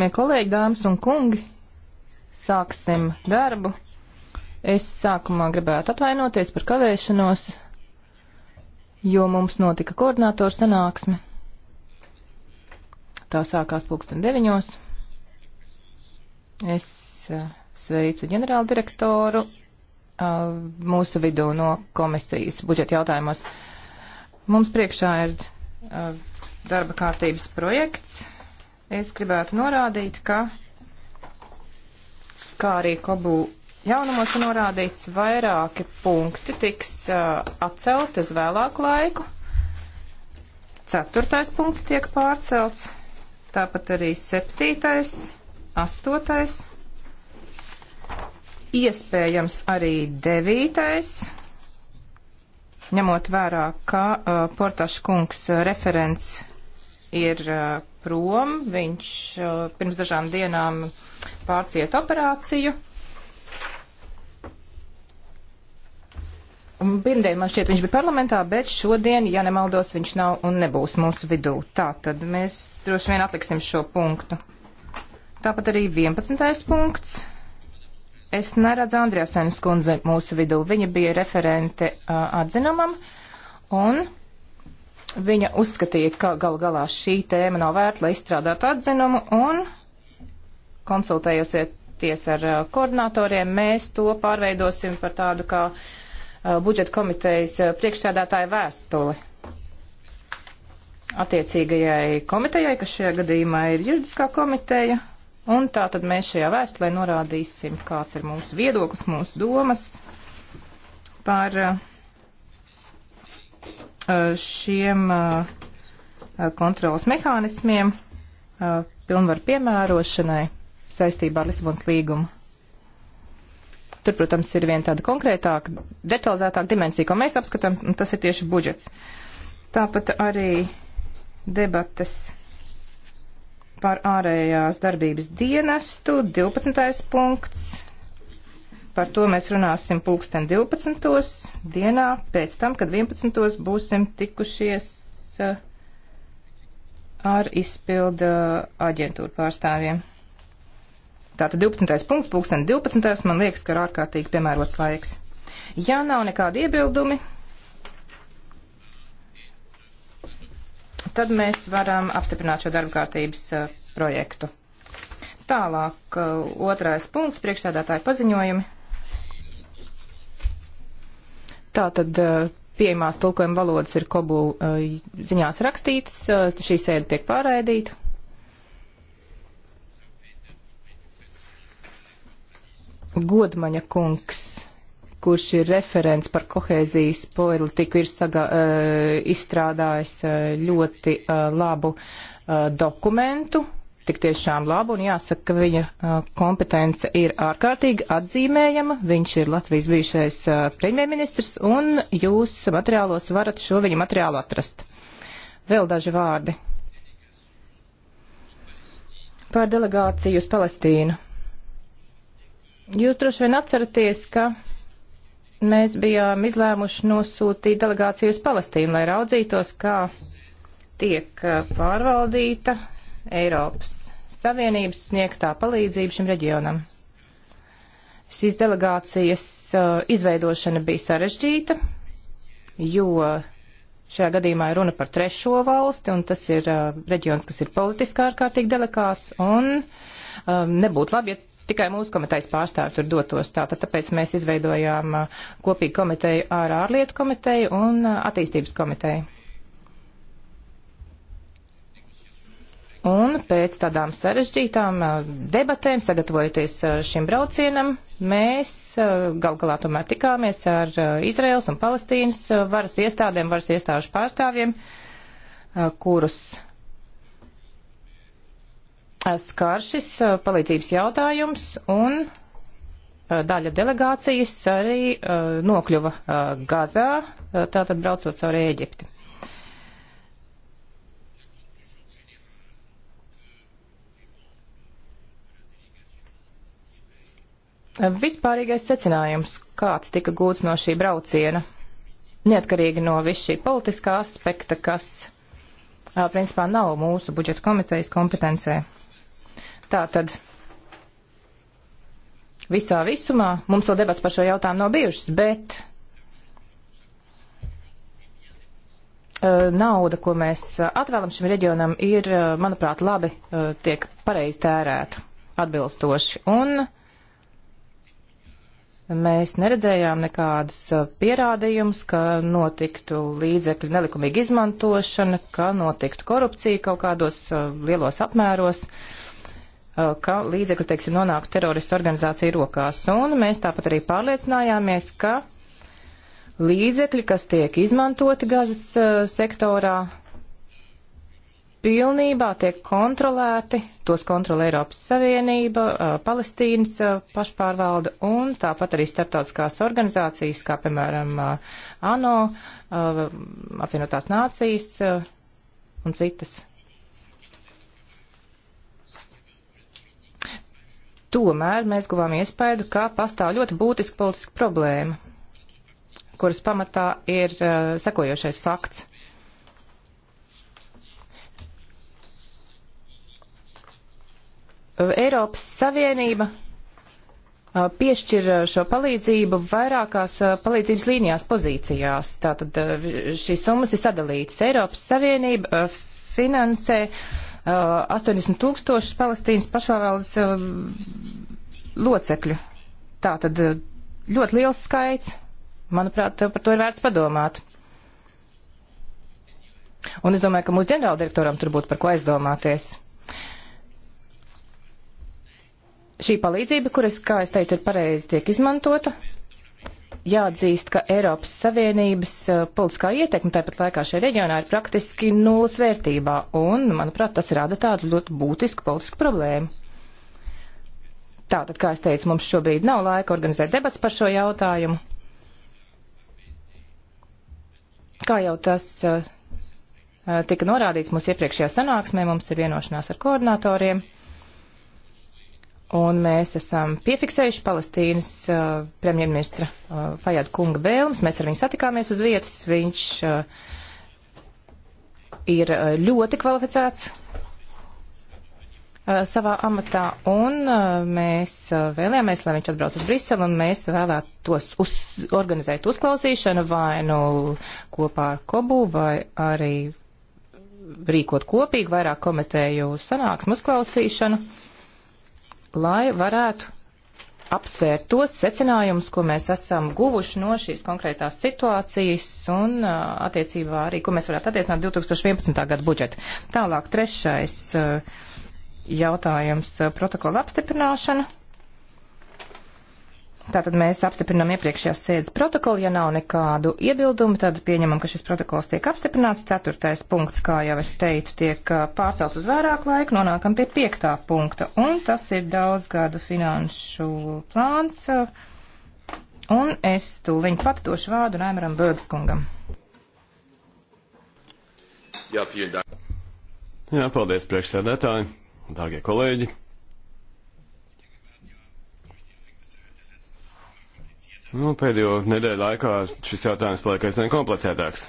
Cienījamie kolēģi, dāmas un kungi, sāksim darbu. Es sākumā gribētu atvainoties par kavēšanos, jo mums notika koordinātoru sanāksme. Tā sākās pulksten deviņos. Es eh, sveicu ģenerāldirektoru eh, mūsu vidū no komisijas budžeta jautājumos. Mums priekšā ir eh, darba kārtības projekts es gribētu norādīt, ka, kā arī Kobu jaunumos norādīts, vairāki punkti tiks uh, atcelt uz vēlāku laiku. Ceturtais punkts tiek pārcelts, tāpat arī septītais, astotais, iespējams arī devītais, ņemot vērā, ka uh, Portaškungs uh, referents ir uh, prom, viņš uh, pirms dažām dienām pārciet operāciju. Un pirmdien man šķiet viņš bija parlamentā, bet šodien, ja nemaldos, viņš nav un nebūs mūsu vidū. Tā tad mēs droši vien atliksim šo punktu. Tāpat arī 11. punkts. Es neredzu Andrēsenes kundzi mūsu vidū. Viņa bija referente uh, atzinumam. Un Viņa uzskatīja, ka gal galā šī tēma nav vērta, lai izstrādātu atzinumu, un konsultējosieties ar uh, koordinatoriem, mēs to pārveidosim par tādu kā uh, budžeta komitejas uh, priekšsēdētāju vēstuli attiecīgajai komitejai, kas šajā gadījumā ir juridiskā komiteja, un tā tad mēs šajā vēstulē norādīsim, kāds ir mūsu viedoklis, mūsu domas par uh, šiem kontrolas mehānismiem pilnvaru piemērošanai saistībā ar Lisabonas līgumu. Tur, protams, ir viena tāda konkrētāka, detalizētāka dimensija, ko mēs apskatām, un tas ir tieši budžets. Tāpat arī debatas par ārējās darbības dienestu, 12. punkts, Par to mēs runāsim pulksten 12. dienā, pēc tam, kad 11. būsim tikušies eh, ar izpildu aģentūru pārstāvjiem. Tātad 12. punkts, pulksten 12. man liekas, ka ir ārkārtīgi piemērots laiks. Ja nav nekādi iebildumi, tad mēs varam apstiprināt šo darba kārtības uh, projektu. Tālāk uh, otrais punkts - priekšsēdētāju paziņojumi. Tātad pieejamās tulkojuma valodas ir kobu ziņās rakstītas, šī sēde tiek pārraidīta. Godmaņa kungs, kurš ir referents par kohēzijas politiku, ir saga, izstrādājis ļoti labu dokumentu tik tiešām labu, un jāsaka, ka viņa uh, kompetence ir ārkārtīgi atzīmējama. Viņš ir Latvijas bijušais uh, premjerministrs, un jūs materiālos varat šo viņa materiālu atrast. Vēl daži vārdi par delegāciju uz Palestīnu. Jūs droši vien atceraties, ka mēs bijām izlēmuši nosūtīt delegāciju uz Palestīnu, lai raudzītos, kā tiek uh, pārvaldīta Eiropas Savienības sniegtā palīdzība šim reģionam. Šīs delegācijas uh, izveidošana bija sarežģīta, jo šajā gadījumā ir runa par trešo valsti, un tas ir uh, reģions, kas ir politiski ārkārtīgi delikāts, un um, nebūtu labi, ja tikai mūsu komitejas pārstāvi tur dotos. Tātad tāpēc mēs izveidojām uh, kopīgu komiteju ar ārlietu komiteju un uh, attīstības komiteju. Un pēc tādām sarežģītām uh, debatēm, sagatavojoties uh, šim braucienam, mēs uh, gal galā tomēr tikāmies ar Izraels un Palestīnas varas iestādēm, varas iestāžu pārstāvjiem, kurus skar šis palīdzības jautājums, un daļa delegācijas arī nokļuva Gazā, tātad braucot cauri Ēģipti. Vispārīgais secinājums, kāds tika gūts no šī brauciena, neatkarīgi no viss šī politiskā aspekta, kas principā nav mūsu budžeta komitejas kompetencē. Tātad visā visumā mums vēl debats par šo jautājumu nav bijušas, bet nauda, ko mēs atvēlam šim reģionam, ir, manuprāt, labi tiek pareizi tērēta atbilstoši. Un Mēs neredzējām nekādus uh, pierādījumus, ka notiktu līdzekļu nelikumīga izmantošana, ka notiktu korupcija kaut kādos uh, lielos apmēros, uh, ka līdzekļi, teiksim, nonāktu teroristu organizāciju rokās. Un mēs tāpat arī pārliecinājāmies, ka līdzekļi, kas tiek izmantoti gazas sektorā, pilnībā tiek kontrolēti, tos kontrolē Eiropas Savienība, Palestīnas pašpārvalda un tāpat arī starptautiskās organizācijas, kā piemēram ANO, apvienotās nācijas un citas. Tomēr mēs guvām iespēju, ka pastāv ļoti būtiska politiska problēma, kuras pamatā ir uh, sekojošais fakts. Eiropas Savienība uh, piešķir uh, šo palīdzību vairākās uh, palīdzības līnijās pozīcijās. Tātad šīs summas ir sadalītas. Eiropas Savienība finansē 80 tūkstošus Palestīnas pašvaldes locekļu. Tātad ļoti liels skaits. Manuprāt, par to ir vērts padomāt. Un es domāju, ka mūsu ģenerāldirektoram tur būtu par ko aizdomāties. šī palīdzība, kuras, kā es teicu, ir pareizi tiek izmantota, jāatzīst, ka Eiropas Savienības uh, politiskā ietekme tāpat laikā šajā reģionā ir praktiski nulles vērtībā, un, manuprāt, tas rada tādu ļoti būtisku politisku problēmu. Tātad, kā es teicu, mums šobrīd nav laika organizēt debats par šo jautājumu. Kā jau tas uh, uh tika norādīts mūsu iepriekšējā sanāksmē, mums ir vienošanās ar koordinatoriem. Uh, Un mēs esam piefiksējuši Palestīnas uh, premjerministra uh, Fajāda kunga vēlmes. Mēs ar viņu satikāmies uz vietas. Viņš uh, ir uh, ļoti kvalificēts uh, savā amatā, un uh, mēs uh, vēlējāmies, lai viņš atbrauc uz Briselu, un mēs vēlētos uz, organizēt uzklausīšanu vai nu kopā ar Kobu, vai arī rīkot kopīgi vairāk komiteju sanāksmu uzklausīšanu. Uh, lai varētu apsvērt tos secinājumus, ko mēs esam guvuši no šīs konkrētās situācijas un uh, attiecībā arī, ko mēs varētu attiecināt 2011. gada budžetu. Tālāk trešais uh, jautājums uh, protokola apstiprināšana. Tātad mēs apstiprinām iepriekšējās sēdes protokolu. Ja nav nekādu iebildumu, tad pieņemam, ka šis protokols tiek apstiprināts. Ceturtais punkts, kā jau es teicu, tiek pārcelts uz vairāk laika. Nonākam pie piektā punkta. Un tas ir daudzgadu finanšu plāns. Un es tūliņ pat došu vārdu Naimaram Bērgskungam. Jā, Jā, paldies priekšsēdētāji, dārgie kolēģi. Nu, pēdējo nedēļu laikā šis jautājums paliek aizvien komplicētāks.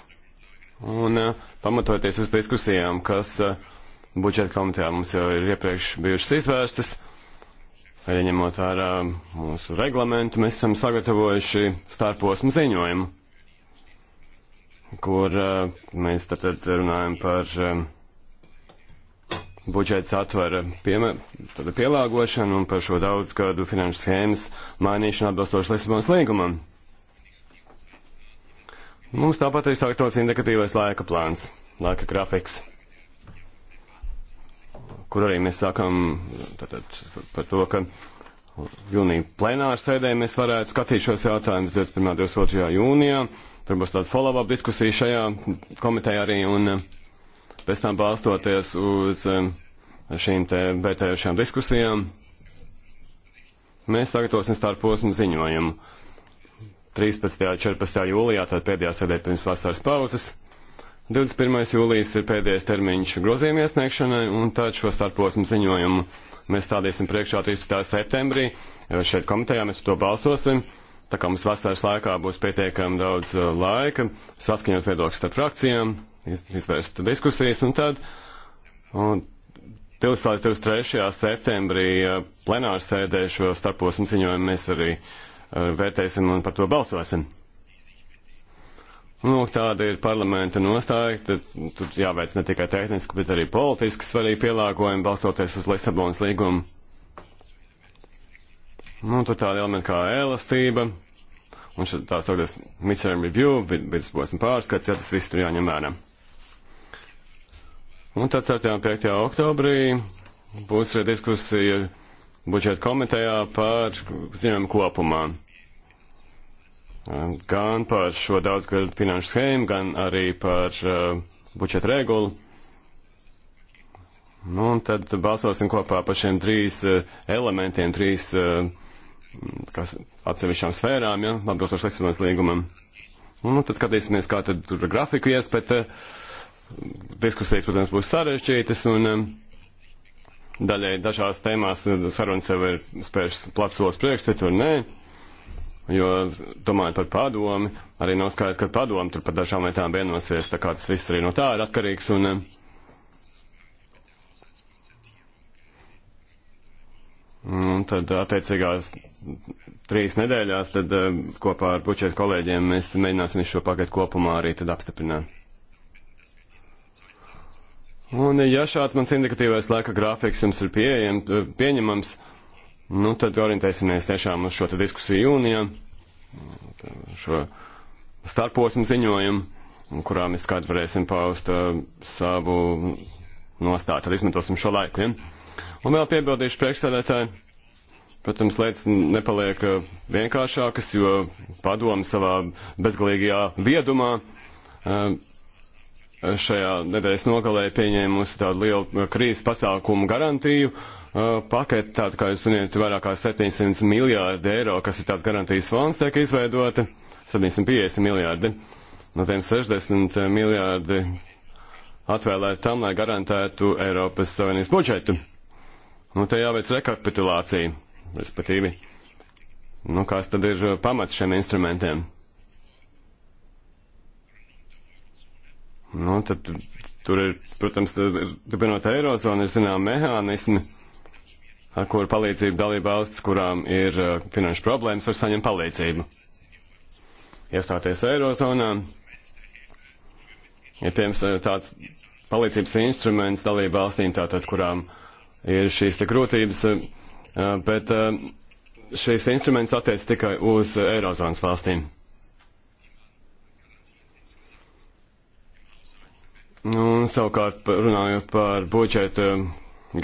Un eh, pamatoties uz diskusijām, kas eh, budžeta komitejā mums jau ir iepriekš bijušas izvērstas, arī ņemot vērā eh, mūsu reglamentu, mēs esam sagatavojuši starposmu ziņojumu, kur mēs tad runājam par budžets atvera pielāgošanu un par šo daudzgadu finanšu schēmas mainīšanu atbilstoši Lisabonas līgumam. Mums tāpat ir sagatavots indikatīvais laika plāns, laika grafiks, kur arī mēs sākam tātad, par to, ka jūnija plenāra sēdē mēs varētu skatīt šos jautājumus 21. un 22. jūnijā. Tur būs tāda follow-up diskusija šajā komitejā arī. Un, uh, Pēc tam balstoties uz um, šīm te vērtējušām diskusijām, mēs sagatavosim starposmu ziņojumu. 13. un 14. jūlijā, tad pēdējā sēdē pirms vasaras pauzes. 21. jūlijas ir pēdējais termiņš grozījuma iesniegšanai, un tad šo starposmu ziņojumu mēs stādīsim priekšā 13. septembrī. Šeit komitejā mēs par to balsosim. Tā kā mums vasaras laikā būs pietiekami daudz uh, laika saskaņot viedokļus starp frakcijām, izvērst diskusijas, un tad un 23. septembrī eh, plenāru sēdē šo starposmu ziņojumu mēs arī eh, vērtēsim un par to balsosim. Nu, tāda ir parlamenta nostāja, tad tur jāveic ne tikai tehniski, bet arī politiski svarīgi pielāgojumi, balstoties uz Lisabonas līgumu. Nu, tur tāda elementa kā elastība, un šeit tās tagad midterm review, vidusposma pārskats, ja tas viss tur jāņem vērā. Un tad 4. un 5. oktobrī būs arī diskusija budžeta komitejā par ziņojumu kopumā. Gan par šo daudzgadu finanšu schēmu, gan arī par uh, budžeta regulu. Nu, un tad balsosim kopā par šiem trīs uh, elementiem, trīs uh, kas, atsevišķām sfērām, ja, atbilstoši Lisabonas līgumam. Un, nu, tad skatīsimies, kā tad tur grafiku ies, bet uh, Diskusijas, protams, būs sarežģītas un um, daļai dažās tēmās uh, sarunas jau ir spējušas plaksos priekš, citur nē. Jo, domājot par padomi, arī nav skaidrs, ka padomi tur par dažām lietām vienosies, tā kā tas viss arī no tā ir atkarīgs. Un, um, Un tad attiecīgās trīs nedēļās tad, um, kopā ar bučetu kolēģiem mēs mēģināsim šo paketu kopumā arī apstiprināt. Un ja šāds mans indikatīvais laika grafiks jums ir pieejam, pieņemams, nu tad orientēsimies tiešām uz šo diskusiju jūnijā, šo starposmu ziņojumu, kurā mēs kādā varēsim paust uh, savu nostāju. Tad izmantosim šo laiku. Ja? Un vēl piebildīšu priekšsēdētāju. Protams, lietas nepaliek uh, vienkāršākas, jo padomu savā bezgalīgajā viedumā uh, šajā nedēļas nogalē pieņēmusi tādu lielu eh, krīzes pasākumu garantiju eh, paketi, tāda, kā jūs zināt, vairāk kā 700 miljārdi eiro, kas ir tāds garantijas fonds, tiek izveidota, 750 miljārdi, no tiem 60 miljārdi atvēlēt tam, lai garantētu Eiropas Savienības budžetu. Nu, te jāveic rekapitulācija, respektīvi. Nu, kāds tad ir pamats šiem instrumentiem? Nu, tad tur ir, protams, turpinot eirozonu, ir zinām mehānismi, ar kuru palīdzību dalība valsts, kurām ir uh, finanšu problēmas, var saņemt palīdzību. Iestāties eirozonā, ir ja, piemērs eh, tāds palīdzības instruments dalību valstīm, tātad, kurām ir šīs te grūtības, uh, bet uh, šis instruments attiec tikai uz eirozonas valstīm. Un savukārt, runājot par budžetu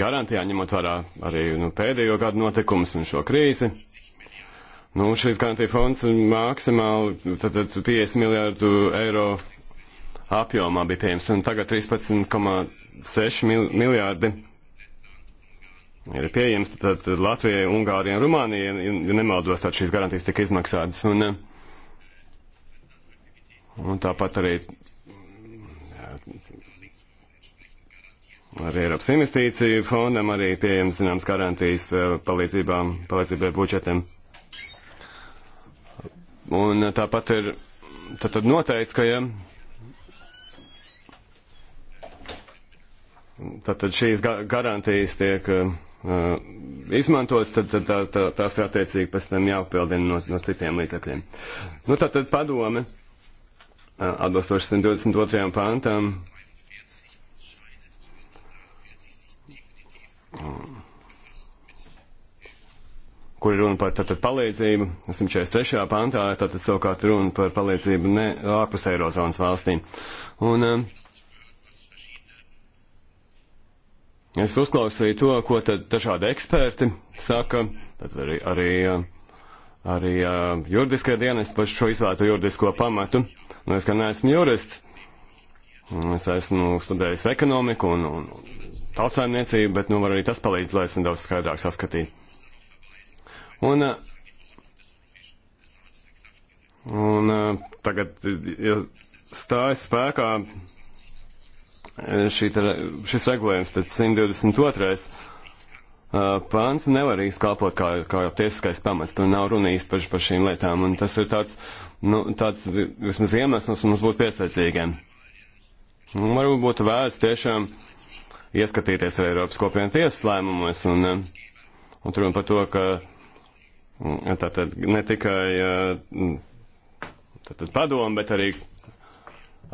garantijā, ņemot vērā arī nu, pēdējo gadu notikumus un šo krīzi, nu, šis garantija fonds maksimāli tad, tad 50 miljārdu eiro apjomā bija pieejams, un tagad 13,6 mil miljārdi ir pieejams tad, tad Latvijai, Ungārijai un Rumānijai, ja nemaldos, tad šīs garantijas tika izmaksātas. Un, un tāpat arī arī Eiropas investīciju fondam arī pieejams zināms garantijas eh, palīdzībām, palīdzībai budžetam. Un eh, tāpat ir tad, tad noteikts, ka ja Tātad šīs garantijas tiek uh, izmantotas, tad, tad tā, tā, tās attiecīgi pēc tam jāpildina no, no citiem līdzekļiem. Nu, tātad padome. Uh, atbilstoši 122. pantam. kur ir runa par tātad palīdzību, 143. pantā, tātad savukārt runa par palīdzību ne ārpus Eirozonas valstīm. Un um, es uzklausīju to, ko tad dažādi eksperti saka, tad arī, arī, um, arī uh, um, juridiskie dienesti par šo izvērto juridisko pamatu. Uh, Nu, es gan neesmu jurists. Es esmu studējis ekonomiku un, un tautsājumniecību, bet nu var arī tas palīdz, lai es nedaudz skaidrāk saskatītu. Un, eh, un eh, tagad ja stājas spēkā eh, šī, šis regulējums, tad 122. pāns nevar īsti kalpot kā, kā tiesiskais pamats. Tur nav runa īsti par, par šīm lietām. Un tas ir tāds nu, tāds vismaz iemesls mums būt piesaicīgiem. Un varbūt būtu vērts tiešām ieskatīties ar Eiropas kopienu tiesas lēmumos un, eh, un tur un par to, ka mm, tātad ne tikai eh, tātad padomu, bet arī,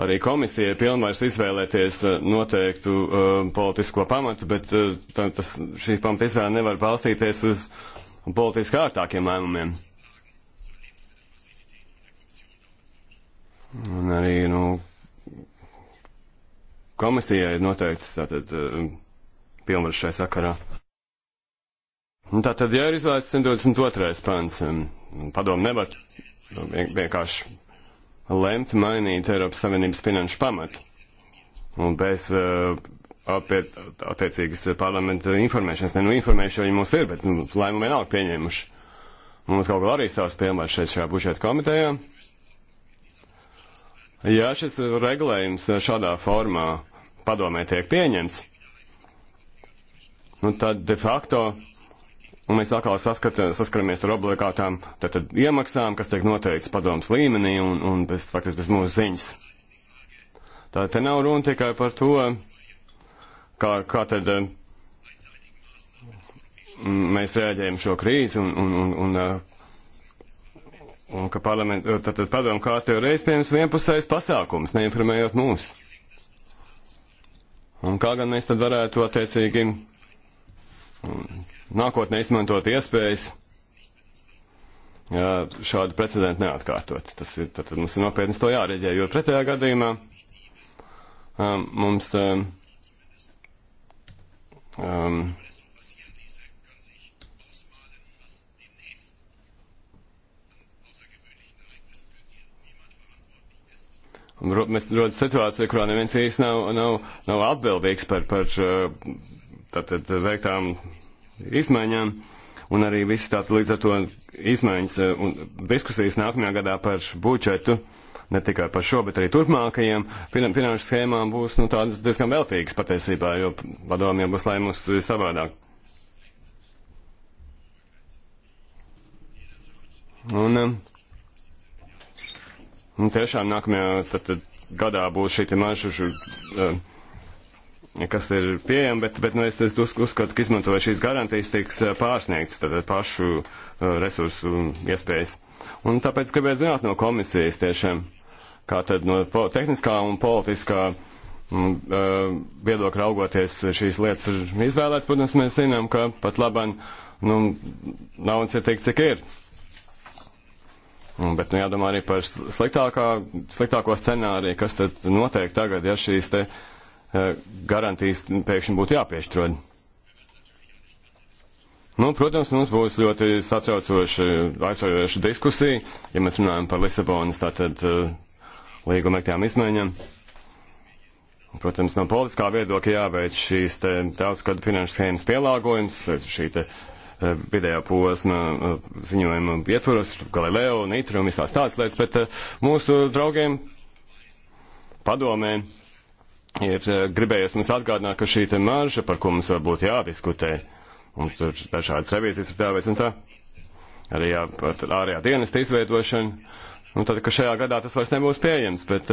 arī komisija ir pilnvairs izvēlēties eh, noteiktu uh, politisko pamatu, bet uh, tas, šī pamata izvēle nevar balstīties uz politiski ārtākiem lēmumiem. Un arī, nu, komisijai ir noteikts tātad um, pilnvaru šai sakarā. Un tā tad jau ir izvēlēts 122. pants. Um, padomu nevar nu, vienkārši lemt mainīt Eiropas Savienības finanšu pamatu. Un bez uh, apiet, attiecīgas parlamenta informēšanas, ne nu informēšu, viņi mums ir, bet nu, lēmumu vienalga pieņēmuši. Mums kaut kā arī savs piemērs šeit šajā budžeta komitejā. Uh, Ja šis regulējums šādā formā padomē tiek pieņemts, nu tad de facto Un mēs atkal saskat, saskaramies ar obligātām tātad, iemaksām, kas tiek noteikts padomus līmenī un, un bez, faktiski bez mūsu ziņas. Tā te nav runa tikai par to, kā, kā tad mēs rēģējam šo krīzi un, un, un, un Un ka parlamentu, eh, tātad padomu kārtē reiz pieņems vienpusējs pasākums, neinformējot mūs. Un kā gan mēs tad varētu attiecīgi mm, nākotnē izmantot iespējas ja šādu precedentu neatkārtot. Tas ir, tad mums ir nopietni to jārēģē, jo pretējā gadījumā um, mums um, um, mēs rodas situācija, kurā neviens īsti nav, nav, nav atbildīgs par, par eh, tātad veiktām izmaiņām. Un arī viss tātad līdz ar to izmaiņas eh, un diskusijas nākamajā gadā par budžetu, ne tikai par šo, bet arī turpmākajiem finan finanšu schēmām būs nu, tādas diezgan veltīgas patiesībā, jo padomiem būs lēmusi savādāk. Un, eh, Un tiešām nākamajā tad, tad gadā būs šī marža, eh, kas ir pieejama, bet, bet nu, es, es uzskatu, ka izmantoja šīs garantijas tiks eh, pārsniegts tad, pašu eh, resursu iespējas. Un tāpēc gribētu zināt no komisijas tiešām, kā tad no tehniskā un politiskā mm, viedokļa raugoties šīs lietas ir izvēlēts. Protams, mēs zinām, ka pat labāk nu, naudas ir tik, cik ir. Bet nu, jādomā arī par sliktākā, sliktāko scenāriju, kas tad notiek tagad, ja šīs te e, garantijas pēkšņi būtu jāpiešķirod. Nu, protams, mums būs ļoti satraucoša, aizsaujoša diskusija, ja mēs runājam par Lisabonas tātad e, līguma mektām izmaiņām. Protams, no politiskā viedokļa jāveic šīs te daudzgadu finanšu schēmas pielāgojums, šī te vidējā eh, posma eh, ziņojuma ietvaros, Galileo, Nitri un visās tādas lietas, bet eh, mūsu draugiem padomē ir gribējies mums atgādināt, ka šī te marža, par ko mums varbūt jādiskutē, un tur dažādas revīzijas ir tāvēs un tā, arī jā, par ārējā dienesta izveidošanu, un tad, ka šajā gadā tas vairs nebūs pieejams, bet,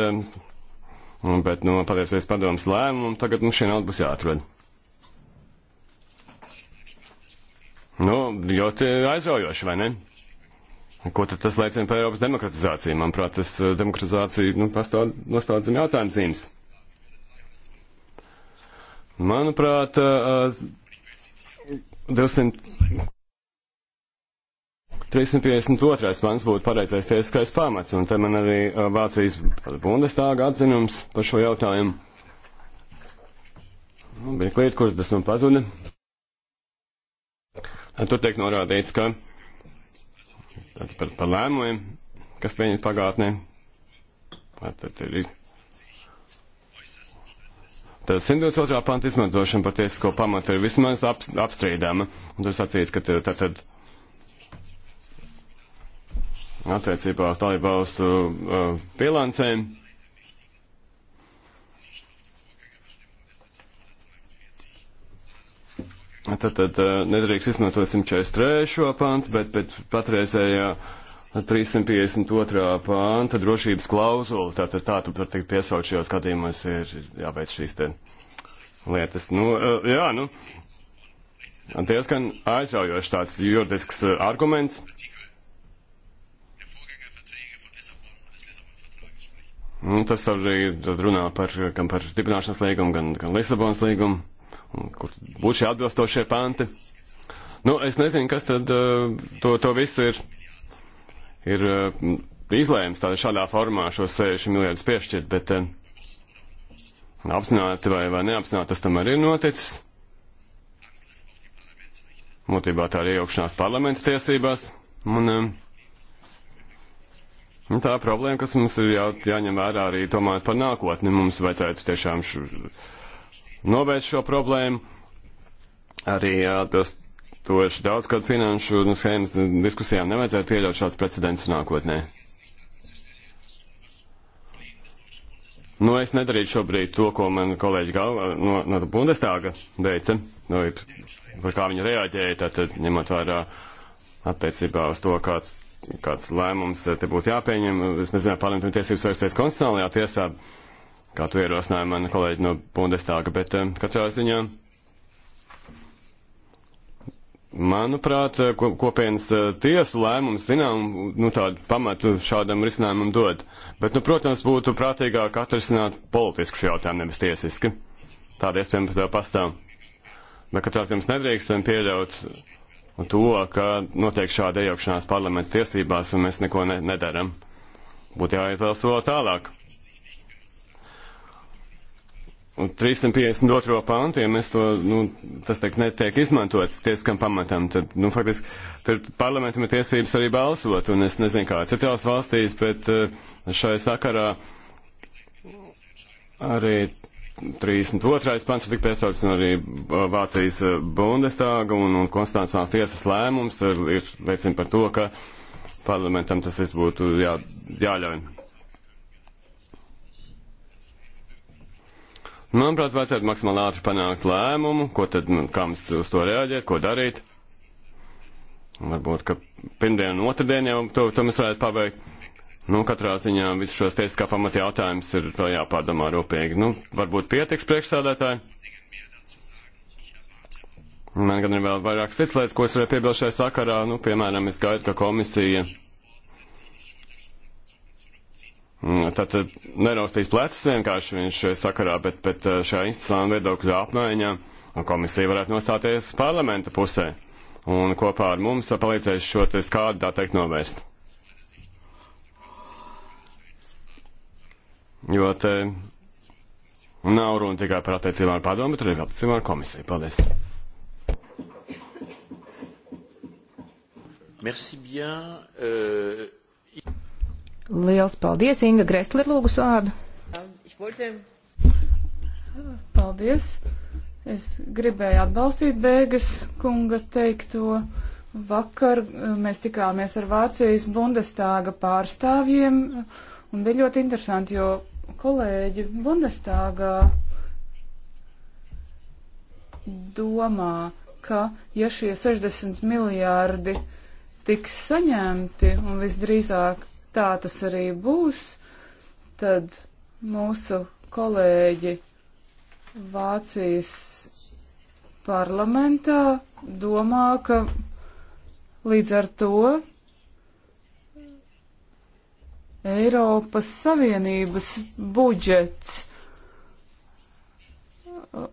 bet no nu, pateicoties padomas lēmumu, tagad mums šī nauda būs jāatrod. Nu, ļoti aizraujoši, vai ne? Ko tad tas liecina par Eiropas demokratizāciju? Manuprāt, tas eh, demokratizācija nu, pastāv nostāda zem jautājums zīmes. Manuprāt, 200. Eh, 352. Eh, pants būtu pareizais tiesiskais pamats, un te man arī Vācijas bundestāga atzinums par šo jautājumu. Nu, bija klieta, kur tas man pazuda. Tur tiek norādīts, ka par, par lēmumiem, kas pieņemti pagātnē, tad ir Tad 122. panta izmantošana par tiesisko pamatu ir vismaz ap, apstrīdama. Un tur sacīts, ka tad, tad attiecībā uz dalību valstu uh, bilancēm Tad, tad eh, nedrīkst izmantot 143. pantu, bet pēc patreizējā 352. panta drošības klauzula, tātad tā, tu var teikt, piesaukt šajos gadījumos ir jābeidz šīs te lietas. Nu, eh, jā, nu, diezgan aizraujošs tāds juridisks eh, arguments. Nu, tas arī runā par, gan par dibināšanas līgumu, gan, gan Lisabonas līgumu kur būtu šie atbilstošie panti. Nu, es nezinu, kas tad eh, to, to visu ir, ir eh, izlēms tādā šādā formā šos 6 miljardus piešķirt, bet eh, apzināti vai, vai neapzināti tas tam arī ir noticis. Būtībā tā ir iejaukšanās parlamenta tiesībās. Un, un tā problēma, kas mums ir jā, jāņem vērā arī tomēr par nākotni, mums vajadzētu tiešām šo novērst šo problēmu. Arī atbilstoši daudzgadu finanšu nu, schēmas diskusijām nevajadzētu pieļaut šāds precedents nākotnē. Nu, es nedarītu šobrīd to, ko man kolēģi galva, no, no Bundestāga veica, no, nu, par kā viņi reaģēja, tātad ņemot vērā attiecībā uz to, kāds, kāds lēmums te būtu jāpieņem. Es nezinu, parlamentam tiesības vērsties konstitucionālajā tiesā, kā tu ierosināji mani kolēģi no Bundestāga, bet eh, katrā ziņā, manuprāt, eh, kopienas eh, tiesu lēmums, zinām, nu tādu pamatu šādam risinājumam dod. Bet, nu, protams, būtu prātīgāk atrisināt politisku šo jautājumu, nevis tiesiski. Tāda iespēja pat tev pastāv. Bet katrā ziņā mums nedrīkstam pieļaut to, ka notiek šāda iejaukšanās parlamenta tiesībās un mēs neko ne nedaram. Būtu jāiet vēl soli tālāk. 352. pantu, ja mēs to, nu, tas teikt, netiek izmantots tieskam pamatam, tad, nu, faktiski, tad parlamentam ir tiesības arī balsot, un es nezinu, kā citās valstīs, bet eh, šai sakarā arī 32. pants tika piesaucis, un arī eh, Vācijas eh, Bundestāga un, un Konstantinās tiesas lēmums ir, ir liecina par to, ka parlamentam tas viss būtu jā, jāļauj. Manuprāt, vajadzētu maksimāli ātri panākt lēmumu, ko tad, nu, kā mums uz to reaģēt, ko darīt. Varbūt, ka pirmdien un otrdien jau to, to mēs varētu paveikt. Nu, katrā ziņā visu šos tiesiskā pamata jautājumus ir vēl jāpārdomā rūpīgi. Nu, varbūt pietiks priekšsādātāji. Man gan ir vēl vairākas cits lietas, ko es varēju piebilst šajā sakarā. Nu, piemēram, es gaidu, ka komisija Tātad mm, eh, neraustīs plecus vienkārši viņš sakarā, bet, bet eh, šajā institucionālā viedokļu apmaiņā komisija varētu nostāties parlamenta pusē un kopā ar mums palīdzēs šo skādu tā teikt novērst. Jo te nav runa tikai par attiecībām ar padomu, bet arī par attiecībām ar komisiju. Paldies! Merci bien. Euh... Liels paldies, Inga Gresler lūgus vārdu. Paldies. Es gribēju atbalstīt Bēgas kunga teikto. Vakar eh, mēs tikāmies ar Vācijas Bundestāga pārstāvjiem eh, un bija ļoti interesanti, jo kolēģi Bundestāgā domā, ka ja šie 60 miljārdi tiks saņemti un visdrīzāk tā tas arī būs, tad mūsu kolēģi Vācijas parlamentā domā, ka līdz ar to Eiropas Savienības budžets uh,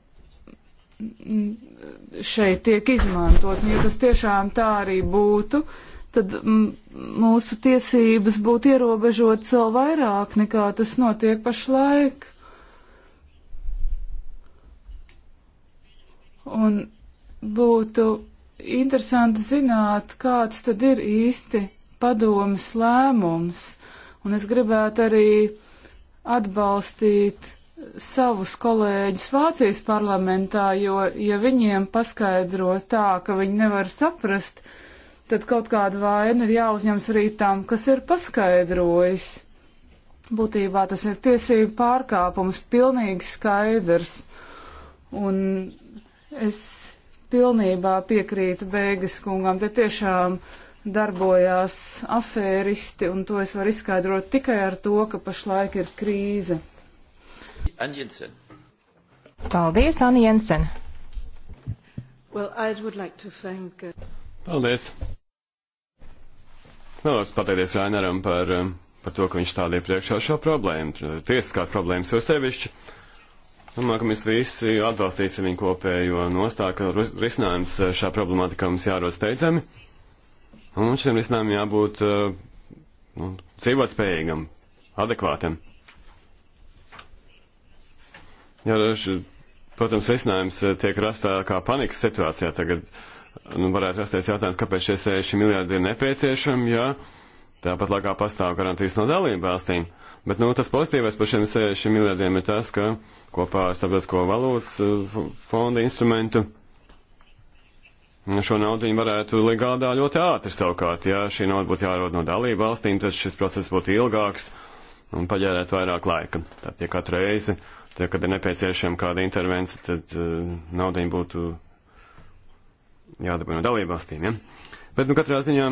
šeit tiek izmantots. Un, ja tas tiešām tā arī būtu, tad mūsu tiesības būtu ierobežotas vēl vairāk nekā tas notiek pašlaik. Un būtu interesanti zināt, kāds tad ir īsti padomas lēmums. Un es gribētu arī atbalstīt savus kolēģus Vācijas parlamentā, jo, ja viņiem paskaidro tā, ka viņi nevar saprast, uh, tad kaut kāda vaina ir jāuzņems arī tam, kas ir paskaidrojis. Būtībā tas ir tiesību pārkāpums, pilnīgi skaidrs. Un es pilnībā piekrītu Beigas kungam, te tiešām darbojās afēristi, un to es varu izskaidrot tikai ar to, ka pašlaik ir krīze. Anjensen. Paldies, Anjensen. Well, like thank... Uh, Paldies. Vēlos pateikties Rainaram par, eh, par to, ka viņš stādīja priekšā šo problēmu, tiesiskās problēmas jau sevišķi. Domāju, ka mēs visi atbalstīsim viņu kopējo nostāju, ka risinājums eh, šā problemātika mums jārod steidzami. Un šim risinājumam jābūt eh, nu, dzīvotspējīgam, adekvātam. Jā, protams, risinājums tiek rastā kā panikas situācijā tagad. Uh, nu, varētu rasties jautājums, kāpēc šie 6 miljardi ir nepieciešami, ja tāpat laikā pastāv garantijas no dalību valstīm. Bet nu, tas pozitīvais par šiem 6 miljardiem ir tas, ka kopā ar starptautisko valūtas uh, fonda instrumentu nu, šo naudu varētu likt galdā ļoti ātri savukārt. Ja šī nauda būtu jārod no dalību valstīm, tad šis process būtu ilgāks un paģērēt vairāk laika. Tad, ja katru reizi, tad, kad ir nepieciešama kāda intervence, tad uh, naudai būtu jādabū no dalībvalstīm. Ja? Bet nu katrā ziņā.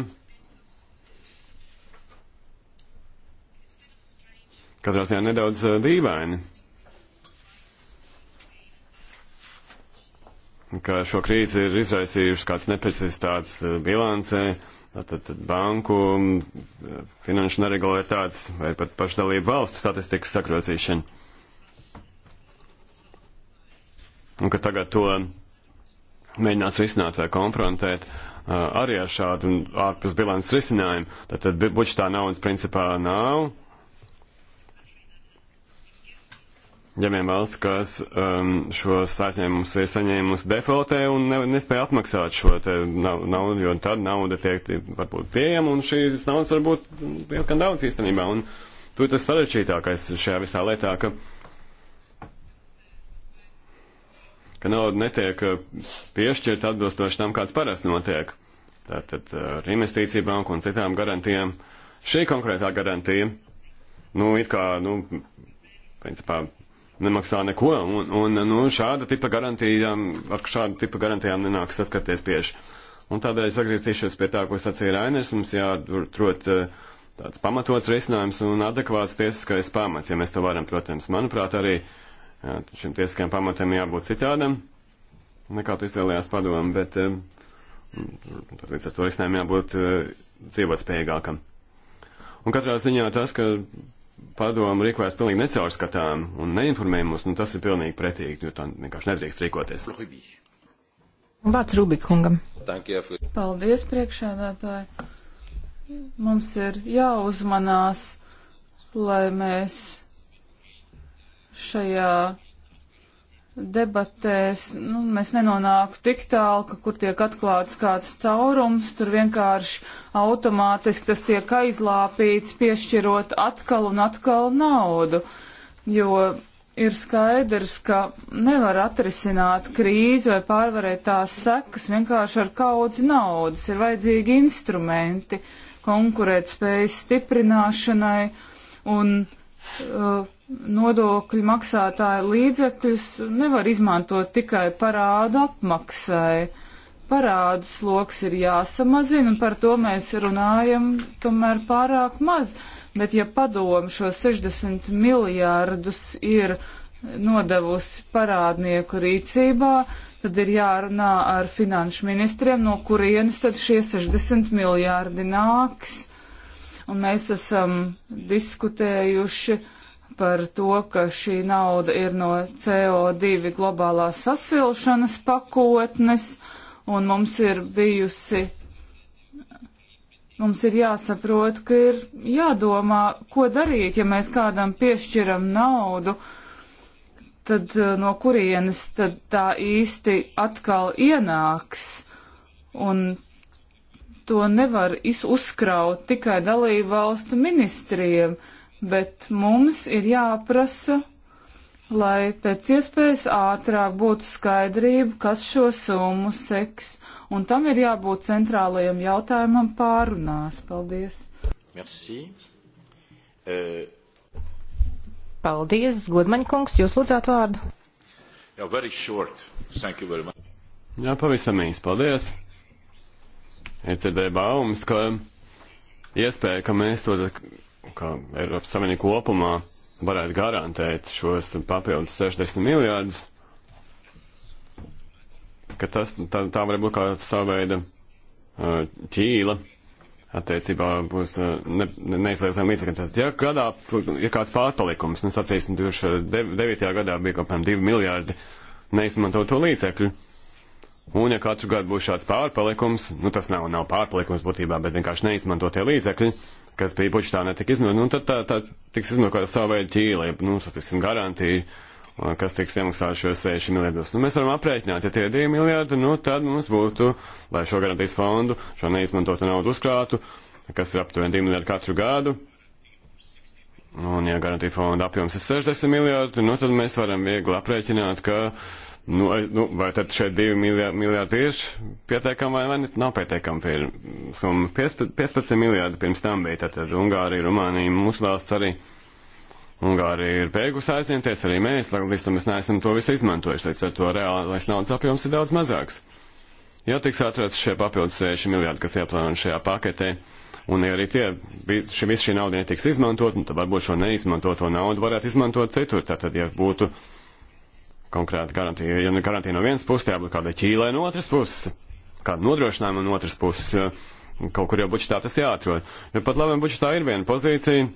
Katrā ziņā nedaudz uh, dīvaini. Ka šo krīzi ir izraisījušas kāds neprecizitāts uh, bilancē, tātad banku, finanšu neregulētāts vai pat pašdalību valstu statistikas sakrozīšana. Un ka tagad to mēģināts risināt vai konfrontēt uh, arī ar šādu ārpus bilances risinājumu. Tātad budžetā naudas principā nav. Ģemiem valsts, kas um, šos aizņēmumus ir saņēmusi defaultē un ne, nespēja atmaksāt šo naudu, jo tad nauda tiek varbūt pieejama un šīs naudas varbūt diezgan daudz īstenībā. Un tur tas sarežģītākais šajā visā lietā, ka uh, ka nauda netiek eh, piešķirta atbilstoši tam, kāds parasti notiek. Tātad eh, ar investīciju banku un citām garantijām. Šī konkrētā garantija, nu, it kā, nu, principā nemaksā neko, un, un nu, šāda tipa garantijām, ar šādu tipa garantijām nenāks saskarties pieši. Un tādēļ es atgriezīšos pie tā, ko sacīja Rainers, mums jāatrot eh, tāds pamatots risinājums un adekvāts tiesiskais pamats, ja mēs to varam, protams. Manuprāt, arī uh, jā, šim tiesiskajam pamatam jābūt citādam, nekā tu izvēlējās padomu, bet eh, mm, tad līdz ar to risinājumu jābūt eh, dzīvot spējīgākam. Un katrā ziņā tas, ka padomu rīkojas pilnīgi necaurskatām un neinformē mūs, nu tas ir pilnīgi pretīgi, jo tā vienkārši nedrīkst rīkoties. Vārds Rubikungam. Paldies, priekšādātāji. Mums ir jāuzmanās, lai mēs šajā debatēs, nu, mēs nenonāku tik tālu, ka kur tiek atklāts kāds caurums, tur vienkārši automātiski tas tiek aizlāpīts, piešķirot atkal un atkal naudu, jo ir skaidrs, ka nevar atrisināt krīzi vai pārvarēt tās sekas vienkārši ar kaudzi naudas, ir vajadzīgi instrumenti konkurētspējas stiprināšanai un uh, nodokļu maksātāju līdzekļus nevar izmantot tikai parādu apmaksai. Parādu sloks ir jāsamazina, un par to mēs runājam tomēr pārāk maz. Bet ja padomu šo 60 miljārdus ir nodevusi parādnieku rīcībā, tad ir jārunā ar finanšu ministriem, no kurienes tad šie 60 miljārdi nāks. Un mēs esam diskutējuši par to, ka šī nauda ir no CO2 globālās sasilšanas pakotnes, un mums ir bijusi, mums ir jāsaprot, ka ir jādomā, ko darīt, ja mēs kādam piešķiram naudu, tad eh, no kurienes tad tā īsti atkal ienāks. Un to nevar uzkraut tikai dalību valstu ministriem bet mums ir jāprasa, lai pēc iespējas ātrāk būtu skaidrība, kas šo summu seks, un tam ir jābūt centrālajam jautājumam pārunās. Paldies! Merci. Uh... Paldies, Godmaņkungs, jūs lūdzāt vārdu. Jā, very short. Thank you very much. Jā, pavisam īsi, paldies. Es dzirdēju baumas, ka iespēja, ka mēs to ka Eiropas Savienība kopumā varētu garantēt šos papildus 60 miljārdus, ka tas, tā, tā var būt kā sava veida ķīla attiecībā būs ne, ne, neizlietotiem līdzekļiem. Tad, ja gadā ir kāds pārpalikums, nu, sacīsim, 2009. gadā bija kaut apmēram 2 miljārdi neizmantoto līdzekļu, un ja katru gadu būs šāds pārpalikums, nu, tas nav, nav pārpalikums būtībā, bet vienkārši neizmantotie līdzekļi, kas tīpaši tā netika izmantot. Nu, tad tā, tā tiks izmantot savu veidu ķīlē, nu, satiksim, garantija, uh, kas tiks iemaksāta šo 6 miljardus. Nu, mēs varam aprēķināt, ja tie ir 2 miljardi, nu, tad mums būtu, lai šo garantijas fondu, šo neizmantotu naudu uzkrātu, kas ir aptuveni 2 miljardi katru gadu. Un, ja garantija fonda apjoms ir 60 miljardi, nu, tad mēs varam viegli aprēķināt, ka Nu, nu, vai tad šeit divi miljārdi, miljārdi ir pietiekami vai, vai ne? nav pietiekami? Pie, summa 15 miljārdi pirms tam bija, tad, tad Ungārija, Rumānija, mūsu valsts arī. Ungārija ir beigusi aizņemties arī mēs, līdz tam mēs neesam to visu izmantojuši, līdz ar to reālais naudas apjoms ir daudz mazāks. Ja tiks atrasts šie papildus 6 miljārdi, kas ieplānoti šajā paketē, un ja arī tie, šī, viss šī nauda netiks izmantot, nu, tad varbūt šo neizmantoto naudu varētu izmantot citur. Tātad, ja būtu konkrēta garantija. Ja nu garantija no vienas puses, jābūt kādai ķīlai no otras puses, kāda nodrošinājuma no otras puses, jo kaut kur jau bučetā tas jāatrod. Jo pat labi bučetā ir viena pozīcija,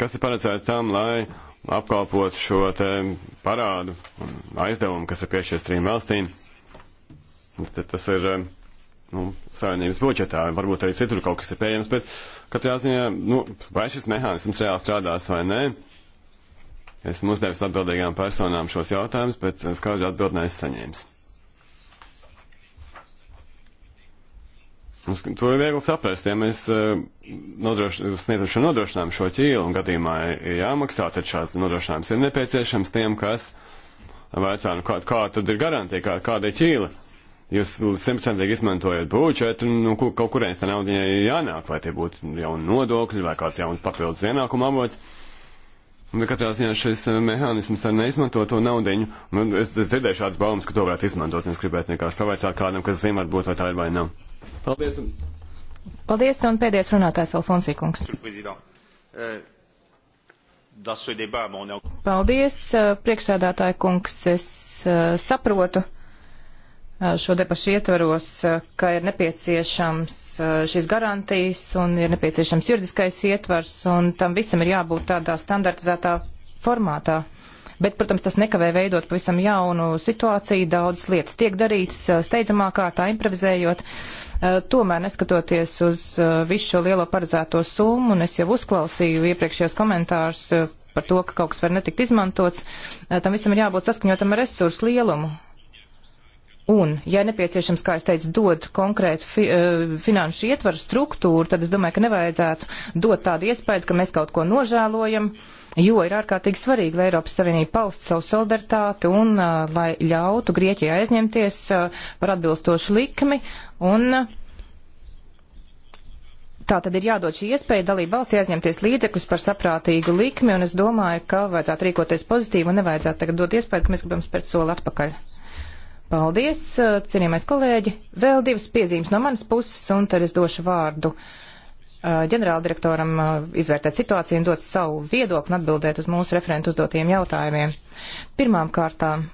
kas ir paredzēta tam, lai apkalpotu šo te parādu un aizdevumu, kas ir piešķirts trim valstīm. Tad tas ir eh, nu, savienības budžetā, varbūt arī citur kaut kas ir pieejams, bet katrā ziņā, nu, vai šis mehānisms reāli strādās vai nē. Ne, Esmu uzdevis atbildīgām personām šos jautājumus, bet skaidru atbildi neesmu saņēmis. Uz to ir viegli saprast, ja mēs eh, nodroš, sniedzam šo nodrošinājumu šo ķīlu un gadījumā ir jāmaksā, tad šāds nodrošinājums ir nepieciešams tiem, kas vaicā, nu kā, kā tad ir garantija, kā, kāda ir ķīla. Jūs simtcentīgi izmantojat būčetu, nu kaut kurienes tā naudiņai jānāk, vai tie būtu jauni nodokļi vai kāds jauns papildus ienākuma avots. Bet katrā ziņā šis eh, mehānisms ar neizmantoto naudiņu, nu, es, es dzirdēju šādas baumas, ka to varētu izmantot, un es gribētu vienkārši pavaicāt kādam, kas zina, varbūt vai tā ir vai nav. Paldies! Un... Paldies, un pēdējais runātājs Alfonsī kungs. Euh, Paldies, euh, priekšsēdātāja kungs, es euh, saprotu Eh, šo debašu ietvaros, eh, ka ir nepieciešams eh, šīs garantijas un ir nepieciešams juridiskais ietvars, un tam visam ir jābūt tādā standartizētā formātā. Bet, protams, tas nekavē veidot pavisam jaunu situāciju, daudzas lietas tiek darītas steidzamā kārtā, improvizējot. Tomēr, neskatoties uz visu šo lielo paredzēto summu, un es jau uzklausīju iepriekšējos komentārus par to, ka kaut kas var netikt izmantots, tam visam ir jābūt saskaņotam ar resursu lielumu Un, ja nepieciešams, kā es teicu, dod konkrētu fi, eh, finanšu ietvaru struktūru, tad es domāju, ka nevajadzētu dot tādu iespēju, ka mēs kaut ko nožēlojam, jo ir ārkārtīgi svarīgi, lai Eiropas Savienība paust savu solidaritāti un uh, lai ļautu Grieķijai aizņemties uh, par atbilstošu likmi. Un, uh, Tā tad ir jādod šī iespēja dalību valstī aizņemties līdzekļus par saprātīgu likmi, un es domāju, ka vajadzētu rīkoties pozitīvi un nevajadzētu tagad dot iespēju, ka mēs gribam spērt soli atpakaļ. Paldies, uh, cienījamais kolēģi. Vēl divas piezīmes no manas puses, un tad es došu vārdu uh, ģenerāldirektoram uh, izvērtēt situāciju un dot savu viedokli un atbildēt uz mūsu referentu uzdotiem jautājumiem. Pirmām kārtām,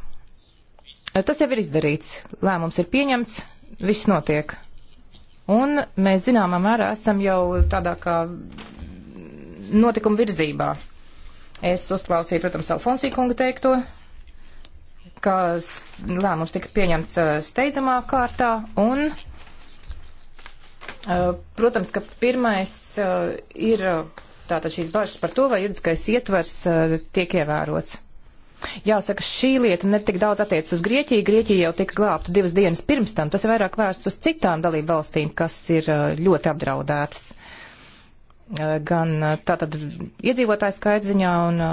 tas jau ir izdarīts, lēmums ir pieņemts, viss notiek. Un mēs zināmā mērā esam jau tādā kā notikuma virzībā. Es uzklausīju, protams, Alfonsī kunga teikto, ka lēmums tika pieņemts steidzamā kārtā un, protams, ka pirmais ir tātad šīs bažas par to, vai juridiskais ietvers tiek ievērots. Jāsaka, šī lieta netik daudz attiec uz Grieķiju. Grieķija jau tika glābta divas dienas pirms tam. Tas ir vairāk vērsts uz citām dalību valstīm, kas ir ļoti apdraudētas. Eh, gan eh, tātad iedzīvotāju skaitziņā un uh,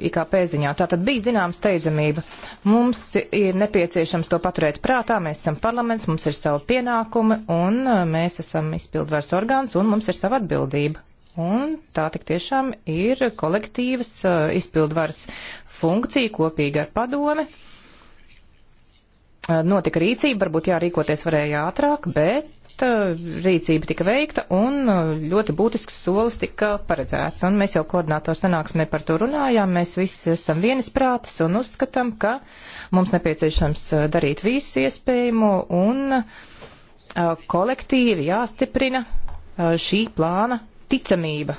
eh, IKP ziņā. Tātad bija zināma steidzamība. Mums ir nepieciešams to paturēt prātā, mēs esam parlaments, mums ir savi pienākumi un uh, mēs esam izpildvars orgāns un mums ir sava atbildība. Un tā tik tiešām ir kolektīvas uh, izpildvars funkcija kopīgi ar padomi. Notika rīcība, varbūt jārīkoties varēja ātrāk, bet Uh, rīcība tika veikta un uh, ļoti būtisks solis tika paredzēts. Un mēs jau koordinātoru sanāksmē par to runājām, mēs visi esam vienisprātis un uzskatām, ka mums nepieciešams uh, darīt visu iespējamo un kolektīvi jāstiprina šī plāna ticamība.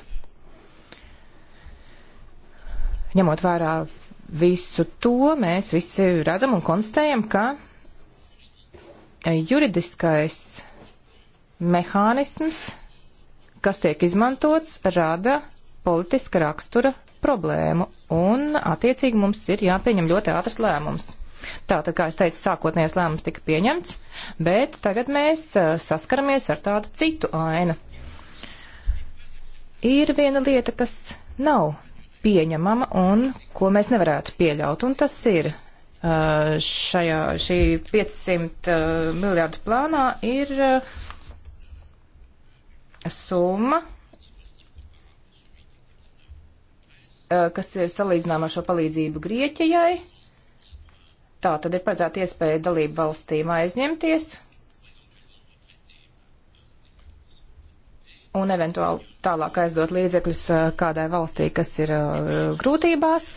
Ņemot vērā visu to, mēs visi redzam un konstatējam, ka juridiskais mehānisms, kas tiek izmantots, rada politiska rakstura problēmu, un attiecīgi mums ir jāpieņem ļoti ātrs lēmums. Tātad, kā es teicu, sākotnējais lēmums tika pieņemts, bet tagad mēs saskaramies ar tādu citu ainu. Ir viena lieta, kas nav pieņemama un ko mēs nevarētu pieļaut, un tas ir šajā, šī 500 miljārdu plānā ir uh, summa, eh, kas ir salīdzināma ar šo palīdzību Grieķijai. Tā tad ir paredzēta iespēja dalību valstīm aizņemties un eventuāli tālāk aizdot līdzekļus eh, kādai valstī, kas ir eh, grūtībās.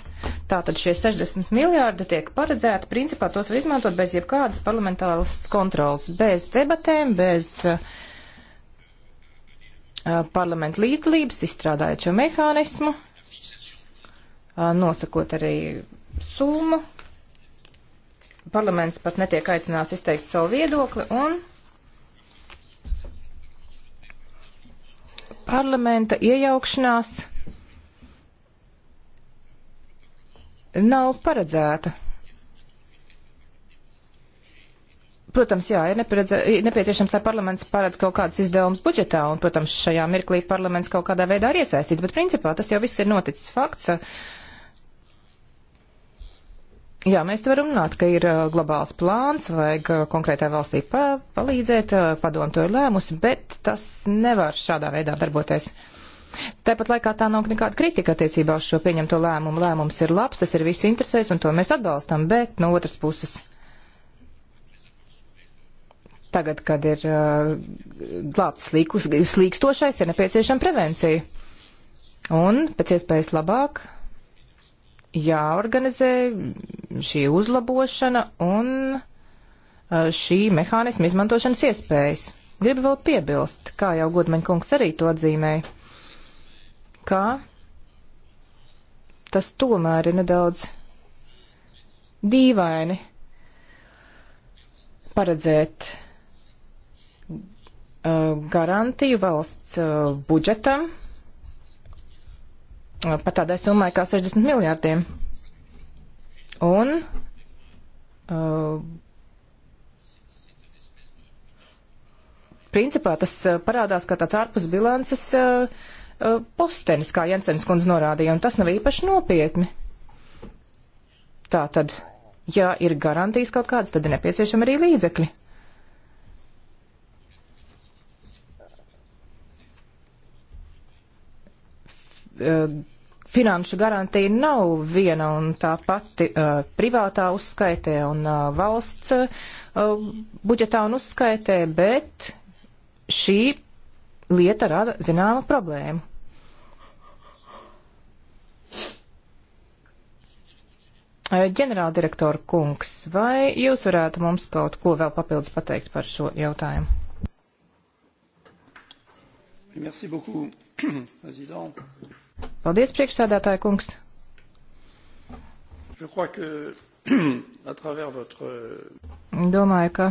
Tātad šie 60 miljārdi tiek paredzēti, principā tos var izmantot bez jebkādas parlamentāras kontrolas, bez debatēm, bez uh, Uh, parlamentu līdzdalības, izstrādājot šo mehānismu, uh, nosakot arī summu. Parlaments pat netiek aicināts izteikt savu viedokli un parlamenta iejaukšanās nav paredzēta. Protams, jā, ir, ir nepieciešams, lai parlaments paredz kaut kādus izdevumus budžetā, un, protams, šajā mirklī parlaments kaut kādā veidā ir iesaistīts, bet principā tas jau viss ir noticis fakts. Jā, mēs varam runāt, ka ir uh, globāls plāns, vajag uh, konkrētai valstī pa palīdzēt, uh, padomu to ir lēmusi, bet tas nevar šādā veidā darboties. Tāpat laikā tā nav nekāda kritika attiecībā uz šo pieņemto lēmumu. Lēmums ir labs, tas ir visu interesēs, un to mēs atbalstam, bet no otras puses Tagad, kad ir uh, glābts slīkus, slīkstošais, ir nepieciešama prevencija. Un pēc iespējas labāk jāorganizē šī uzlabošana un uh, šī mehānisma izmantošanas iespējas. Gribu vēl piebilst, kā jau Godmaņkungs arī to atzīmēja, ka tas tomēr ir nedaudz dīvaini paredzēt Uh, garantiju valsts uh, budžetam uh, pat tādai summai kā 60 miljārdiem. Un uh, principā tas parādās kā tāds ārpus bilances uh, postenis, kā Jensens kundze norādīja, un tas nav īpaši nopietni. Tā tad, ja ir garantijas kaut kādas, tad ir nepieciešama arī līdzekļi. Eh, finanšu garantija nav viena un tā pati uh, privātā uzskaitē un uh, valsts uh, budžetā un uzskaitē, bet šī lieta rada zināmu problēmu. Ģenerāldirektora kungs, vai jūs varētu mums kaut ko vēl papildus pateikt par šo jautājumu? Merci beaucoup, président. Paldies, priekšsādātāja kungs. Crois, que, votre... Domāju, ka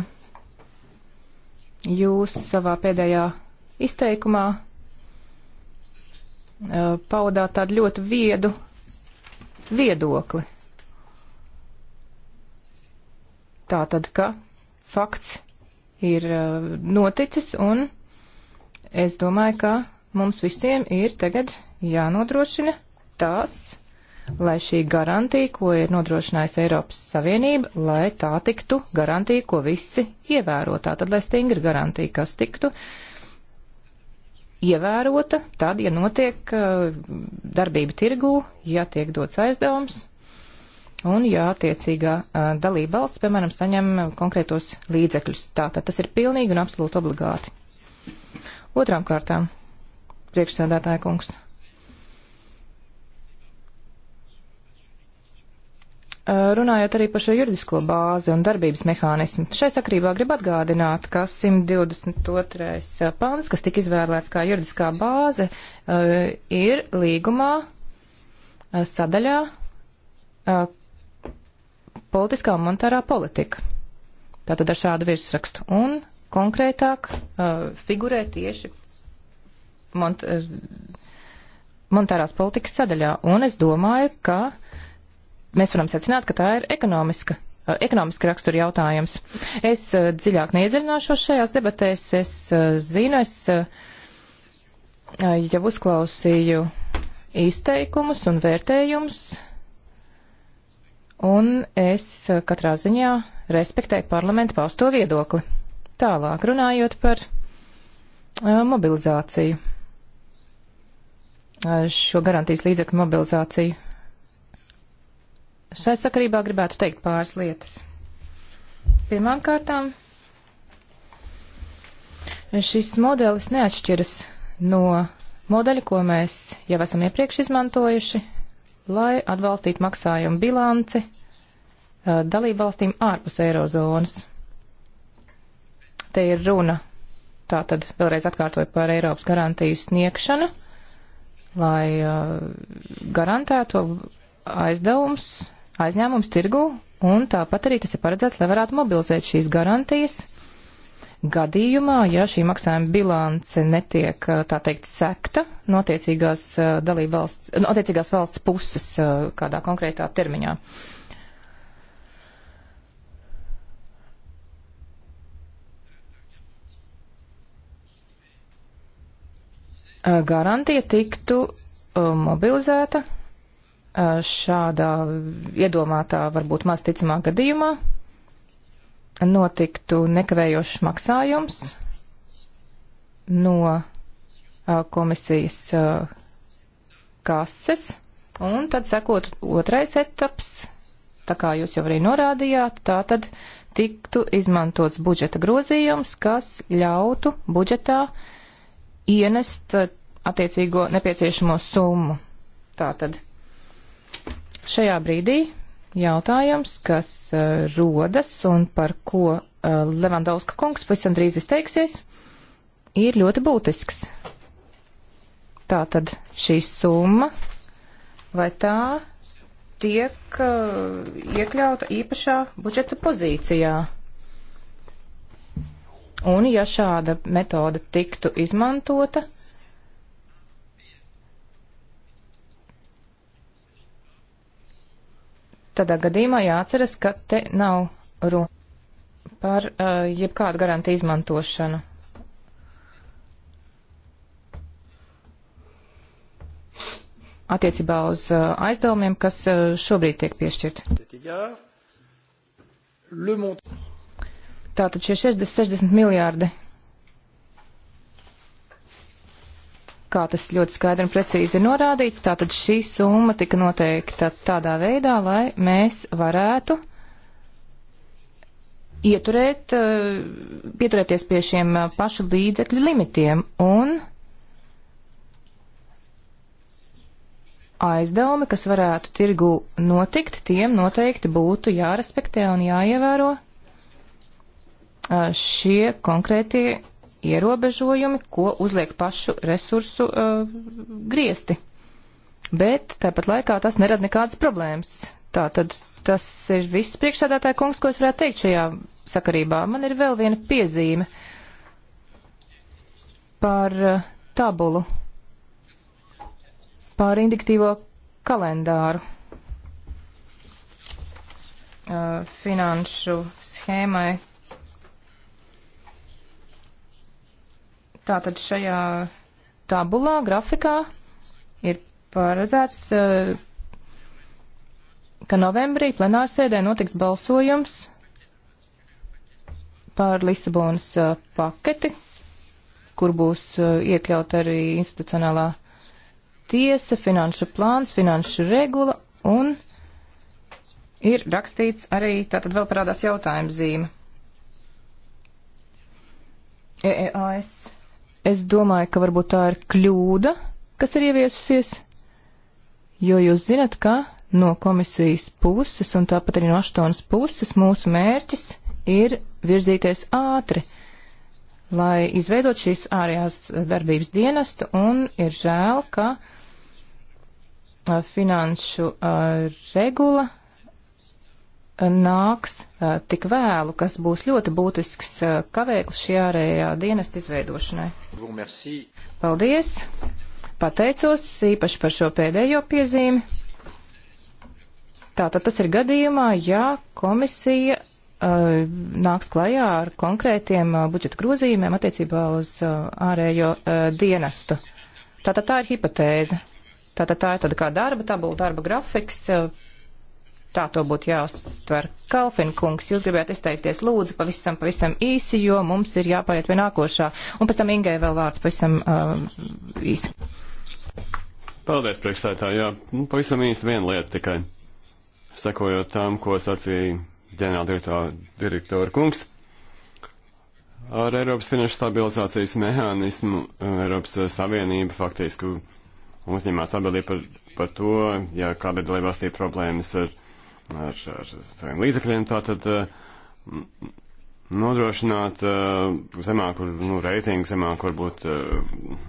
jūs savā pēdējā izteikumā uh, paudāt tādu ļoti viedu viedokli. Tātad, ka fakts ir uh, noticis un es domāju, ka mums visiem ir tagad jānodrošina tās, lai šī garantija, ko ir nodrošinājusi Eiropas Savienība, lai tā tiktu garantija, ko visi ievēro. Tātad, lai stingra garantija, kas tiktu ievērota, tad, ja notiek uh, darbība tirgū, ja tiek dots aizdevums. Un, ja attiecīgā uh, dalība valsts, piemēram, saņem konkrētos līdzekļus, tātad tas ir pilnīgi un absolūti obligāti. Otrām kārtām, priekšsēdētāja kungs, Eh, runājot arī par šo juridisko bāzi un darbības mehānismu, šai sakrībā grib atgādināt, ka 122. Eh, pāns, kas tika izvēlēts kā juridiskā bāze, eh, ir līgumā sadaļā politiskā un monetārā politika. Tātad ar šādu virsrakstu. Un konkrētāk figurē tieši monetārās politikas sadaļā. Un es domāju, ka mēs varam secināt, ka tā ir ekonomiska eh, ekonomiski raksturu jautājums. Es uh, dziļāk neiedziļināšos šajās debatēs. Es uh, zinu, es uh, jau uzklausīju izteikumus un vērtējumus, un es katrā ziņā respektēju parlamentu pausto viedokli. Tālāk runājot par mobilizāciju, šo garantijas līdzekļu mobilizāciju Šai sakarībā gribētu teikt pāris lietas. Pirmām kārtām, šis modelis neatšķiras no modeļa, ko mēs jau esam iepriekš izmantojuši, lai atbalstītu maksājumu bilanci dalību valstīm ārpus eirozonas. Te ir runa, tā tad vēlreiz atkārtoju par Eiropas garantiju sniegšanu, lai garantētu aizdevums aizņēmums tirgu, un tāpat arī tas ir paredzēts, lai varētu mobilizēt šīs garantijas gadījumā, ja šī maksājuma bilance netiek, tā teikt, sekta no attiecīgās, valsts, no attiecīgās valsts puses kādā konkrētā termiņā. Garantija tiktu mobilizēta šādā iedomātā, varbūt maz ticamā gadījumā notiktu nekavējošs maksājums no komisijas kases, un tad sekot otrais etaps, tā kā jūs jau arī norādījāt, tā tad tiktu izmantots budžeta grozījums, kas ļautu budžetā ienest attiecīgo nepieciešamo summu. Tātad Šajā brīdī jautājums, kas uh, rodas un par ko uh, Levandauska kungs pavisam drīz izteiksies, ir ļoti būtisks. Tātad šī summa vai tā tiek uh, iekļauta īpašā budžeta pozīcijā. Un ja šāda metode tiktu izmantota, uh, Tādā gadījumā jāatceras, ka te nav runa par uh, jebkādu garantiju izmantošanu. attiecībā uz uh, aizdevumiem, kas uh, šobrīd tiek piešķirti. Tātad šie 60, 60 miljārdi kā tas ļoti skaidri un precīzi ir norādīts, tātad šī summa tika noteikta tādā veidā, lai mēs varētu ieturēt, eh, pieturēties pie šiem eh, pašu līdzekļu limitiem un aizdevumi, kas varētu tirgu notikt, tiem noteikti būtu jārespektē un jāievēro eh, šie konkrētie ierobežojumi, ko uzliek pašu resursu uh, griesti. Bet tāpat laikā tas nerada nekādas problēmas. Tā tad tas ir viss priekšsēdētāja kungs, ko es varētu teikt šajā sakarībā. Man ir vēl viena piezīme par uh, tabulu, par indiktīvo kalendāru eh, finanšu schēmai Tātad šajā tabulā, grafikā ir paredzēts, eh, ka novembrī plenārsēdē notiks balsojums par Lisabonas eh, paketi, kur būs eh, iekļauta arī institucionālā tiesa, finanšu plāns, finanšu regula un ir rakstīts arī, tātad vēl parādās jautājuma zīme. EEAS Es domāju, ka varbūt tā ir kļūda, kas ir ieviesusies, jo jūs zinat, ka no komisijas puses un tāpat arī no aštuonas puses mūsu mērķis ir virzīties ātri, lai izveidot šīs ārējās darbības dienestu un ir žēl, ka finanšu regula nāks tik vēlu, kas būs ļoti būtisks kavēklis šī ārējā dienesta izveidošanai. Paldies! Pateicos īpaši par šo pēdējo piezīmi. Tātad tas ir gadījumā, ja komisija uh, nāks klajā ar konkrētiem uh, budžeta grozījumiem attiecībā uz uh, ārējo uh, dienestu. Tātad tā ir hipotēze. Tātad tā ir tāda kā darba tabula, darba grafiks. Uh, tā to būtu jāuztver. Kalfinkungs, jūs gribētu izteikties lūdzu pavisam, pavisam īsi, jo mums ir jāpāriet pie nākošā. Un pēc tam Ingai vēl vārds pavisam um, īsi. Paldies, priekšstādātāji. Jā, nu, pavisam īsti viena lieta tikai. Sekojot tam, ko sacīja ģenerāldirektora direktora kungs. Ar Eiropas finanšu stabilizācijas mehānismu uh, Eiropas uh, Savienība faktiski uzņemās atbildību par, par to, ja kāda dalībvalstī problēmas ar ar, ar saviem līdzekļiem, tātad eh, nodrošināt eh, zemāku nu, reitingu, zemāku varbūt eh,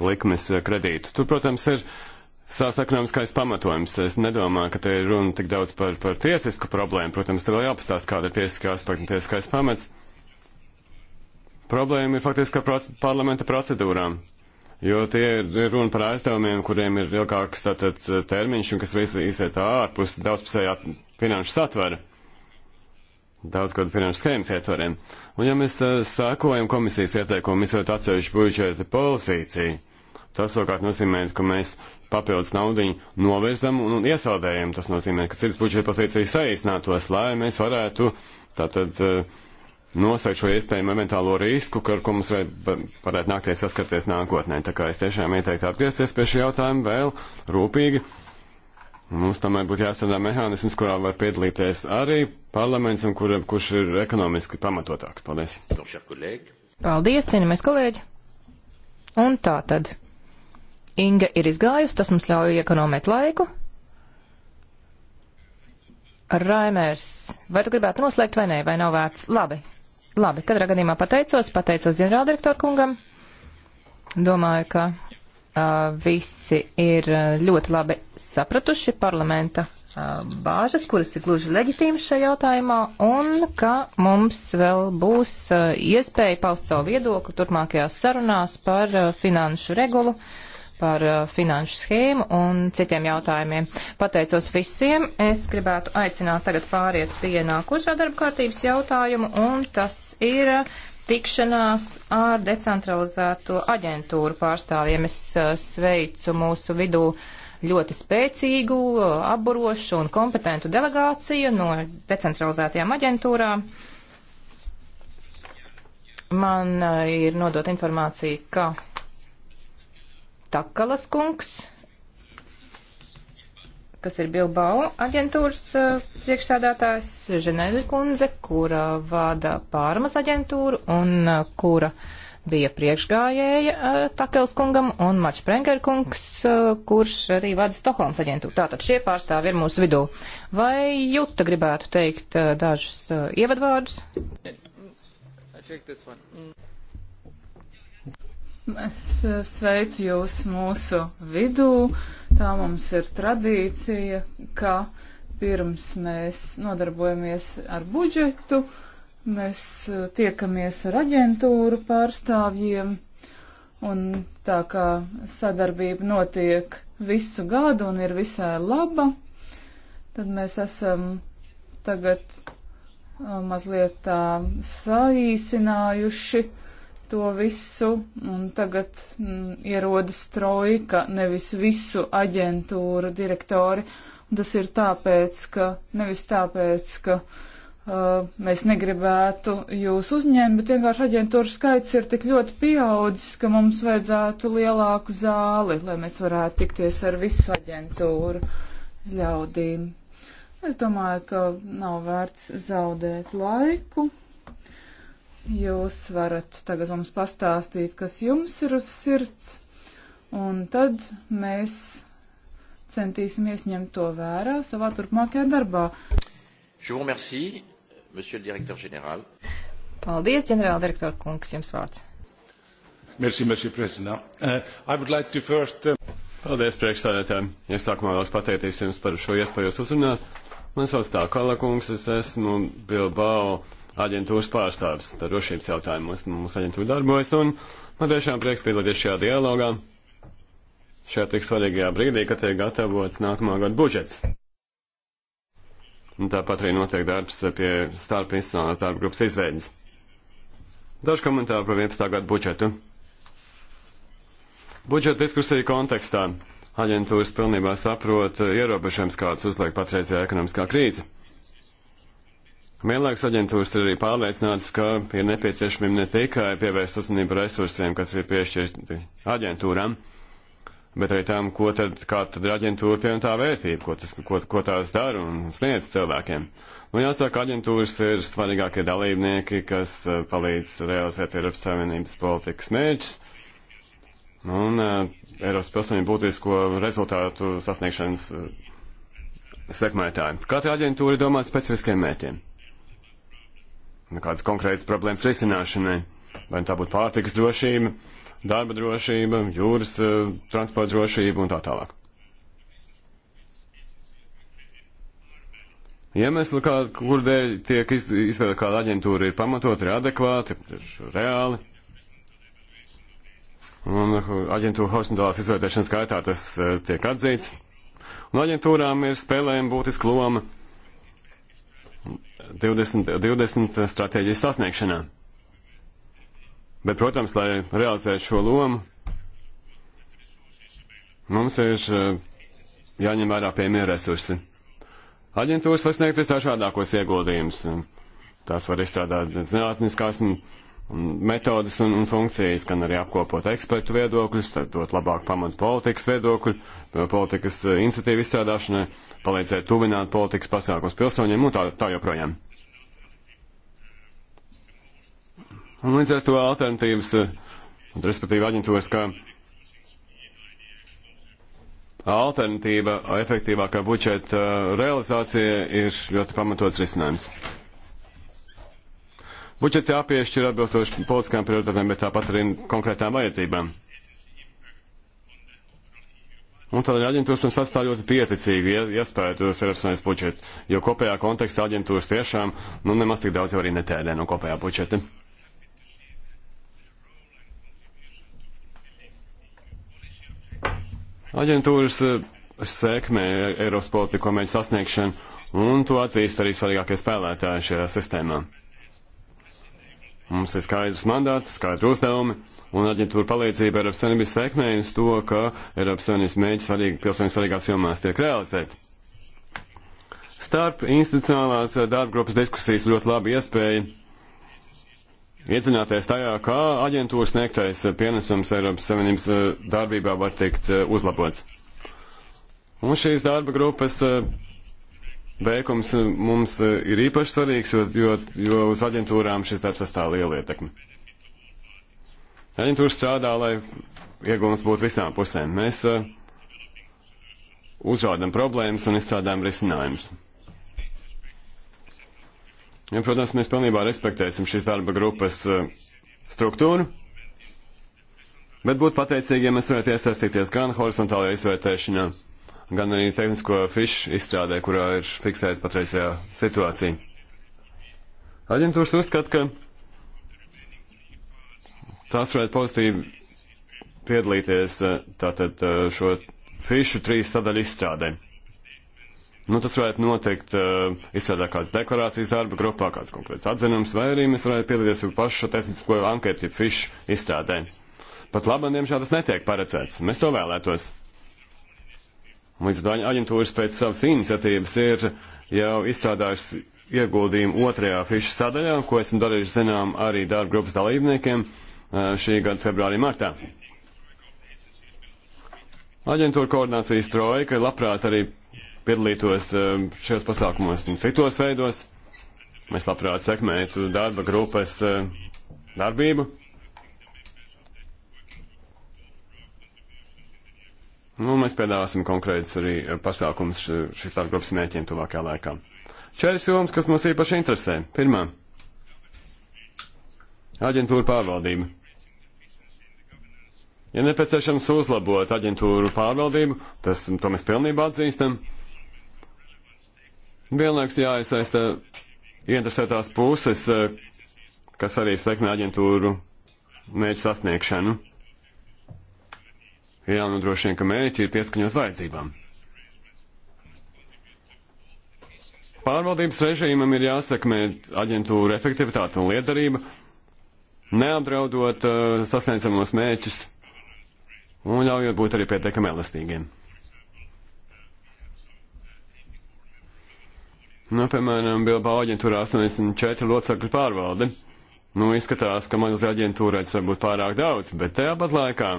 likmes kredītu. Tur, protams, ir savs ekonomiskais pamatojums. Es nedomāju, ka te ir runa tik daudz par, par tiesisku problēmu. Protams, te vēl jāpastāst, kāda ir tiesiskā aspekta un tiesiskais pamats. Problēma ir faktiski ar proc parlamenta procedūrām jo tie ir runa par aizdevumiem, kuriem ir ilgāks tātad eh, termiņš un kas visi iziet ārpus daudzpusējā finanšu satvara, daudzgadu finanšu schēmas ietvariem. Un ja mēs eh, sākojam komisijas ieteikumu izvērt atsevišķu budžeta pozīciju, tas savukārt nozīmē, ka mēs papildus naudiņu novirzam un, un iesaldējam. Tas nozīmē, ka sirds budžeta pozīcija saīsinātos, lai mēs varētu tātad uh, nosaukt šo iespējamo eventuālo risku, ar ko mums varētu nākties saskarties nākotnē. Tā kā es tiešām ieteiktu atgriezties pie šī jautājuma vēl rūpīgi. Mums tomēr būtu jāsadā mehānisms, kurā var piedalīties arī parlaments un kur, kurš ir ekonomiski pamatotāks. Paldies. Paldies, cienījamies kolēģi. Un tā tad. Inga ir izgājusi, tas mums ļauj ekonomēt laiku. Raimērs, vai tu gribētu noslēgt vai nē, vai nav vērts? Labi, Labi, katrā gadījumā pateicos, pateicos ģenerāldirektoru kungam. Domāju, ka uh, visi ir ļoti labi sapratuši parlamenta uh, bāžas, kuras ir gluži leģitīmas šajā jautājumā, un ka mums vēl būs uh, iespēja paust savu viedokli turpmākajās sarunās par uh, finanšu regulu. Uh, par uh, finanšu schēmu un citiem jautājumiem. Pateicos visiem. Es gribētu aicināt tagad pāriet pie nākošā darba kārtības jautājumu, un tas ir uh, tikšanās ar decentralizēto aģentūru pārstāvjiem. Es uh, sveicu mūsu vidū ļoti spēcīgu, uh, apburošu un kompetentu delegāciju no decentralizētajām aģentūrām. Man uh, ir nodot informācija, ka Takalas kungs, kas ir Bilbao aģentūras uh, priekšsēdētājs, Ženevi kundze, kura vada pārmas aģentūru un uh, kura bija priekšgājēja uh, Takels kungam un Mačs Prenger kungs, kurš arī vada Stokholmas aģentūru. Tātad šie pārstāvi ir mūsu vidū. Vai Juta gribētu teikt dažus ievadvārdus? I take this one. Mm. Es eh, sveicu jūs mūsu vidū. Tā mums ir tradīcija, ka pirms mēs nodarbojamies ar budžetu, mēs eh, tiekamies ar aģentūru pārstāvjiem. Un tā kā sadarbība notiek visu gadu un ir visai laba, tad mēs esam tagad eh, mazliet tā saīsinājuši to visu, un tagad mm, ierodas trojka, nevis visu aģentūru direktori. Tas ir tāpēc, ka nevis tāpēc, ka uh, mēs negribētu jūs uzņemt, bet vienkārši aģentūru skaits ir tik ļoti pieaudzis, ka mums vajadzētu lielāku zāli, lai mēs varētu tikties ar visu aģentūru ļaudīm. Es domāju, ka nav vērts zaudēt laiku. Jūs varat tagad mums pastāstīt, kas jums ir uz sirds, un tad mēs centīsimies ņemt to vērā savā turpmākajā darbā. Remercie, Paldies, ģenerāldirektor kungs, jums vārds. Merci, monsieur président. Uh, I would like to first... Uh... Paldies, priekšstādētājiem. Es sākumā vēlos pateikties jums par šo iespēju uzrunāt. Man sauc tā Kalakungs, es esmu Bilbao aģentūras pārstāvis. Tad drošības jautājumos mums aģentūra darbojas, un man tiešām prieks piedalīties šajā dialogā. Šajā tik svarīgajā brīdī, kad tiek gatavots nākamā gada budžets. Un tāpat arī notiek darbs pie starp institucionālās darba grupas izveidas. Dažu komentāru par 11. gadu budžetu. Budžeta diskusija kontekstā aģentūras pilnībā saprot ierobežojums, kāds uzliek patreizējā ekonomiskā krīze. Vienlaikus aģentūras ir arī pārliecinātas, ka ir nepieciešami ne tikai pievērst uzmanību resursiem, kas ir piešķirti aģentūram, bet arī tam, ko tad, kā tad ir aģentūra pievienotā vērtība, ko, tas, ko, ko tās dara un sniedz cilvēkiem. Nu, jāsaka, aģentūras ir svarīgākie dalībnieki, kas eh, palīdz realizēt Eiropas Savienības politikas mērķus nu, un uh, Eiropas pilsoņu būtisko rezultātu sasniegšanas uh, sekmētāji. Katra aģentūra domā specifiskiem mērķiem kādas konkrētas problēmas risināšanai. Vai tā būtu pārtikas drošība, darba drošība, jūras eh, transporta drošība un tā tālāk. Iemesli, kā, kur dēļ tiek iz, izveidota kāda aģentūra, ir pamatot, ir adekvāti, ir reāli. Un eh, aģentūra horizontālās izvērtēšanas gaitā tas eh, tiek atzīts. Un aģentūrām ir spēlējama būtiska loma 2020 stratēģijas sasniegšanā. Bet, protams, lai realizētu šo lomu, mums ir eh, jāņem vērā piemēra resursi. Aģentūras var sniegt visdažādākos ieguldījumus. Tās var izstrādāt zinātniskās un metodas un, un funkcijas, gan arī apkopot ekspertu viedokļus, tad dot labāk pamatu politikas viedokļu, politikas eh, iniciatīvu izstrādāšanai, palīdzēt tuvināt politikas pasākums pilsoņiem un tā, tā joprojām. Un līdz ar to alternatīvas, eh, respektīvi aģentūras, kā alternatīva efektīvākā budžeta eh, realizācija ir ļoti pamatots risinājums. Budžets jāpiešķir atbilstoši politiskām prioritātēm, bet tāpat arī konkrētām vajadzībām. Un tādēļ aģentūras mums atstāja ļoti pieticīgi iespējas ar apsvērs budžetu, jo kopējā kontekstā aģentūras tiešām nu, nemaz tik daudz jau arī netērē no kopējā budžeta. Aģentūras eh, sekmē Eiropas politiku mēģina sasniegšanu, un to atzīst arī svarīgākie spēlētāji šajā sistēmā. Mums ir skaidrs mandāts, skaidri uzdevumi, un aģentūra palīdzība Eiropas Savienības sekmē uz to, ka Eiropas Savienības mēģis svarīgi pilsoņu svarīgās jomās tiek realizēti. Starp institucionālās darba grupas diskusijas ļoti labi iespēja iedziļināties tajā, kā aģentūras sniegtais pienesums Eiropas Savienības eh, darbībā var tikt eh, uzlabots. Un šīs darba grupas eh, veikums eh, mums eh, ir īpaši svarīgs, jo, jo, jo uz aģentūrām šis darbs atstāja lielu ietekmi. Aģentūra strādā, lai iegūms būtu visām pusēm. Mēs uh, uzrādām problēmas un izstrādājam risinājumus. Ja, protams, mēs pilnībā respektēsim šīs darba grupas uh, struktūru, bet būtu pateicīgi, ja mēs varētu iesaistīties gan horizontālajā izvērtēšanā, gan arī tehnisko fišu izstrādē, kurā ir fiksēta patreizējā situācija. Aģentūras uzskata, ka tās varētu pozitīvi piedalīties eh, tātad eh, šo fišu trīs sadaļu izstrādē. Nu, tas varētu notikt uh, eh, izstrādā kādas deklarācijas darba grupā, kāds konkrēts atzinums, vai arī mēs varētu piedalīties jau pašu tehnisko anketu, ja fišu izstrādē. Pat labam, diemžēl, tas netiek paredzēts. Mēs to vēlētos. Līdz ar to aģentūras pēc savas iniciatīvas ir jau izstrādājušas ieguldījumu otrajā fišu sadaļā, ko esam darījuši zinām arī darba grupas dalībniekiem šī gada februārī martā. Aģentūra koordinācijas trojka labprāt arī piedalītos šajos pasākumos un citos veidos. Mēs labprāt sekmētu darba grupas darbību. Nu, mēs piedāvāsim konkrētus arī eh, pasākumus šīs tāda grupas mēķiem tuvākajā laikā. Četras jomas, kas mums īpaši interesē. Pirmā - aģentūra pārvaldība. Ja nepieciešams uzlabot aģentūru pārvaldību, tas, to mēs pilnībā atzīstam. Vienlaiks jāiesaista interesētās puses, eh, kas arī sekmē aģentūru mērķu sasniegšanu ir jānodrošina, nu, ka mērķi ir pieskaņot vajadzībām. Pārvaldības režīmam ir jāsakmē aģentūra efektivitāte un liederība, neapdraudot uh, sasniedzamos mērķus un ļaujot būt arī pietiekami elastīgiem. Nu, piemēram, Bilbao aģentūra 84 locekļu pārvalde. Nu, izskatās, ka mazas aģentūrēs varbūt pārāk daudz, bet tajāpat laikā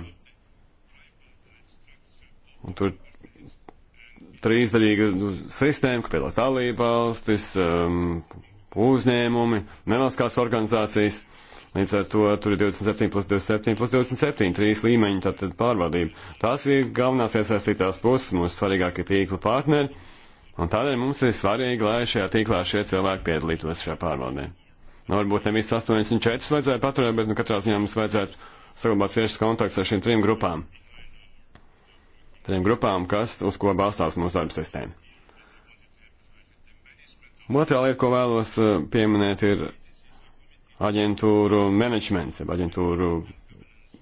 Un tur trīsdaļīga sistēma, ka piedalās dalība valstis, um, uzņēmumi, nevalstiskās organizācijas. Līdz ar to tur ir 27 plus 27 plus 27, trīs līmeņi tātad pārvaldība. Tās ir galvenās iesaistītās puses, mūsu svarīgākie tīkla partneri, un tādēļ mums ir svarīgi, lai šajā tīklā šie cilvēki piedalītos šajā pārvaldē. Nu, varbūt nevis 84 vajadzētu paturēt, bet nu, katrā ziņā mums vajadzētu saglabāt ciešas kontakts ar šīm trim grupām trim grupām, kas, uz ko balstās mūsu darba sistēma. Otrā lieta, ko vēlos eh, pieminēt, ir aģentūru menedžments, jeb aģentūru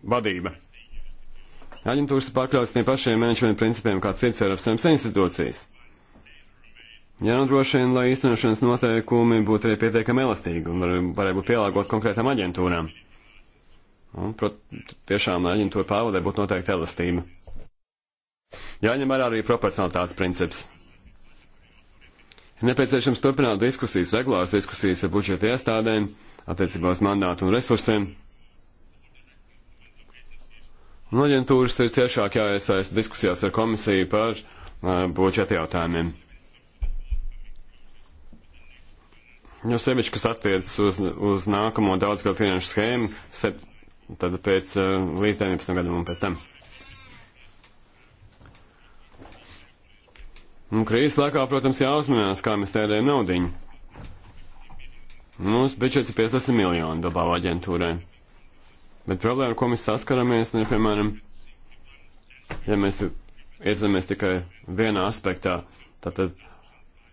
vadība. Aģentūras ir pakļautas tiem pašiem menedžmenta principiem, kā cits Eiropas Savienības institūcijas. Jānodrošina, nu lai īstenošanas noteikumi būtu arī pietiekami elastīgi un var, varētu būt pielāgot konkrētām aģentūrām. Un, prot, tiešām aģentūra pārvaldē būtu noteikti elastība. Jāņem vērā arī proporcionalitātes princips. Ir nepieciešams turpināt diskusijas, regulāras diskusijas ar budžeta iestādēm, attiecībā uz mandātu un resursiem. Un aģentūras ir ciešāk jāiesaist diskusijās ar komisiju par uh, budžeta jautājumiem. Jo sevišķi, kas attiecas uz, uz nākamo daudzgadu finanšu schēmu, tad pēc uh, līdz 19 gadam un pēc tam. Un krīzes laikā, protams, jāuzmanās, kā mēs tērējam naudiņu. Mūsu budžets ir 50 miljoni globāla aģentūrai. Bet problēma, ar ko mēs saskaramies, ir, nu, piemēram, ja mēs iedzamies tikai vienā aspektā, tad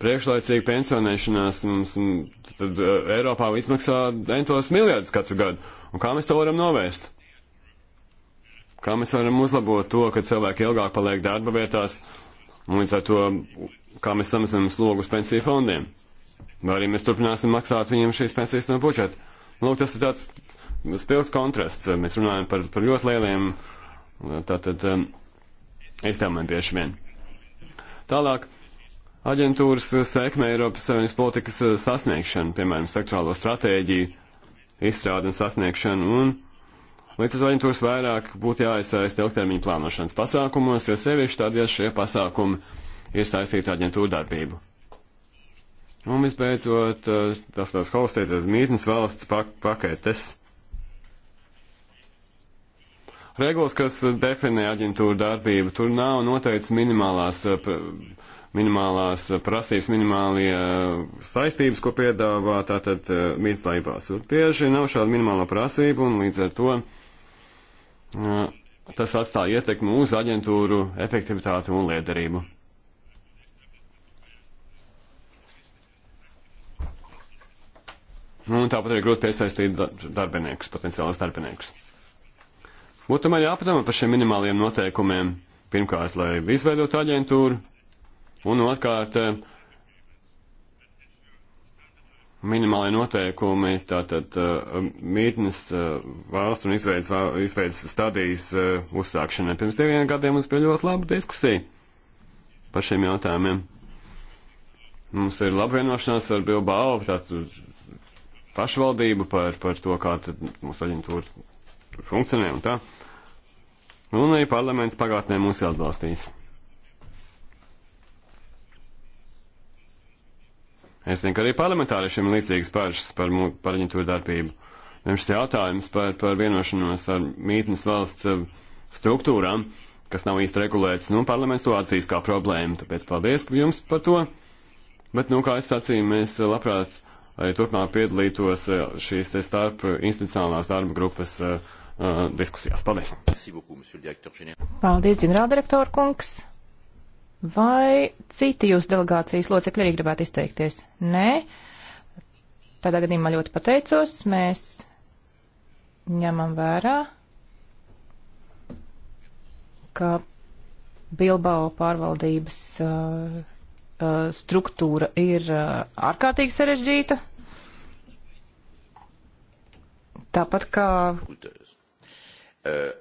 priekšlaicīga pensionēšanās mums tad, e, Eiropā izmaksā entos miljardus katru gadu. Un kā mēs to varam novērst? Kā mēs varam uzlabot to, ka cilvēki ilgāk paliek darba vietās? Un līdz ar to, kā mēs samazinām slogus pensiju fondiem, vai arī mēs turpināsim maksāt viņiem šīs pensijas no budžeta. Nu, lūk, tas ir tāds spilgs kontrasts. Mēs runājam par, par ļoti lieliem tātad um, izdevumiem bieži vien. Tālāk, aģentūras sekme Eiropas Savienības politikas uh, sasniegšana, piemēram, sektorālo stratēģiju, izstrādi un sasniegšanu un Līdz ar to aģentūras vairāk būtu jāiesaista ilgtermiņa plānošanas pasākumos, jo sevišķi tad, ja šie pasākumi ir saistīti ar aģentūru darbību. Un visbeidzot, eh, tas tās holstētas mītnes valsts pak paketes. Regulas, kas definē aģentūru darbību, tur nav noteikts minimālās, eh, minimālās prasības, minimālie eh, saistības, ko piedāvā tātad mītnes laibās. Bieži nav šāda minimāla prasība un līdz ar to Uh, tas atstāja ietekmi uz aģentūru efektivitāti un liederību. Nu, un tāpat arī grūti piesaistīt darbiniekus, potenciālus darbiniekus. Būtu tomēr jāpadomā par šiem minimāliem noteikumiem. Pirmkārt, lai izveidotu aģentūru, un otrkārt, minimālajie noteikumi, tātad uh, mītnes uh, valsts un izveidas, izveidas stadijas uh, uzsākšanai. Pirms diviem gadiem mums bija ļoti laba diskusija par šiem jautājumiem. Mums ir laba vienošanās ar Bilbao, tātad pašvaldību par, par to, kā tad mūsu aģentūra funkcionē un tā. Un arī parlaments pagātnē mūs atbalstīs. Es domāju, ka arī parlamentāriešiem ir līdzīgas bažas par, par aģentūru darbību. Viņam šis jautājums par, par vienošanos ar mītnes valsts eh, struktūrām, kas nav īsti regulēts, nu, parlaments to atzīst kā problēmu, tāpēc paldies jums par to. Bet, nu, kā es sacīju, mēs eh, labprāt arī turpmāk piedalītos eh, šīs te starp institucionālās darba grupas uh, diskusijās. Paldies! Paldies, ģenerāldirektor kungs! Vai citi jūsu delegācijas locekļi arī gribētu izteikties? Nē. Tādā gadījumā ļoti pateicos. Mēs ņemam vērā, ka Bilbao pārvaldības uh, uh, struktūra ir uh, ārkārtīgi sarežģīta. Tāpat kā. Uh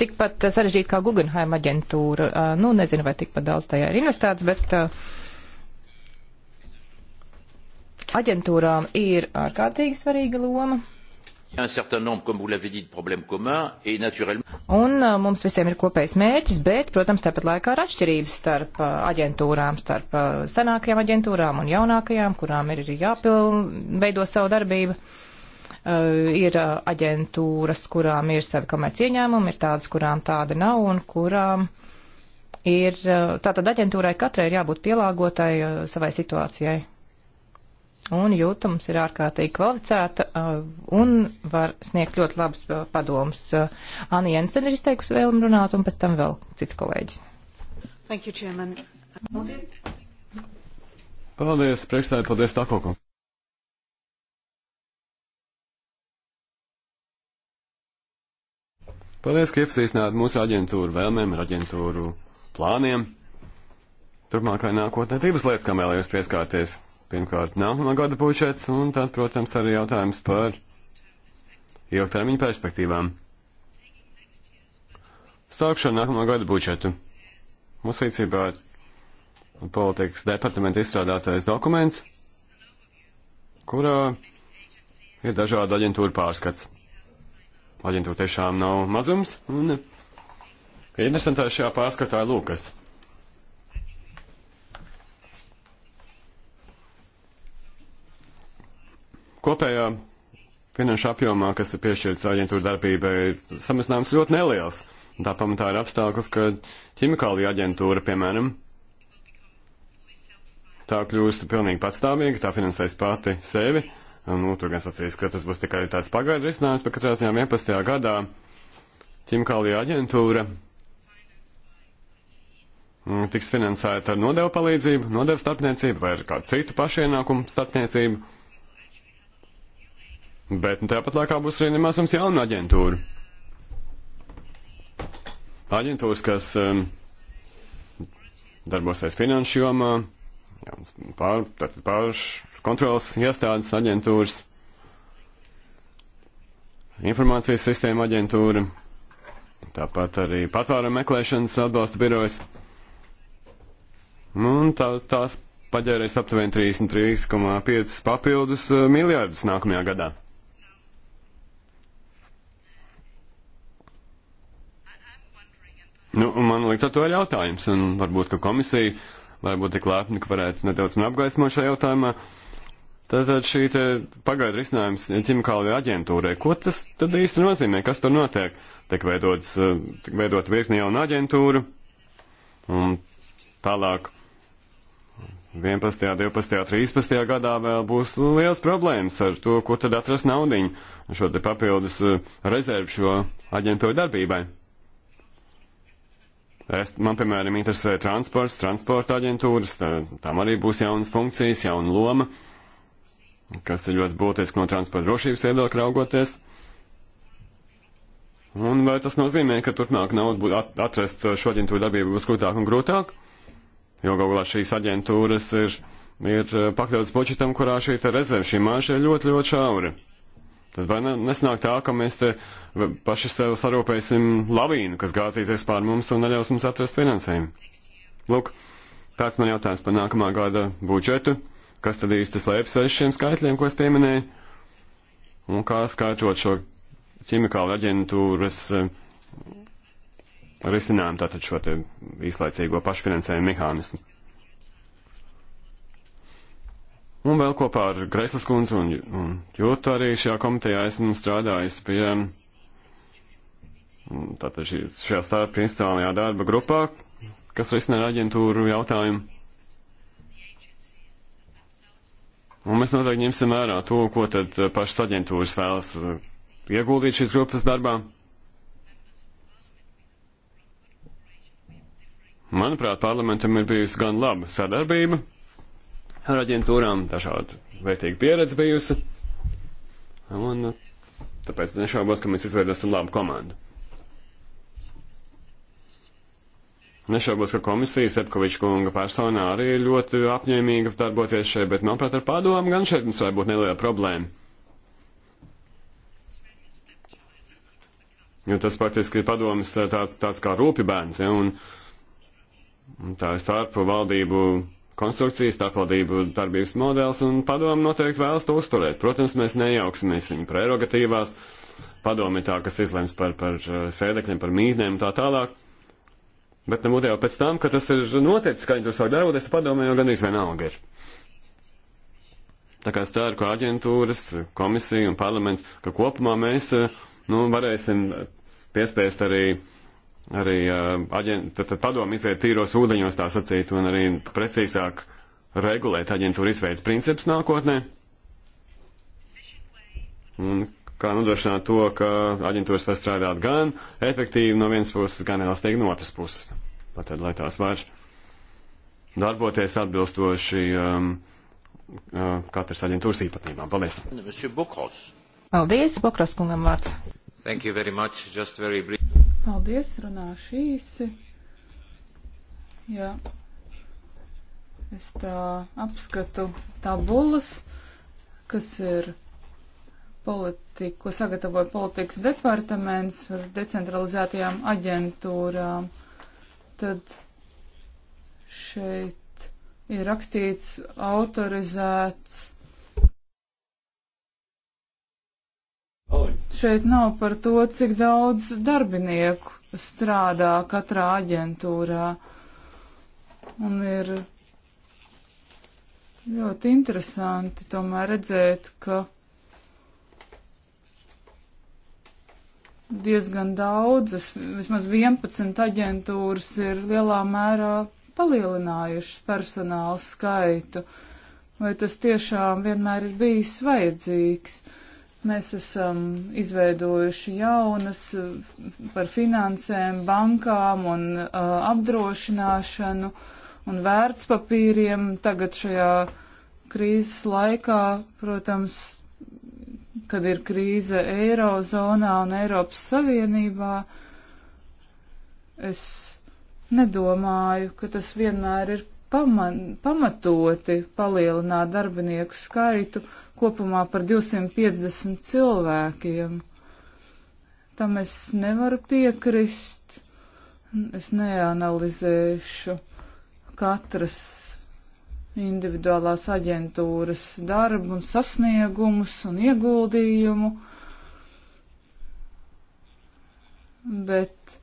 Tikpat eh, sarežģīti kā Guggenheim aģentūra. Eh, nu, nezinu, vai tikpat daudz tajā ir investēts, bet eh, aģentūrām ir ārkārtīgi svarīga loma. Un mums visiem ir kopējs mērķis, bet, protams, tāpat laikā ir atšķirības starp aģentūrām, starp senākajām aģentūrām un jaunākajām, kurām ir jāpilnveido savu darbību. Eh, ir eh, aģentūras, kurām ir savi komerci ieņēmumi, ir tādas, kurām tāda nav un kurām ir, eh, tātad aģentūrai katrai ir jābūt pielāgotai savai situācijai. Un Jūta mums ir ārkārtīgi kvalificēta un var sniegt ļoti labus padomus. Anna Jensen ir izteikusi vēlmu runāt un pēc tam vēl cits kolēģis. Thank you, Chairman. Paldies. Paldies, priekšstādā, paldies Takoku. Paldies, ka iepazīstināt mūsu aģentūru vēlmēm un aģentūru plāniem. Turpmākai nākotnē divas lietas, kam vēlējos pieskārties. Pirmkārt, nākamā gada budžets, un tad, protams, arī jautājums par ilgtermiņa perspektīvām. Sākšu ar nākamā gada budžetu. Mūsu rīcībā politikas departamenta izstrādātais dokuments, kurā ir dažādu aģentūru pārskats aģentūra tiešām nav mazums. Un interesantāk šajā pārskatā ir Lūkas. Kopējā finanšu apjomā, kas ir piešķirts aģentūra darbībai, samazinājums ļoti neliels. Tā pamatā ir apstākļus, ka ķimikālija aģentūra, piemēram, tā kļūst pilnīgi patstāvīga, tā finansēs pati sevi, Nu, tur gan sacīs, ka tas būs tikai tāds pagaidu risinājums, bet katrā ziņā 11. gadā ķimkālija aģentūra mm, tiks finansēta ar nodevu palīdzību, nodevu starpniecību vai ar kādu citu pašienākumu starpniecību. Bet nu, tāpat laikā būs arī nemaz mums jauna aģentūra. Aģentūras, kas um, darbosies finanšu jomā, jauns pār, pār, kontrolas iestādes aģentūras, informācijas sistēma aģentūra, tāpat arī patvēruma meklēšanas atbalsta birojas. Nu, un tā, tās paģērēs aptuveni 33,5 papildus eh, miljārdus nākamajā gadā. Nu, man liekas, ar to ir jautājums, un varbūt, ka komisija, lai būtu tik lēpni, ka varētu nedaudz man apgaismot šajā jautājumā, Tātad šī pagaidu risinājums ķimikālajai aģentūrai, ko tas tad īsti nozīmē, kas tur notiek? Tiek veidots, eh, tiek veidot virkni jauna aģentūra, un tālāk 11., 12., 13. gadā vēl būs liels problēmas ar to, kur tad atrast naudiņu, šo te papildus eh, rezervu šo aģentūru darbībai. Es, man, piemēram, interesē transports, transporta aģentūras, tā, tam arī būs jaunas funkcijas, jauna loma kas ir ļoti būtiski no transporta drošības viedokļa raugoties. Un vai tas nozīmē, ka turpmāk naudu būtu atrast šo aģentūru darbību būs grūtāk un grūtāk? Jo galvā šīs aģentūras ir, ir pakļautas budžetam, kurā šī rezerve, šī māža ir ļoti, ļoti šaura. Tad vai ne, nesnāk tā, ka mēs te paši sev sarūpēsim lavīnu, kas gāzīsies pār mums un neļaus mums atrast finansējumu? Lūk, tāds man jautājums par nākamā gada budžetu kas tad īsti slēpjas aiz šiem skaitļiem, ko es pieminēju, un kā skaidrot šo ķimikālu aģentūras eh, risinājumu, tātad šo te īslaicīgo pašfinansējumu mehānismu. Un vēl kopā ar Greislas kundzi un, un Jūtu arī šajā komitejā esmu strādājis pie mm, tātad šī, šajā starp institucionālajā darba grupā, kas risina aģentūru jautājumu. Un mēs noteikti ņemsim vērā to, ko tad eh, pašas aģentūras vēlas eh, ieguldīt šīs grupas darbā. Manuprāt, parlamentam ir bijusi gan laba sadarbība ar aģentūrām, dažādu vērtīgu pieredzi bijusi. Un eh, tāpēc nešaubos, ka mēs izveidosim labu komandu. Nešaubos, ka komisijas Epkoviča kunga personā arī ir ļoti apņēmīga darboties šeit, bet, manuprāt, ar padomu gan šeit mums var būt neliela problēma. Jo tas faktiski ir padomas eh, tāds, tāds kā rūpibērns, ja, un, un tā ir starpu valdību konstrukcija, starpvaldību darbības modelis, un padomu noteikti vēlas to uzturēt. Protams, mēs nejauksimies viņu prerogatīvās, padomi tā, kas izlems par, par eh, sēdekļiem, par mītnēm un tā tālāk. Bet nu, jau pēc tam, kad tas ir noticis, kā viņi to sāk darboties, padomē jau gandrīz vienalga ir. Tā kā es ceru, ka aģentūras, komisija un parlaments, ka kopumā mēs nu, varēsim piespiest arī, arī aģent, tad, tad padomu iziet tīros ūdeņos, tā sacīt, un arī precīzāk regulēt aģentūru izveidas principus nākotnē. Un kā nodrošināt to, ka aģentūras var strādāt gan efektīvi no vienas puses, gan elastīgi no otras puses. Tātad, lai tās var darboties atbilstoši um, uh, katras aģentūras īpatnībām. Paldies! Paldies, Bokros kungam vārds! Thank you very much, just very brief. Paldies, runāšu īsi. Jā. Es tā apskatu tabulas, kas ir politiku sagatavoja politikas departaments ar decentralizētajām aģentūrām. Tad šeit ir rakstīts autorizēts. Šeit nav par to, cik daudz darbinieku strādā katrā aģentūrā. Un ir ļoti interesanti tomēr redzēt, ka diezgan daudzas, vismaz 11 aģentūras ir lielā mērā palielinājušas personāla skaitu. Vai tas tiešām vienmēr ir bijis vajadzīgs? Mēs esam izveidojuši jaunas eh, par finansēm, bankām un uh, apdrošināšanu un vērtspapīriem. Tagad šajā krīzes laikā, protams, kad ir krīze Eirozonā un Eiropas Savienībā, es nedomāju, ka tas vienmēr ir paman, pamatoti palielināt darbinieku skaitu kopumā par 250 cilvēkiem. Tam es nevaru piekrist, es neanalizēšu katras individuālās aģentūras darbu un sasniegumus un ieguldījumu, bet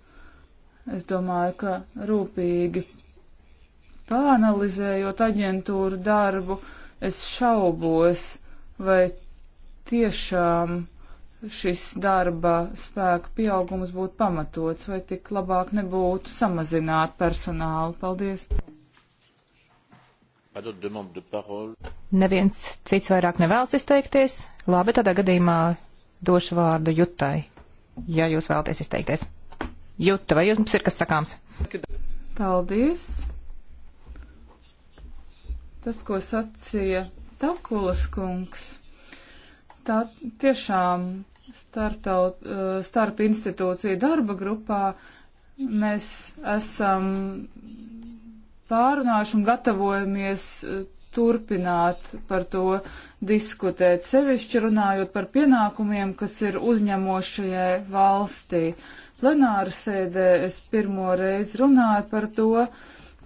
es domāju, ka rūpīgi pāanalizējot aģentūru darbu, es šaubos, vai tiešām šis darba spēka pieaugums būtu pamatots, vai tik labāk nebūtu samazināt personālu. Paldies! Neviens cits vairāk nevēlas izteikties. Labi, tādā gadījumā došu vārdu Jutai, ja jūs vēlaties izteikties. Juta, vai jums ir kas sakāms? Paldies! Tas, ko sacīja Takulas kungs, tā tiešām starptaut, starp institūciju darba grupā mēs esam pārunāšu un gatavojamies e, turpināt par to diskutēt, sevišķi runājot par pienākumiem, kas ir uzņemošajai valstī. Plenāra sēdē es pirmo reizi runāju par to,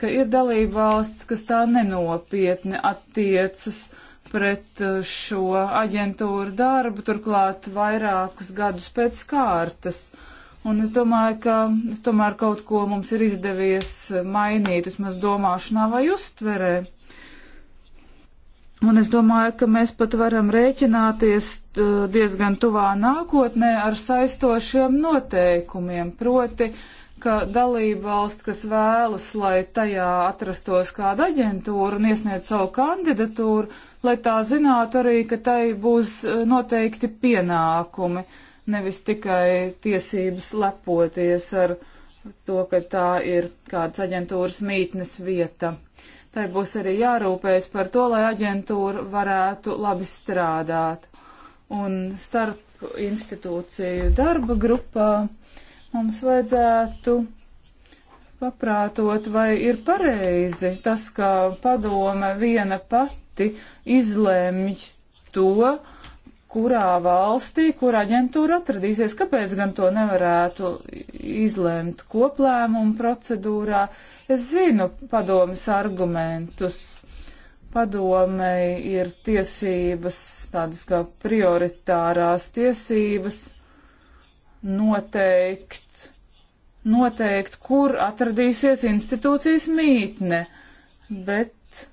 ka ir dalība valsts, kas tā nenopietni attiecas pret e, šo aģentūru darbu, turklāt vairākus gadus pēc kārtas. Uh, Un es domāju, ka es tomēr kaut ko mums ir izdevies mainīt, vismaz domāšanā vai uztverē. Un es domāju, ka mēs pat varam rēķināties diezgan tuvā nākotnē ar saistošiem noteikumiem, proti, ka dalība valsts, kas vēlas, lai tajā atrastos kāda aģentūra un iesniedz savu kandidatūru, lai tā zinātu arī, ka tai būs eh, noteikti pienākumi. Uh, nevis tikai tiesības lepoties ar to, ka tā ir kādas aģentūras mītnes vieta. Tai būs arī jārūpējas par to, lai aģentūra varētu labi strādāt. Un starp institūciju darba grupā mums vajadzētu paprātot, vai ir pareizi tas, ka padome viena pati izlemj to, kurā valstī, kur aģentūra atradīsies, kāpēc gan to nevarētu izlēmt koplēmumu procedūrā. Es zinu padomas argumentus. Padomei ir tiesības, tādas kā prioritārās tiesības, noteikt, noteikt, kur atradīsies institūcijas mītne, bet,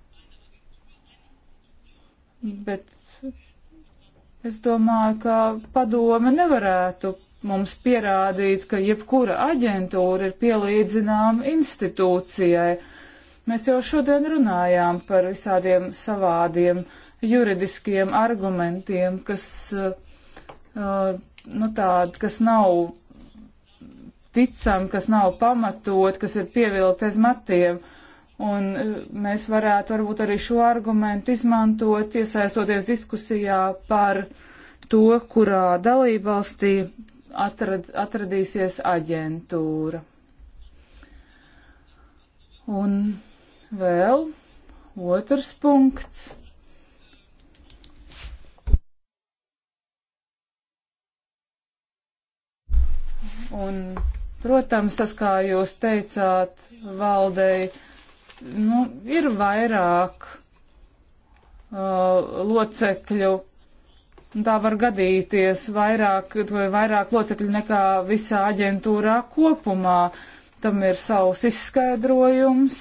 bet Es domāju, ka padome nevarētu mums pierādīt, ka jebkura aģentūra ir pielīdzinām institūcijai. Mēs jau šodien runājām par visādiem savādiem juridiskiem argumentiem, kas, uh, uh nu tād, kas nav ticami, kas nav pamatot, kas ir pievilkt aiz matiem. Uh, Un e, mēs varētu varbūt arī šo argumentu izmantot, iesaistoties diskusijā par to, kurā dalībvalstī atrad, atradīsies aģentūra. Un vēl otrs punkts. Un, protams, tas, kā jūs teicāt, valdei nu, ir vairāk uh, locekļu. Tā var gadīties vairāk, vairāk locekļu nekā visā aģentūrā kopumā. Tam ir savs izskaidrojums,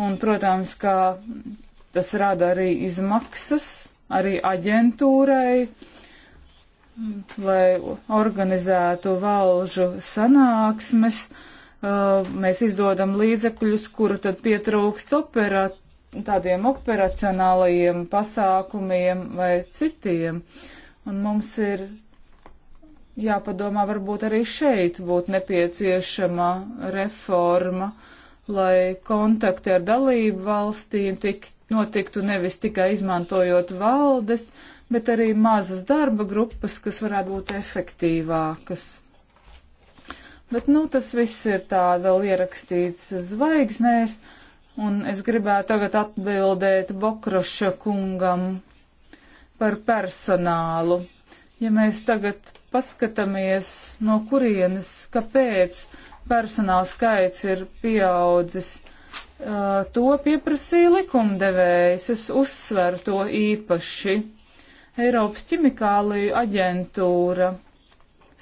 un, protams, ka tas rada arī izmaksas, arī aģentūrai, lai organizētu valžu sanāksmes. Uh, Uh, mēs izdodam līdzekļus, kuru tad pietrūkst operat tādiem operacionālajiem pasākumiem vai citiem. Un mums ir jāpadomā, varbūt arī šeit būtu nepieciešama reforma, lai kontakti ar dalību valstīm tik, notiktu nevis tikai izmantojot valdes, bet arī mazas darba grupas, kas varētu būt efektīvākas. Bet, nu, tas viss ir tā vēl ierakstīts zvaigznēs, un es gribētu tagad atbildēt Bokroša kungam par personālu. Ja mēs tagad paskatāmies, no kurienes, kāpēc personāla skaits ir pieaudzis, uh, to pieprasīja likumdevējs. Es uzsveru to īpaši. Eiropas ķimikāliju aģentūra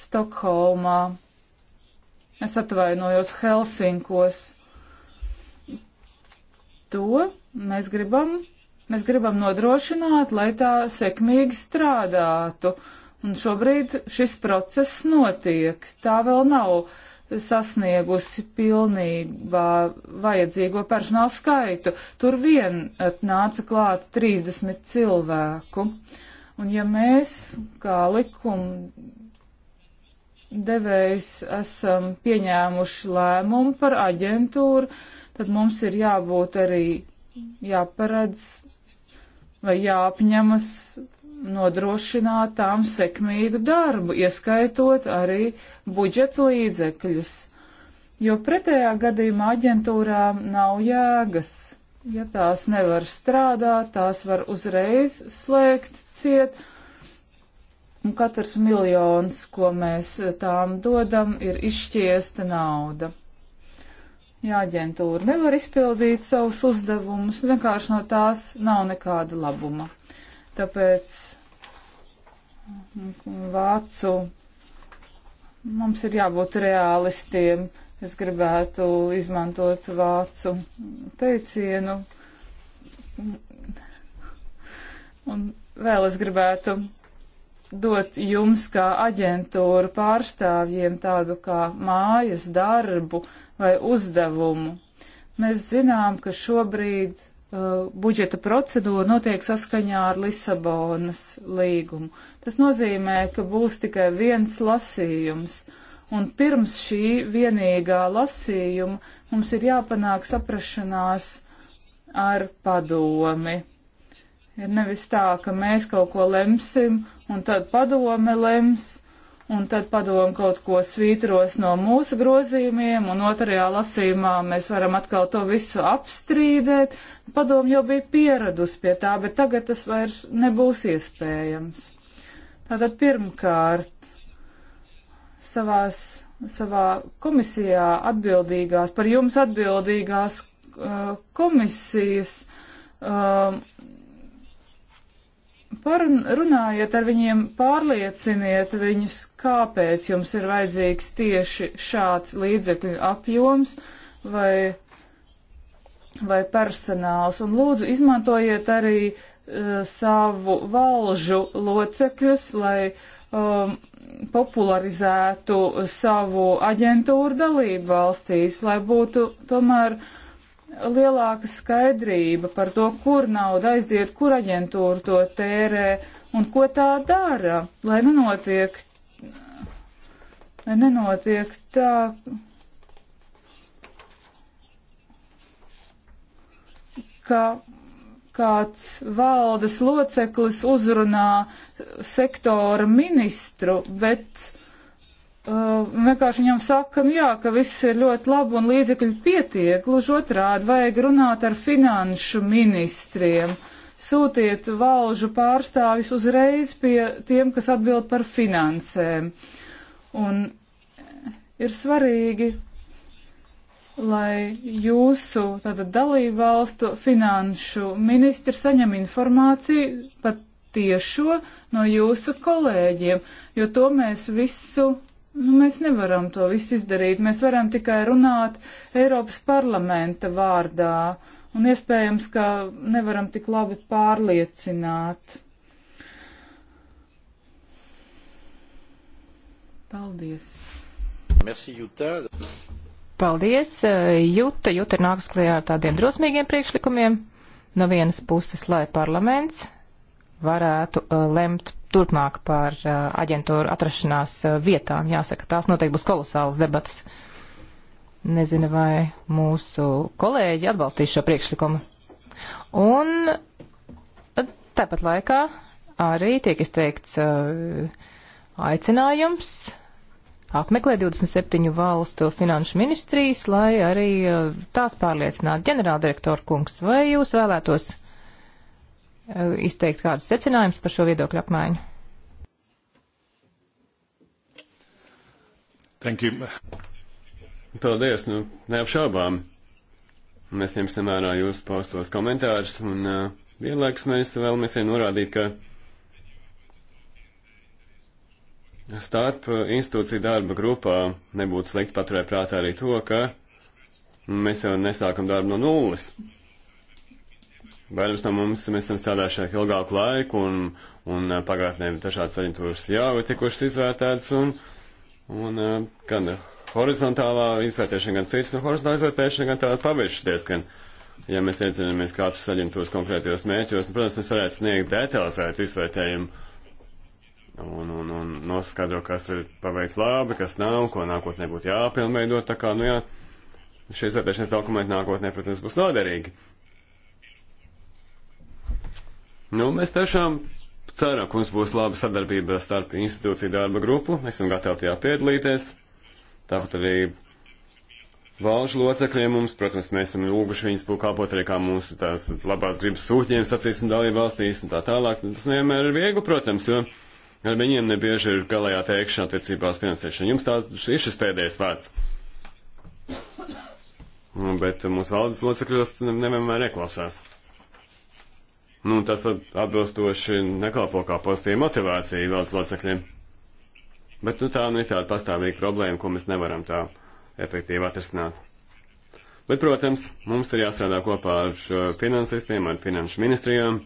Stokholmā es atvainojos Helsinkos. To mēs gribam, mēs gribam nodrošināt, lai tā sekmīgi strādātu. Un šobrīd šis process notiek. Tā vēl nav sasniegusi pilnībā vajadzīgo personālu skaitu. Tur vien nāca klāt 30 cilvēku. Un ja mēs, kā likuma devējs esam pieņēmuši lēmumu par aģentūru, tad mums ir jābūt arī jāparedz vai jāapņemas nodrošināt tām sekmīgu darbu, ieskaitot arī budžeta līdzekļus, jo pretējā gadījumā aģentūrām nav jēgas. Ja tās nevar strādāt, tās var uzreiz slēgt ciet, Un katrs miljons, ko mēs tām dodam, ir izšķiesta nauda. Jā, aģentūra nevar izpildīt savus uzdevumus, vienkārši no tās nav nekāda labuma. Tāpēc vācu mums ir jābūt realistiem. Es gribētu izmantot vācu teicienu. Un vēl es gribētu dot jums kā aģentūru pārstāvjiem tādu kā mājas darbu vai uzdevumu. Mēs zinām, ka šobrīd uh, budžeta procedūra notiek saskaņā ar Lisabonas līgumu. Tas nozīmē, ka būs tikai viens lasījums. Un pirms šī vienīgā lasījuma mums ir jāpanāk saprašanās ar padomi Ir nevis tā, ka mēs kaut ko lemsim, un tad padome lems, un tad padome kaut ko svītros no mūsu grozījumiem, un otrajā lasīmā mēs varam atkal to visu apstrīdēt. Padome jau bija pieradus pie tā, bet tagad tas vairs nebūs iespējams. Tātad pirmkārt, savās, savā komisijā atbildīgās, par jums atbildīgās uh, komisijas. Um, Parunājiet ar viņiem, pārlieciniet viņus, kāpēc jums ir vajadzīgs tieši šāds līdzekļu apjoms vai, vai personāls. Un lūdzu, izmantojiet arī uh, savu valžu locekļus, lai um, popularizētu savu aģentūru dalību valstīs, lai būtu tomēr uh, lielāka skaidrība par to, kur nauda aiziet, kur aģentūra to tērē un ko tā dara, lai nenotiek, lai nenotiek tā. Ka kāds valdes loceklis uzrunā sektora ministru, bet Uh, vienkārši viņam saka, nu jā, ka viss ir ļoti labi un līdzekļi pietiek, gluži otrādi, vajag runāt ar finanšu ministriem, sūtiet valžu pārstāvis uzreiz pie tiem, kas atbild par finansēm. Un ir svarīgi, lai jūsu tātad dalībvalstu finanšu ministri saņem informāciju pat tiešo no jūsu kolēģiem, jo to mēs visu Nu, mēs nevaram to visu izdarīt. Mēs varam tikai runāt Eiropas parlamenta vārdā. Un iespējams, ka nevaram tik labi pārliecināt. Paldies! Merci, Jutta. Paldies, eh, Juta. Juta ir nākus klajā ar tādiem drosmīgiem priekšlikumiem. No vienas puses, lai parlaments varētu uh, lemt turpmāk par uh, aģentūru atrašanās uh, vietām. Jāsaka, tās noteikti būs kolosāls debats. Nezinu, vai mūsu kolēģi atbalstīs šo priekšlikumu. Un tāpat laikā arī tiek izteikts uh, aicinājums apmeklē 27 valstu finanšu ministrijas, lai arī tās pārliecinātu ģenerāldirektoru kungs, vai jūs vēlētos Eh, izteikt kādus secinājumus par šo viedokļu apmaiņu. Thank you. Paldies, nu, neapšaubām. Mēs ņemsim vērā jūsu paustos komentārus, un uh, vienlaikus mēs vēlamies arī norādīt, ka starp eh, institūciju darba grupā nebūtu slikti paturēt prātā arī to, ka mēs jau nesākam darbu no nulles. Vairums no mums, mēs esam strādājuši ar ilgāku laiku, un, un pagātnē dažādas aģentūras jau ir tikušas izvērtētas, un, un gan horizontālā izvērtēšana, gan cits no horizontālā izvērtēšana, gan tāda paviršas diezgan. Ja mēs iedzinamies katras aģentūras konkrētajos mērķos, un, nu, protams, mēs varētu sniegt detalizētu izvērtējumu un, un, un noskaidro, kas ir paveikts labi, kas nav, ko nākotnē būtu jāpilnveidot. Tā kā, nu jā, šie izvērtēšanas dokumenti nākotnē, protams, būs noderīgi. Nu, mēs tiešām ceram, ka mums būs laba sadarbība starp institūciju darba grupu. Esam gatavi tajā piedalīties. Tāpat arī valžu locekļiem mums, protams, mēs esam lūguši viņus kalpot arī kā mūsu tās labās gribas sūtņiem, sacīsim, dalību valstīs un tā tālāk. Tas nevienmēr ir viegli, protams, jo ar viņiem nebieži ir galējā teikšana attiecībā uz finansēšanu. Jums tāds ir šis pēdējais vārds. Nu, bet mūsu valdes locekļos nevienmēr neklausās. Nu, tas atbilstoši nekalpo kā pozitīva motivācija valsts locekļiem. Bet nu, tā nu, ir tāda pastāvīga problēma, ko mēs nevaram tā efektīvi atrisināt. Bet, protams, mums ir jāstrādā kopā ar uh, finansistiem, ar finanšu ministrijām.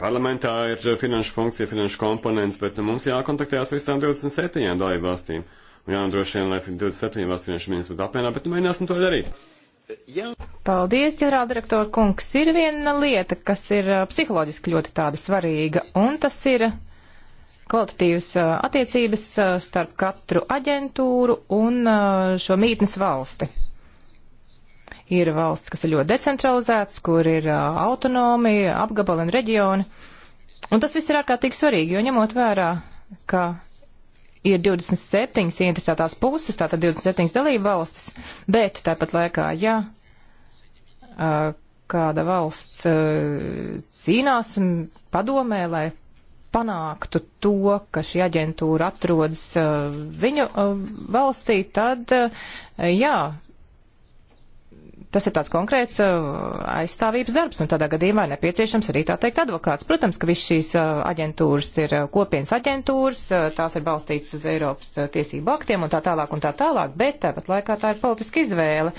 Parlamentā ir uh, finanšu funkcija, finanšu komponents, bet nu, mums jākontaktējās visām 27 dalību valstīm. Un jānodrošina, lai 27 valsts finanšu ministri būtu apmienā, bet nu, mēģināsim to darīt. Paldies, ģenerāldirektora kungs. Ir viena lieta, kas ir uh, psiholoģiski ļoti tāda svarīga, un tas ir kvalitatīvas uh, attiecības uh, starp katru aģentūru un šo mītnes valsti. Ir valsts, kas ir ļoti decentralizēts, kur ir autonomi, apgabali un reģioni. Un tas viss ir ārkārtīgi svarīgi, jo ņemot vērā, ka ir 27 interesētās puses, tātad 27 dalība valstis, bet tāpat laikā, ja kāda valsts cīnās un padomē, lai panāktu to, ka šī aģentūra atrodas viņu valstī, tad jā, tas ir tāds konkrēts uh, aizstāvības darbs, un tādā gadījumā ir nepieciešams arī tā teikt advokāts. Protams, ka viss šīs uh, aģentūras ir uh, kopienas aģentūras, tās ir balstītas uz Eiropas tiesību aktiem un tā tālāk un tā tālāk, bet tāpat laikā tā ir politiska izvēle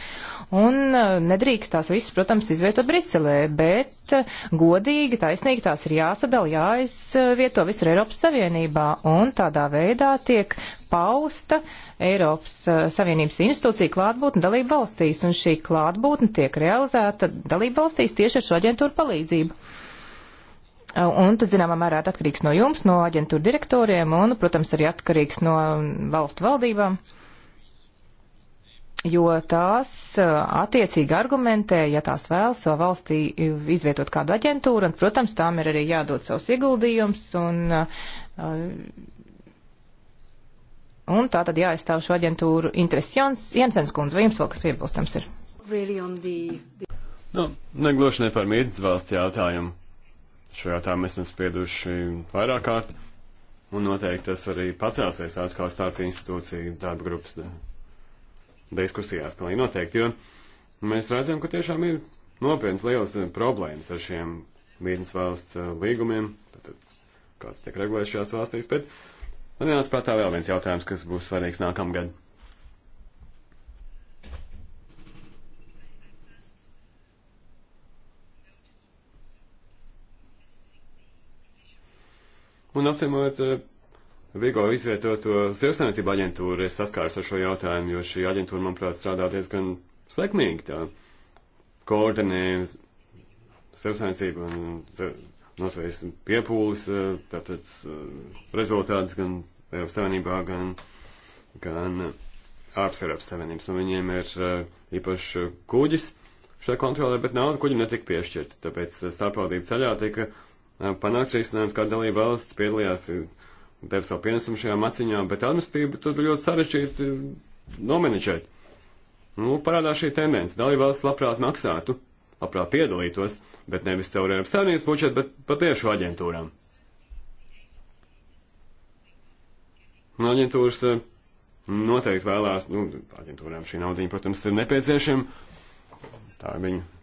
un uh, nedrīkst tās visas, protams, izvietot Briselē, bet uh, godīgi, taisnīgi tās ir jāsadala, jāizvieto visur Eiropas Savienībā, un tādā veidā tiek pausta Eiropas uh, Savienības institūcija klātbūtne dalību valstīs, un šī klātbūtne tiek realizēta dalību valstīs tieši ar šo aģentūru palīdzību. Un tas, zināmā mērā, atkarīgs no jums, no aģentūra direktoriem un, protams, arī atkarīgs no um, valstu valdībām. Uh, jo tās attiecīgi argumentē, ja tās vēlas savā valstī izvietot kādu aģentūru, un, protams, tām ir arī jādod savs ieguldījums, un, un tā tad jāaizstāv šo aģentūru intereses. Jensens kundze, vai jums vēl kas piebilstams ir? Really the... Nu, negloši ne par mītnes valsts jautājumu. Šo jautājumu mēs esam spieduši vairāk kārt, un noteikti tas arī pacelsies atkal starp institūciju darba grupas. Da diskusijās pilnīgi noteikti, jo mēs redzam, ka tiešām ir nopietnas lielas eh, problēmas ar šiem mītnes valsts eh, līgumiem, tātad kāds tiek regulēts šajās valstīs, bet man jāsaka prātā vēl viens jautājums, kas būs svarīgs nākamgad. Un apciemojot eh, Vigo izvietoto zivsnēcību aģentūru es saskāros ar šo jautājumu, jo šī aģentūra, manuprāt, strādā diezgan sekmīgi tā koordinē zivsnēcību un nosveic piepūles, eh, tātad eh, rezultātus gan Eiropas Savienībā, gan, gan eh, ārpus Eiropas Savienības. Un viņiem ir īpaši kuģis šai kontrolē, bet nauda kuģim netika piešķirta. Tāpēc starpvaldību ceļā tika panāks risinājums, kā dalība valsts piedalījās deva savu pienesumu šajā maciņā, bet amnestību tad ļoti sarežģīti nomenedžēt. Nu, parādās šī tendence. Dalībvalsts labprāt maksātu, labprāt piedalītos, bet nevis caur Eiropas Savienības budžetu, bet patiešu aģentūrām. No nu, aģentūras eh, noteikti vēlās, nu, aģentūrām šī naudiņa, protams, ir nepieciešama. Tā ir viņa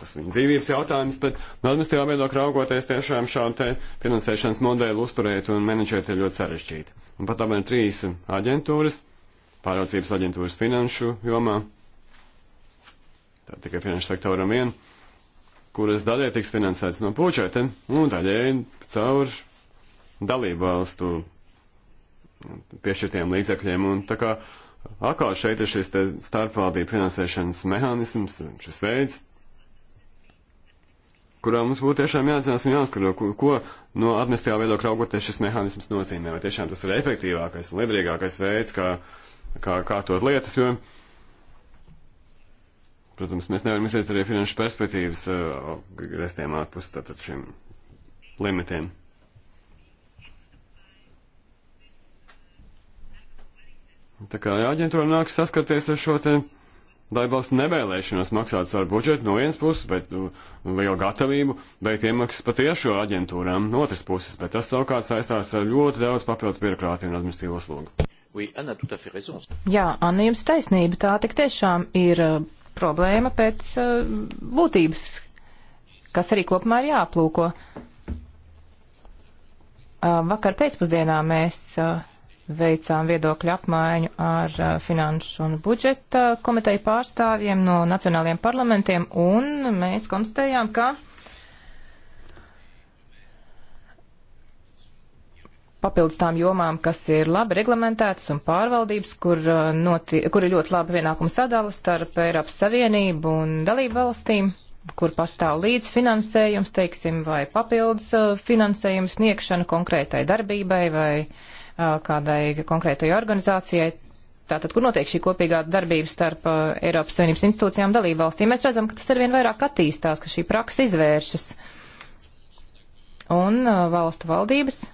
tas viņa dzīvības jautājums, bet no nu, administratīvā viedokļa raugoties tiešām šādu te finansēšanas modeli uzturēt un menedžēt ir ļoti sarežģīti. Un pat apmēram trīs aģentūras, pārraudzības aģentūras finanšu jomā, tā tikai finanšu sektoram vien, kuras daļai tiks finansēts no budžeta un daļai caur dalību valstu piešķirtiem līdzekļiem. Un tā kā atkal šeit ir šis starpvaldību finansēšanas mehānisms, šis veids, kurā mums būtu tiešām jāatzinās un jāskatro, ko, ko no amnestijā viedokļa raugoties šis mehānisms nozīmē. Vai tiešām tas ir efektīvākais un liederīgākais veids, kā, kā kārtot lietas, jo, protams, mēs nevaram iziet arī finanšu perspektīvas uh, restiem ārpus tātad šiem limitiem. Tā kā jā, aģentūra nāk saskarties ar šo te. Uh, dalībvalsts nevēlēšanos maksāt savu budžetu no vienas puses, bet uh, lielu gatavību veikt iemaksas patiešo aģentūrām no otras puses, bet tas savukārt saistās ar ļoti daudz papildus birokrātiju un administrīvo slogu. Oui, Anna, Jā, Anna, jums taisnība, tā tik tiešām ir uh, problēma pēc uh, būtības, kas arī kopumā ir jāaplūko. Uh, vakar pēcpusdienā mēs uh, veicām viedokļu apmaiņu ar uh, finanšu un budžeta uh, komiteju pārstāvjiem no nacionāliem parlamentiem, un mēs konstatējām, ka papildus tām jomām, kas ir labi reglamentētas un pārvaldības, kur, uh, noti, kur ir ļoti laba vienākuma sadala starp Eiropas Savienību un dalību valstīm, kur pastāv līdzfinansējums, teiksim, vai papildus finansējums sniegšana konkrētai darbībai vai uh, kādai konkrētai organizācijai, tātad, kur notiek šī kopīgā darbība starp uh, Eiropas Savienības institūcijām dalību valstīm, mēs redzam, ka tas arvien vairāk attīstās, ka šī praksa izvēršas. Un uh, valstu valdības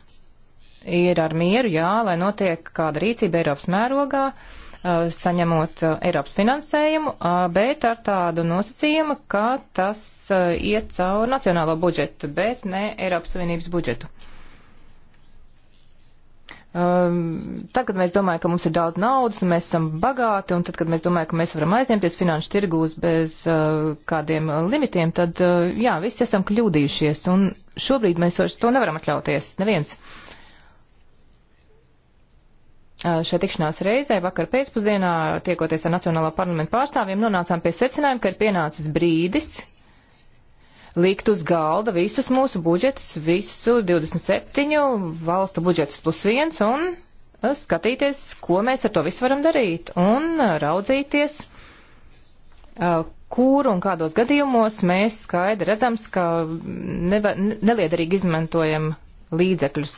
ir ar mieru, jā, lai notiek kāda rīcība Eiropas mērogā, uh, saņemot Eiropas finansējumu, bet ar tādu nosacījumu, ka tas iet caur nacionālo budžetu, bet ne Eiropas Savienības budžetu. Um, tad, kad mēs domājam, ka mums ir daudz naudas un mēs esam bagāti, un tad, kad mēs domājam, ka mēs varam aizņemties finanšu tirgūs bez uh, kādiem limitiem, tad, uh, jā, visi esam kļūdījušies, un šobrīd mēs vairs to nevaram atļauties, neviens. Uh, šai tikšanās reizē vakar pēcpusdienā, tiekoties ar Nacionālā parlamenta pārstāvjiem, nonācām pie secinājuma, ka ir pienācis brīdis, likt uz galda visus mūsu budžetus, visu 27 valstu budžetus plus viens un uh, skatīties, ko mēs ar to visu varam darīt un uh, raudzīties, uh, kur un kādos gadījumos mēs skaidri redzams, ka neva, neliederīgi izmantojam līdzekļus,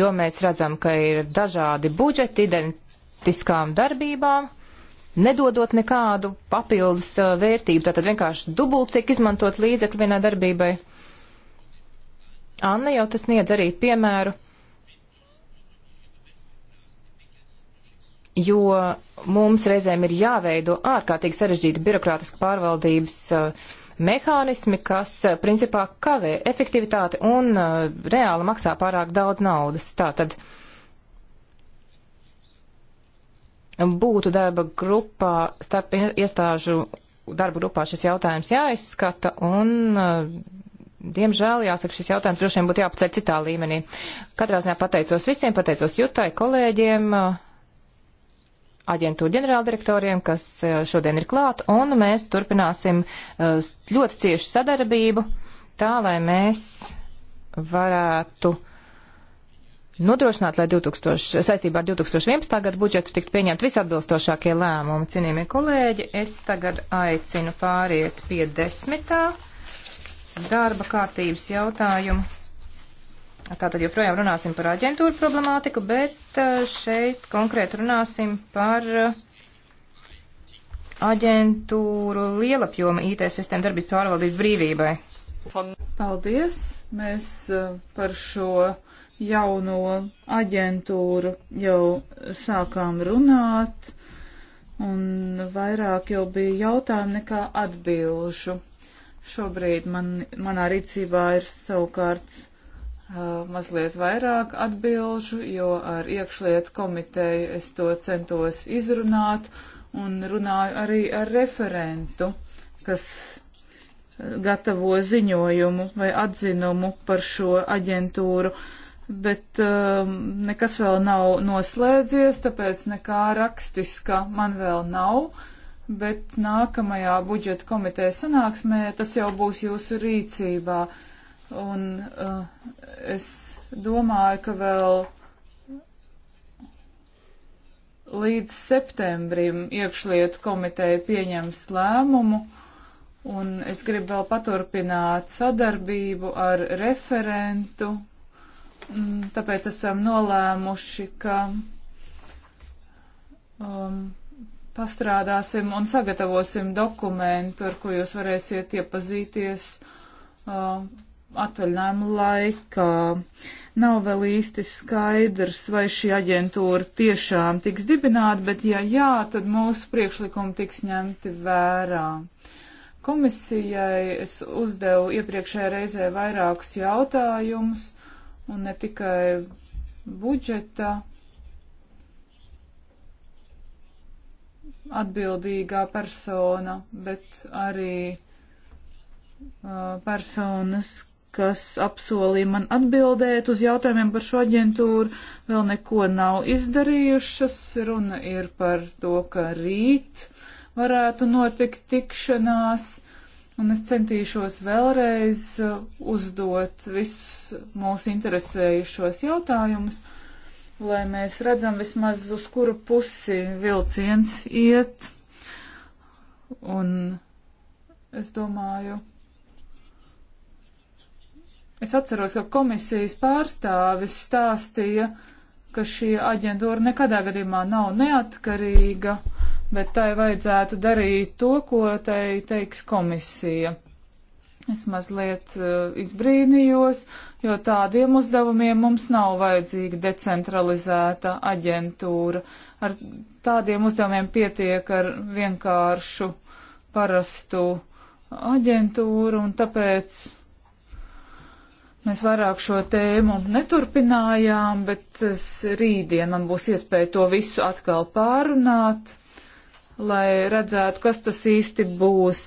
jo mēs redzam, ka ir dažādi budžeti identiskām darbībām, nedodot nekādu papildus uh, vērtību, tātad vienkārši dubult tiek izmantot līdzekļi vienai darbībai. Anna jau tas niedz arī piemēru, jo mums reizēm ir jāveido ārkārtīgi sarežģīti birokrātiski pārvaldības uh, mehānismi, kas uh, principā kavē efektivitāti un uh, reāli maksā pārāk daudz naudas. Tātad, uh, būtu darba grupā, starp iestāžu darba grupā šis jautājums jāizskata un, eh, diemžēl, jāsaka, šis jautājums droši vien būtu jāpaceļ citā līmenī. Katrā ziņā pateicos visiem, pateicos Jutai, kolēģiem, eh, aģentūru ģenerāldirektoriem, kas eh, šodien ir klāt, un mēs turpināsim ļoti ciešu sadarbību tā, lai mēs varētu nodrošināt, lai 2000, saistībā ar 2011. gadu budžetu tiktu pieņemt visatbilstošākie lēmumi. Cienījamie kolēģi, es tagad aicinu pāriet pie desmitā darba kārtības jautājumu. Tātad joprojām runāsim par aģentūru problemātiku, bet eh, šeit konkrēti runāsim par eh, aģentūru lielapjoma IT sistēmu darbības pārvaldības brīvībai. Paldies! Mēs eh, par šo jauno aģentūru jau sākām runāt, un vairāk jau bija jautājumu nekā atbilžu. Šobrīd man, manā rīcībā ir savukārt uh, mazliet vairāk atbilžu, jo ar iekšlietu komiteju es to centos izrunāt un runāju arī ar referentu, kas gatavo ziņojumu vai atzinumu par šo aģentūru. Uh, bet um, nekas vēl nav noslēdzies, tāpēc nekā rakstiska man vēl nav, bet nākamajā budžeta komiteja sanāksmē tas jau būs jūsu rīcībā. Un uh, es domāju, ka vēl līdz septembrim iekšlietu komiteja pieņems lēmumu. Un es gribu vēl paturpināt sadarbību ar referentu Mm, tāpēc esam nolēmuši, ka um, pastrādāsim un sagatavosim dokumentu, ar ko jūs varēsiet iepazīties uh, um, atvaļinājumu laikā. Nav vēl īsti skaidrs, vai šī aģentūra tiešām tiks dibināta, bet ja jā, tad mūsu priekšlikumi tiks ņemti vērā. Komisijai es uzdevu iepriekšējā reizē vairākus jautājumus un ne tikai budžeta atbildīgā persona, bet arī uh, personas, kas apsolīja man atbildēt uz jautājumiem par šo aģentūru, vēl neko nav izdarījušas. Runa ir par to, ka rīt varētu notikt tikšanās Un es centīšos vēlreiz uh, uzdot visus mūs interesējušos jautājumus, lai mēs redzam vismaz uz kuru pusi vilciens iet. Un es domāju, es atceros, ka komisijas pārstāvis stāstīja, uh, ka šī aģentūra nekadā gadījumā nav neatkarīga, bet tai vajadzētu darīt to, ko tai teiks komisija. Es mazliet uh, izbrīnījos, jo tādiem uzdevumiem mums nav vajadzīga decentralizēta aģentūra. Ar tādiem uzdevumiem pietiek ar vienkāršu, parastu aģentūru, un tāpēc Mēs vairāk šo tēmu neturpinājām, bet es, rītdien man būs iespēja to visu atkal pārunāt, lai redzētu, kas tas īsti būs.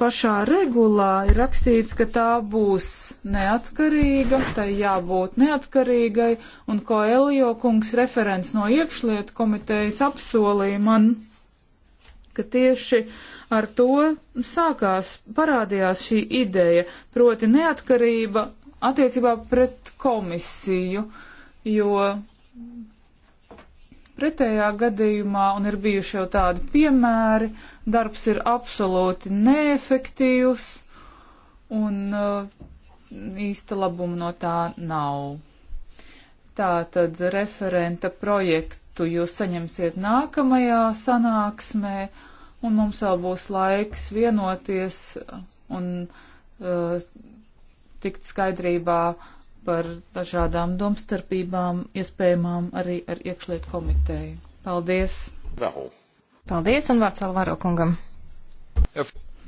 Pašā regulā ir rakstīts, ka tā būs neatkarīga, tai jābūt neatkarīgai, un ko Elio kungs referents no iekšlietu komitejas apsolīja man, ka tieši ar to sākās, parādījās šī ideja, proti neatkarība attiecībā pret komisiju, jo pretējā gadījumā, un ir bijuši jau tādi piemēri, darbs ir absolūti neefektīvs un uh, īsta labuma no tā nav. Tātad referenta projektu jūs saņemsiet nākamajā sanāksmē, un mums vēl būs laiks vienoties un uh, tikt skaidrībā par dažādām domstarpībām, iespējamām arī ar iekšlietu komiteju. Paldies! Vēl. Paldies un vārds Alvaro kungam!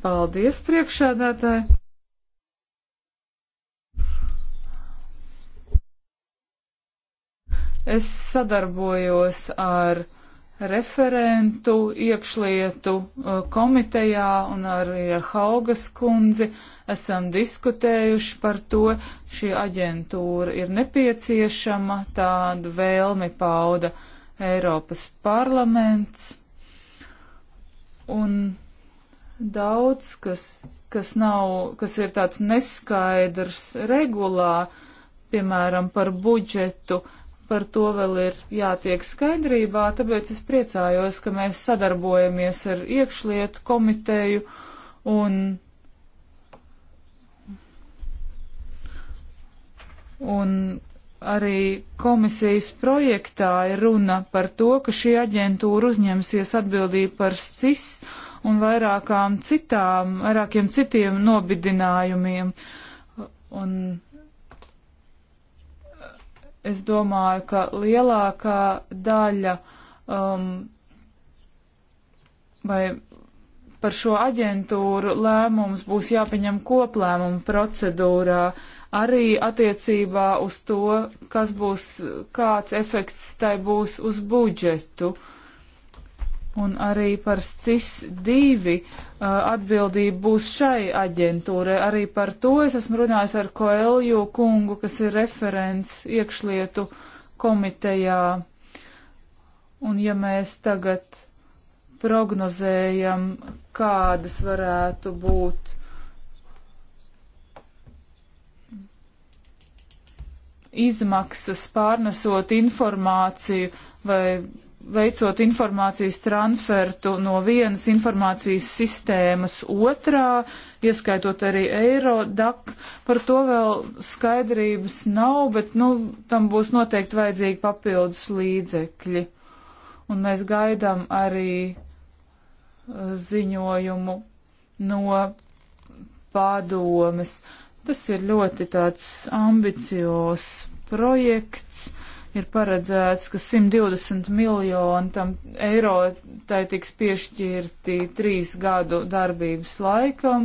Paldies, priekšādātāji! Es sadarbojos ar referentu iekšlietu uh, komitejā un arī ar Haugas kundzi esam diskutējuši par to. Šī aģentūra ir nepieciešama, tādu vēlmi pauda Eiropas parlaments. Un daudz, kas, kas nav, kas ir tāds neskaidrs regulā, piemēram, par budžetu, uh, par to vēl ir jātiek skaidrībā, tāpēc es priecājos, ka mēs sadarbojamies ar iekšlietu komiteju un, un arī komisijas projektā ir runa par to, ka šī aģentūra uzņemsies atbildību par SIS un vairākām citām, vairākiem citiem nobidinājumiem. Un es domāju, ka lielākā daļa um, vai par šo aģentūru lēmums būs jāpieņem koplēmumu procedūrā, arī attiecībā uz to, kas būs, kāds efekts tai būs uz budžetu. Uh, un arī par SIS-2 uh, atbildību būs šai aģentūrai. Arī par to es esmu runājis ar Koelju kungu, kas ir referents iekšlietu komitejā. Un ja mēs tagad prognozējam, kādas varētu būt izmaksas pārnesot informāciju vai veicot informācijas transfertu no vienas informācijas sistēmas otrā, ieskaitot arī Eirodak. Par to vēl skaidrības nav, bet nu, tam būs noteikti vajadzīgi papildus līdzekļi. Un mēs gaidām arī eh, ziņojumu no padomes. Tas ir ļoti tāds ambicios projekts ir paredzēts, ka 120 miljoni tam eiro tai tiks piešķirti trīs gadu darbības laikam,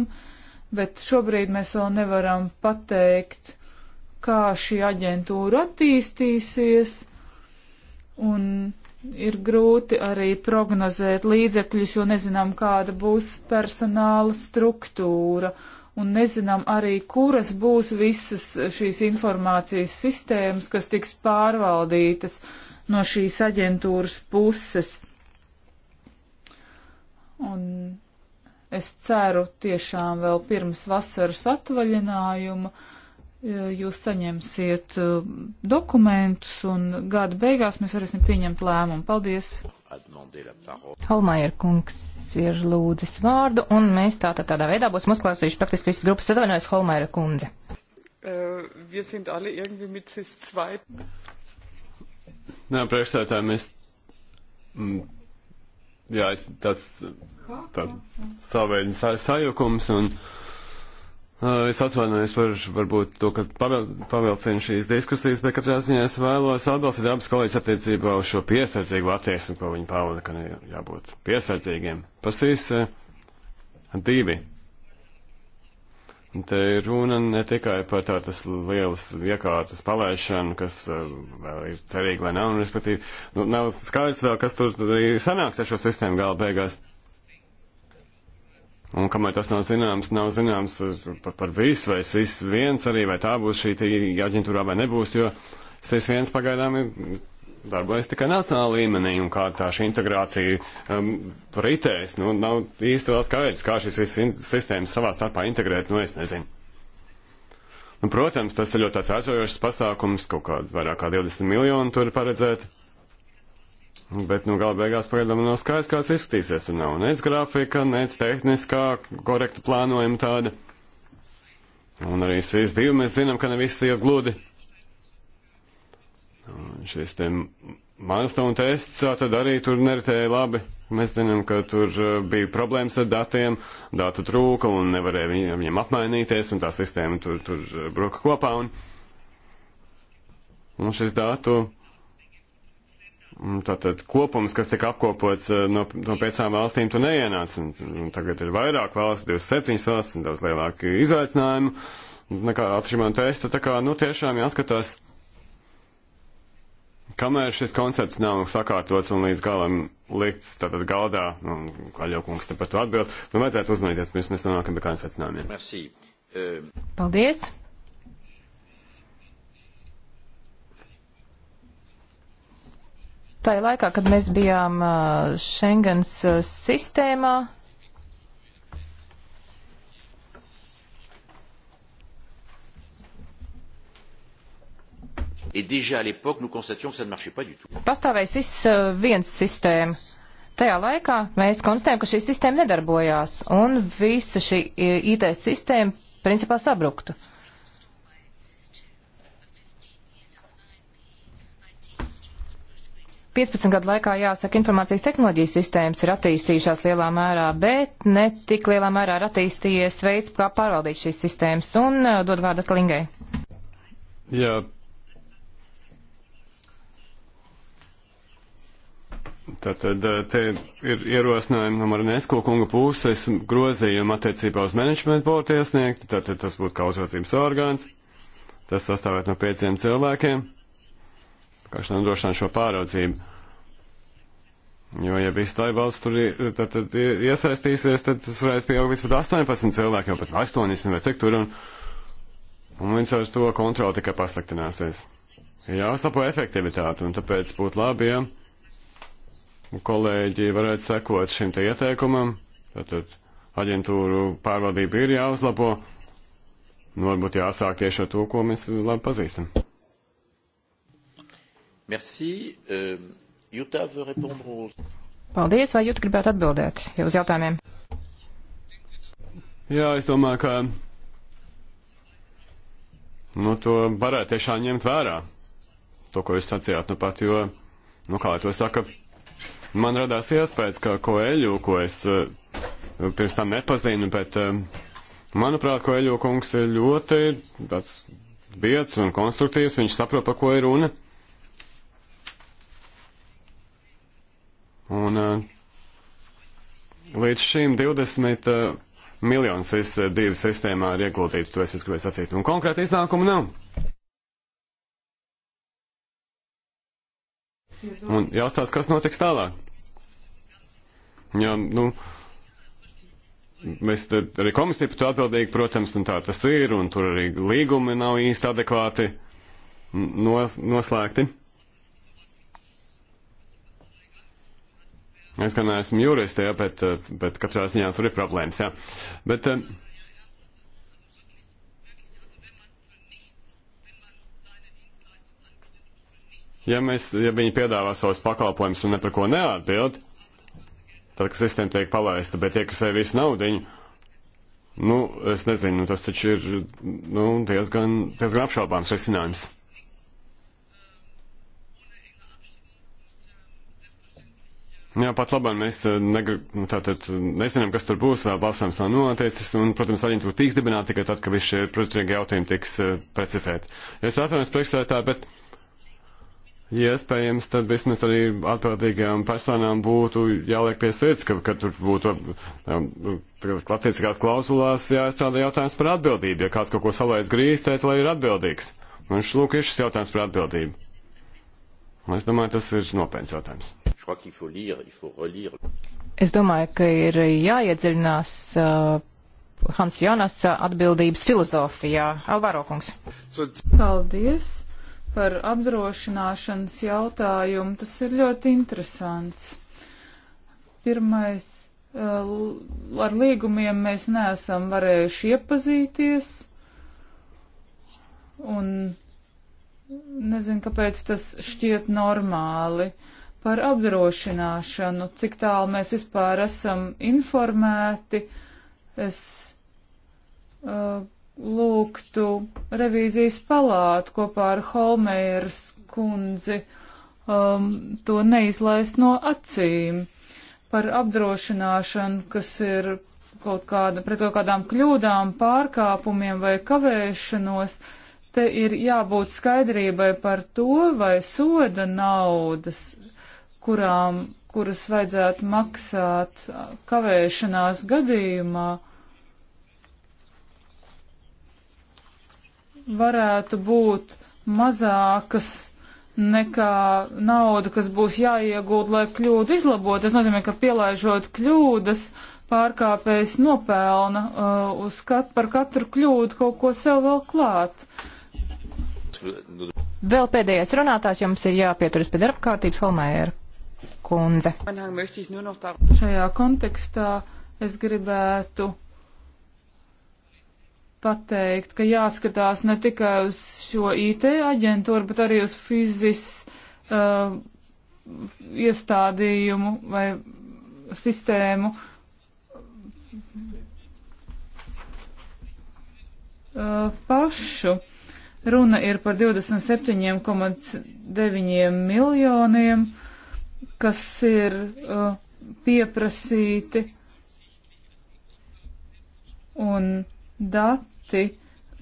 bet šobrīd mēs vēl nevaram pateikt, kā šī aģentūra attīstīsies, un ir grūti arī prognozēt līdzekļus, jo nezinām, kāda būs personāla struktūra un nezinām arī, kuras būs visas šīs informācijas sistēmas, kas tiks pārvaldītas no šīs aģentūras puses. Un es ceru tiešām vēl pirms vasaras atvaļinājuma, uh, Eh, jūs saņemsiet eh, dokumentus un gada beigās mēs varēsim pieņemt lēmumu. Paldies! Holmajer kungs ir lūdzis vārdu un mēs tātad tādā veidā būs uzklāsījuši praktiski visas grupas. Atvainojos, Holmajer kundze. Eh, Nē, priekšsētāji, mēs. M, mm, jā, es tāds, tāds savveidnis sajukums un. Uh, Uh, es atvainojos par varbūt to, ka pavel, pavelcinu šīs diskusijas, bet katrā ziņā es vēlos atbalstīt abas kolēģis attiecībā uz šo piesardzīgu attieksmi, ko viņi pauda, ka ir jābūt piesardzīgiem. Pasīs uh, divi. Un te ir runa ne tikai par tādas lielas iekārtas palaišanu, kas uh, vēl ir cerīgi vai nav, un respektīvi, nu, nav skaidrs vēl, kas tur sanāks ar šo sistēmu gala beigās. Un kamēr tas nav zināms, nav zināms eh, par, par visu, vai SIS viens arī, vai tā būs šī aģentūrā vai nebūs, jo SIS viens pagaidām ir darbojas tikai nacionāla līmenī, un kā tā šī integrācija um, ritēs, nu, nav īsti vēl skaidrs, kā šīs visas sistēmas savā starpā integrēt, nu, es nezinu. Nu, protams, tas ir ļoti tāds aizvajošs pasākums, kaut kāda vairāk kā 20 miljonu tur paredzēt. Uh, Bet, nu, gala beigās pagaidām nav skaidrs, kāds izskatīsies. Tur nav nec grafika, nec tehniskā, korekta plānojuma tāda. Un arī SIS-2 mēs zinām, ka ne viss ir gludi. Un šis te milestone tests tad arī tur neritēja labi. Mēs zinām, ka tur uh, bija problēmas ar datiem, datu trūka un nevarēja viņiem, viņiem apmainīties, un tā sistēma tur, tur uh, bruka kopā. Un, un šis datu Mm, tātad kopums, kas tika apkopots eh, no, no piecām valstīm, tu neienāc. Un, un tagad ir vairāk valsts, 27 valsts, un daudz lielāki izaicinājumi. Nekā atšķirībā testa, tā kā, nu, tiešām jāskatās, kamēr šis koncepts nav sakārtots un līdz galam likts tātad galdā, un nu, kā jau kungs te par to atbild, nu, vajadzētu uzmanīties, pirms mēs nonākam pie kādas secinājumiem. Paldies! Tā ir laikā, kad mēs bijām uh, Schengens uh, sistēmā. Et déjà à l'époque, nous constations que ça ne marchait pas du tout. Pastāvēja SIS uh, viens sistēma. Tajā laikā mēs konstatējām, ka šī sistēma nedarbojās, un visa šī IT sistēma principā sabruktu. Uh, 15 gadu laikā, jāsaka, informācijas tehnoloģijas sistēmas ir attīstījušās lielā mērā, bet ne tik lielā mērā ir attīstījies veids, kā pārvaldīt šīs sistēmas. Un uh, dod vārdu Klingai. Jā. Tātad uh, te ir ierosinājumi no Marinesko kunga puses grozījuma attiecībā uz menedžmentu portu iesniegt, tātad tas būtu kā uzraudzības orgāns, tas sastāvēt no pieciem cilvēkiem vienkārši nodrošināt šo pāraudzību. Jo, ja viss tā valsts tur tad, tad iesaistīsies, tad tas varētu pieaugt līdz pat 18 cilvēkiem, jau pat 80 nu, vai cik tur, un, un līdz ar to kontroli tikai pasliktināsies. Ir jāuzlabo efektivitāte, un tāpēc būtu labi, ja kolēģi varētu sekot šim te ieteikumam, tātad aģentūru pārvaldība ir jāuzlabo, nu varbūt jāsāk tieši ar to, ko mēs labi pazīstam. Merci. Uh, Jūtā vēl répondre uz. Paldies, vai Jūta gribētu atbildēt jau uz jautājumiem? Jā, es domāju, ka nu, to varētu tiešām ņemt vērā, to, ko jūs sacījāt nu pat, jo, nu kā to saka, man radās iespējas, ka ko eļu, ko es uh, pirms tam nepazinu, bet, uh, manuprāt, ko eļu kungs ir ļoti tāds viets un konstruktīvs, viņš saprot, pa ko ir runa. Uh, Un eh, līdz šim 20 miljonus SIS-2 sistēmā ir ieguldīts, to es gribēju sacīt. Un konkrēti iznākumu nav. Un jāstāsta, kas notiks tālāk. Jā, nu, mēs arī komisija par to atbildīgi, protams, un tā tas ir, un tur arī līgumi nav īsti adekvāti nos, noslēgti. Es gan neesmu jurists, jā, bet, eh, bet katrā ziņā tur ir problēmas, jā. Bet, eh, ja, mēs, ja viņi piedāvā savus pakalpojumus un ne par ko neatbild, tad, ka sistēma tiek palaista, bet tie, kas sev visu naudiņu, nu, es nezinu, tas taču ir, nu, diezgan, diezgan apšaubāms risinājums. Jā, pat labāk mēs eh, nu, tātad eh, nezinām, kas tur būs, vēl balsojums nav noteicis, un, protams, aģentūra tiks dibināta tikai tad, ka visi šie procedurīgi jautājumi tiks uh, precizēti. Es atvainojos priekšstādā, bet, ja iespējams, tad vismaz arī atbildīgām personām būtu jāliek pie sirds, ka, ka tur būtu attiecīgās klauzulās jāstrādā jautājums par atbildību. Ja kāds kaut ko salaiz grīstēt, lai ir atbildīgs. Un šlūk ir šis jautājums par atbildību. Un es domāju, tas ir nopietns jautājums. Es domāju, ka ir jāiedziļinās uh, Hans Jonas uh, atbildības filozofijā. Alvaro kungs. Paldies par apdrošināšanas jautājumu. Tas ir ļoti interesants. Pirmais, uh, ar līgumiem mēs neesam varējuši iepazīties. Un nezinu, kāpēc tas šķiet normāli. Uh, par apdrošināšanu, cik tālu mēs vispār esam informēti. Es uh, lūgtu revīzijas palātu kopā ar Holmēras kundzi um, to neizlaist no acīm par apdrošināšanu, kas ir kaut kāda pret kaut kādām kļūdām, pārkāpumiem vai kavēšanos. Te ir jābūt skaidrībai par to, vai soda naudas kurām, kuras vajadzētu maksāt kavēšanās gadījumā, varētu būt mazākas nekā nauda, kas būs jāiegūt, lai kļūdu izlabot. Tas nozīmē, ka pielaižot kļūdas, pārkāpējs nopelna uh, uz kat, par katru kļūdu kaut ko sev vēl klāt. Vēl pēdējais runātājs jums ir jāpieturas pie darba kārtības, Holmēra kundze. Šajā kontekstā es gribētu pateikt, ka jāskatās ne tikai uz šo IT aģentūru, bet arī uz fizis uh, iestādījumu vai sistēmu. Uh, pašu. Runa ir par 27,9 miljoniem uh, kas ir uh, pieprasīti, un dati,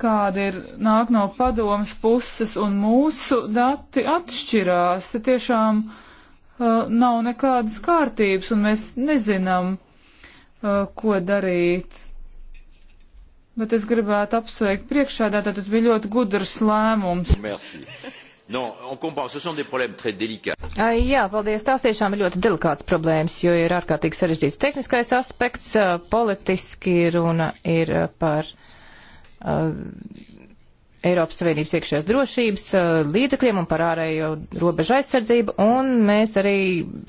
kādi ir nāk no padomas puses, un mūsu dati atšķirās. Tiešām uh, nav nekādas kārtības, un mēs nezinām, uh, ko darīt. Bet es gribētu apsveikt priekšādā, tad tas bija ļoti gudrs lēmums. Merci. No, compens, Jā, paldies. Tās tiešām ir ļoti delikāts problēmas, jo ir ārkārtīgi sarežģīts tehniskais aspekts, politiski runa ir par uh, Eiropas Savienības iekšējās drošības uh, līdzekļiem un par ārējo robežu aizsardzību, un mēs arī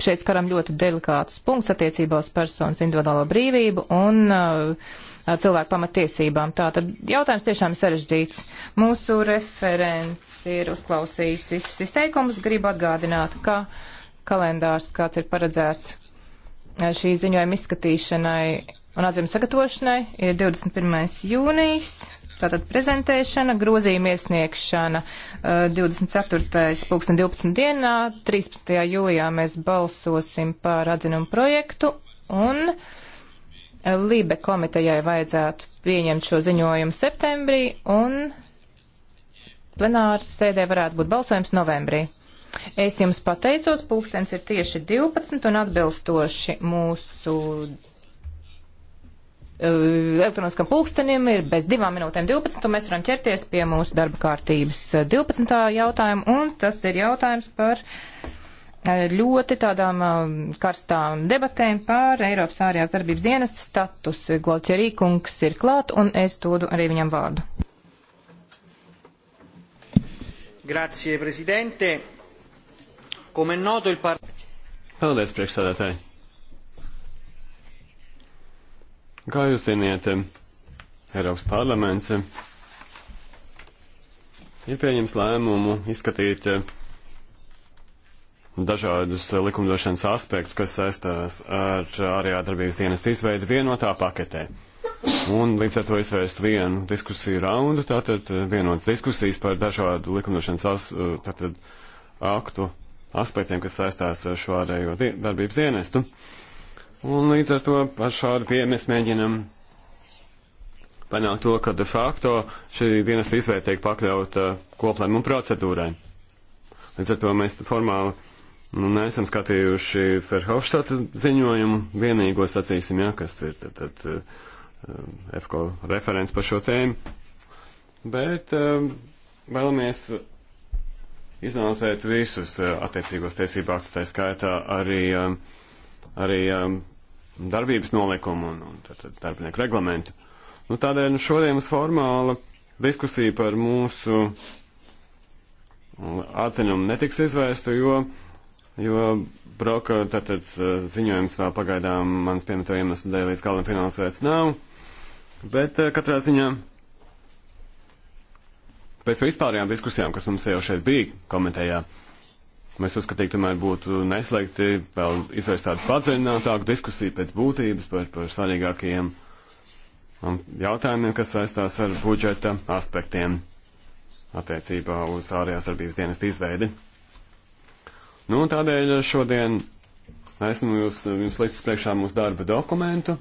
šeit skaram ļoti delikātus punktus attiecībā uz personas individuālo brīvību un uh, cilvēku pamatiesībām. Tātad jautājums tiešām sarežģīts. Mūsu referents ir uzklausījis visus izteikumus. Gribu atgādināt, ka kalendārs, kāds ir paredzēts šī ziņojuma izskatīšanai un atzīme sagatavošanai, ir 21. jūnijas. Tātad prezentēšana, grozījuma iesniegšana 24. pulksten 12. dienā, 13. jūlijā mēs balsosim par atzinumu projektu un uh, Lībe komitejai vajadzētu pieņemt šo ziņojumu septembrī un plenāra sēdē varētu būt balsojums novembrī. Es jums pateicos, pulkstens ir tieši 12 un atbilstoši mūsu e, elektroniskam pulkstenim ir bez divām minūtēm 12, un mēs varam ķerties pie mūsu darba kārtības 12. E, jautājumu, un tas ir jautājums par ļoti tādām um, karstām debatēm par Eiropas ārējās darbības dienestas status. Gualķerī kungs ir klāt, un es dodu arī viņam vārdu. Grazie, prezidente. Come noto il par... Paldies, priekšsādātāji. Kā jūs ziniet, Eiropas parlaments ir pieņems lēmumu izskatīt dažādus likumdošanas aspektus, kas saistās ar ārējā darbības dienas izveidu vienotā paketē. Un līdz ar to izvērst vienu diskusiju raundu, tātad vienotas diskusijas par dažādu likumdošanas as, tātad, aktu aspektiem, kas saistās ar šo ārējo di darbības dienestu. Un līdz ar to ar šādu pieeju mēs mēģinam panākt to, ka de facto šī dienesta izvēle tiek pakļauta koplēmumu procedūrai. Līdz ar to mēs formāli Nu, neesam skatījuši Ferhofštata ziņojumu, vienīgo sacīsim, jā, kas ir tad, tad eh, FKO referents par šo tēmu. Bet eh, vēlamies izanalizēt visus eh, attiecīgos tiesību aktus, tā skaitā arī, arī darbības nolikumu un, un tad, tad darbinieku reglamentu. Nu, tādēļ nu, šodien mums formāla diskusija par mūsu atziņumu netiks izvērsta, jo jo Broka tātad ziņojums vēl pagaidām manas pieminēto iemeslu dēļ līdz galam finansēts nav, bet katrā ziņā pēc vispārējām diskusijām, kas mums jau šeit bija komitējā, mēs uzskatījām, tomēr būtu neslēgti vēl izvērst tādu padziļinātāku diskusiju pēc būtības par, par svarīgākajiem um, jautājumiem, kas saistās ar budžeta aspektiem attiecībā uz ārējās darbības dienas izveidi. Nu, tādēļ šodien esmu jūs, jums līdz priekšā mūsu darba dokumentu,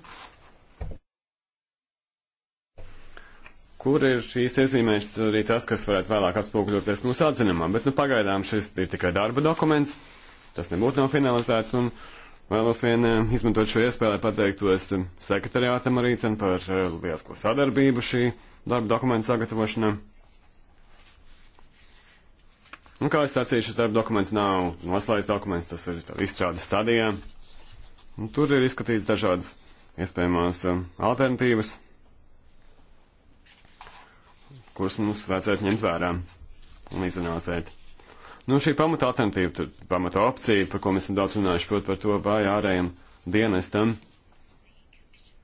kur ir šīs iezīmēs arī tas, kas varētu vēlāk atspoguļoties mūsu atzinumā. Bet nu, pagaidām šis ir tikai darba dokuments, tas nebūtu nav finalizēts. Un, Vēlos vien eh, izmantot šo iespēju, lai pateiktos eh, sekretariātam arī cen par eh, lielisko sadarbību šī darba dokumentu sagatavošanā. Un, nu, kā es sacīju, šis darba dokuments nav noslēdz dokuments, tas ir izstrādes stadijā. Un, tur ir izskatīts dažādas iespējamās um, alternatīvas, kuras mums vajadzētu ņemt vērā un izanalizēt. Nu, šī pamata alternatīva, tur, pamata opcija, par ko mēs esam daudz runājuši, proti par to, vai ārējiem dienestam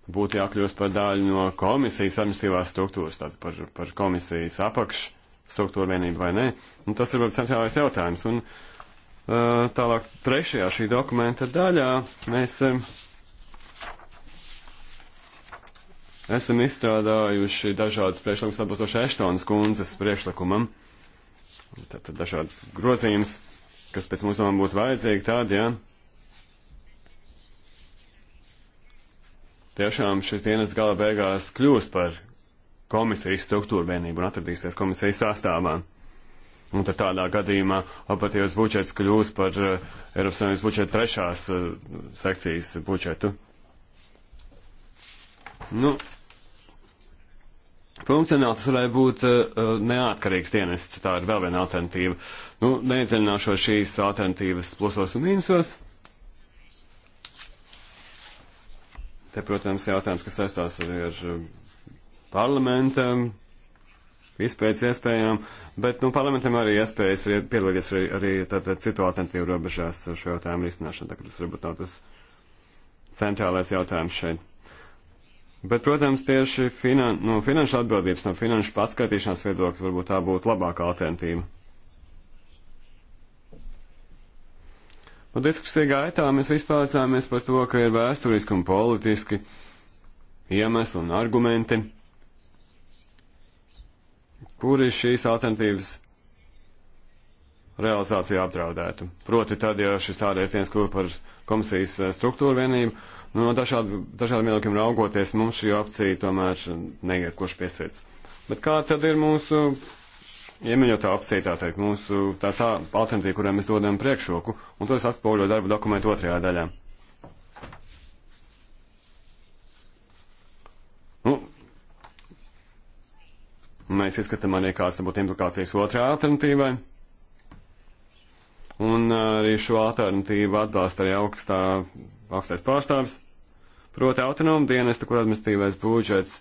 būtu jākļūst par daļu no komisijas administratīvās struktūras, tātad par, par komisijas apakšu struktūra vienība vai nē. Un nu, tas ir varbūt centrālais jautājums. Un uh, tālāk trešajā šī dokumenta daļā mēs um, esam izstrādājuši dažādas priekšlikumas atbilstoši Eštonas kundzes priekšlikumam. Tātad dažādas grozījumus, kas pēc mūsu domām būtu vajadzīgi tādi, jā. Ja? tiešām šis dienas gala beigās kļūst par komisijas struktūra vienību un atradīsies komisijas sastāvā. Un tad tādā gadījumā operatīvas budžets kļūs par uh, Eiropas Savienības budžeta trešās uh, sekcijas budžetu. Nu, funkcionāli tas varētu būt uh, neatkarīgs dienests, tā ir vēl viena alternatīva. Nu, neiedziļināšos šīs alternatīvas plusos un mīnusos. Te, protams, jautājums, kas saistās arī ar. Uh, parlamentam, izpējas iespējām, bet nu, parlamentam arī iespējas piedalīties arī, arī tātad, citu alternatīvu robežās šo jautājumu risināšanu, tā kā tas varbūt nav tas centrālais jautājums šeit. Bet, protams, tieši finan no finanšu atbildības, no finanšu paskatīšanās viedokļa varbūt tā būtu labāka alternatīva. Un nu, diskusija gaitā mēs vispārcāmies par to, ka ir vēsturiski un politiski iemesli un argumenti kuri šīs alternatīvas realizāciju apdraudētu. Proti tad, ja šis tādais viens kļūst par komisijas eh, struktūru vienību, nu, no dažādu, dažādiem viedokļiem raugoties, mums šī opcija tomēr neiet kurš piesiets. Bet kā tad ir mūsu iemīļotā opcija, tā teikt, mūsu tā, tā alternatīva, kurai mēs dodam priekšroku, un to es atspoguļoju darba dokumentu otrajā daļā. Mēs izskatām arī, kādas būtu implikācijas otrā alternatīvai. Un uh, arī šo alternatīvu atbalsta arī augstā, augstais pārstāvis. Proti autonoma dienesta, kur administratīvais budžets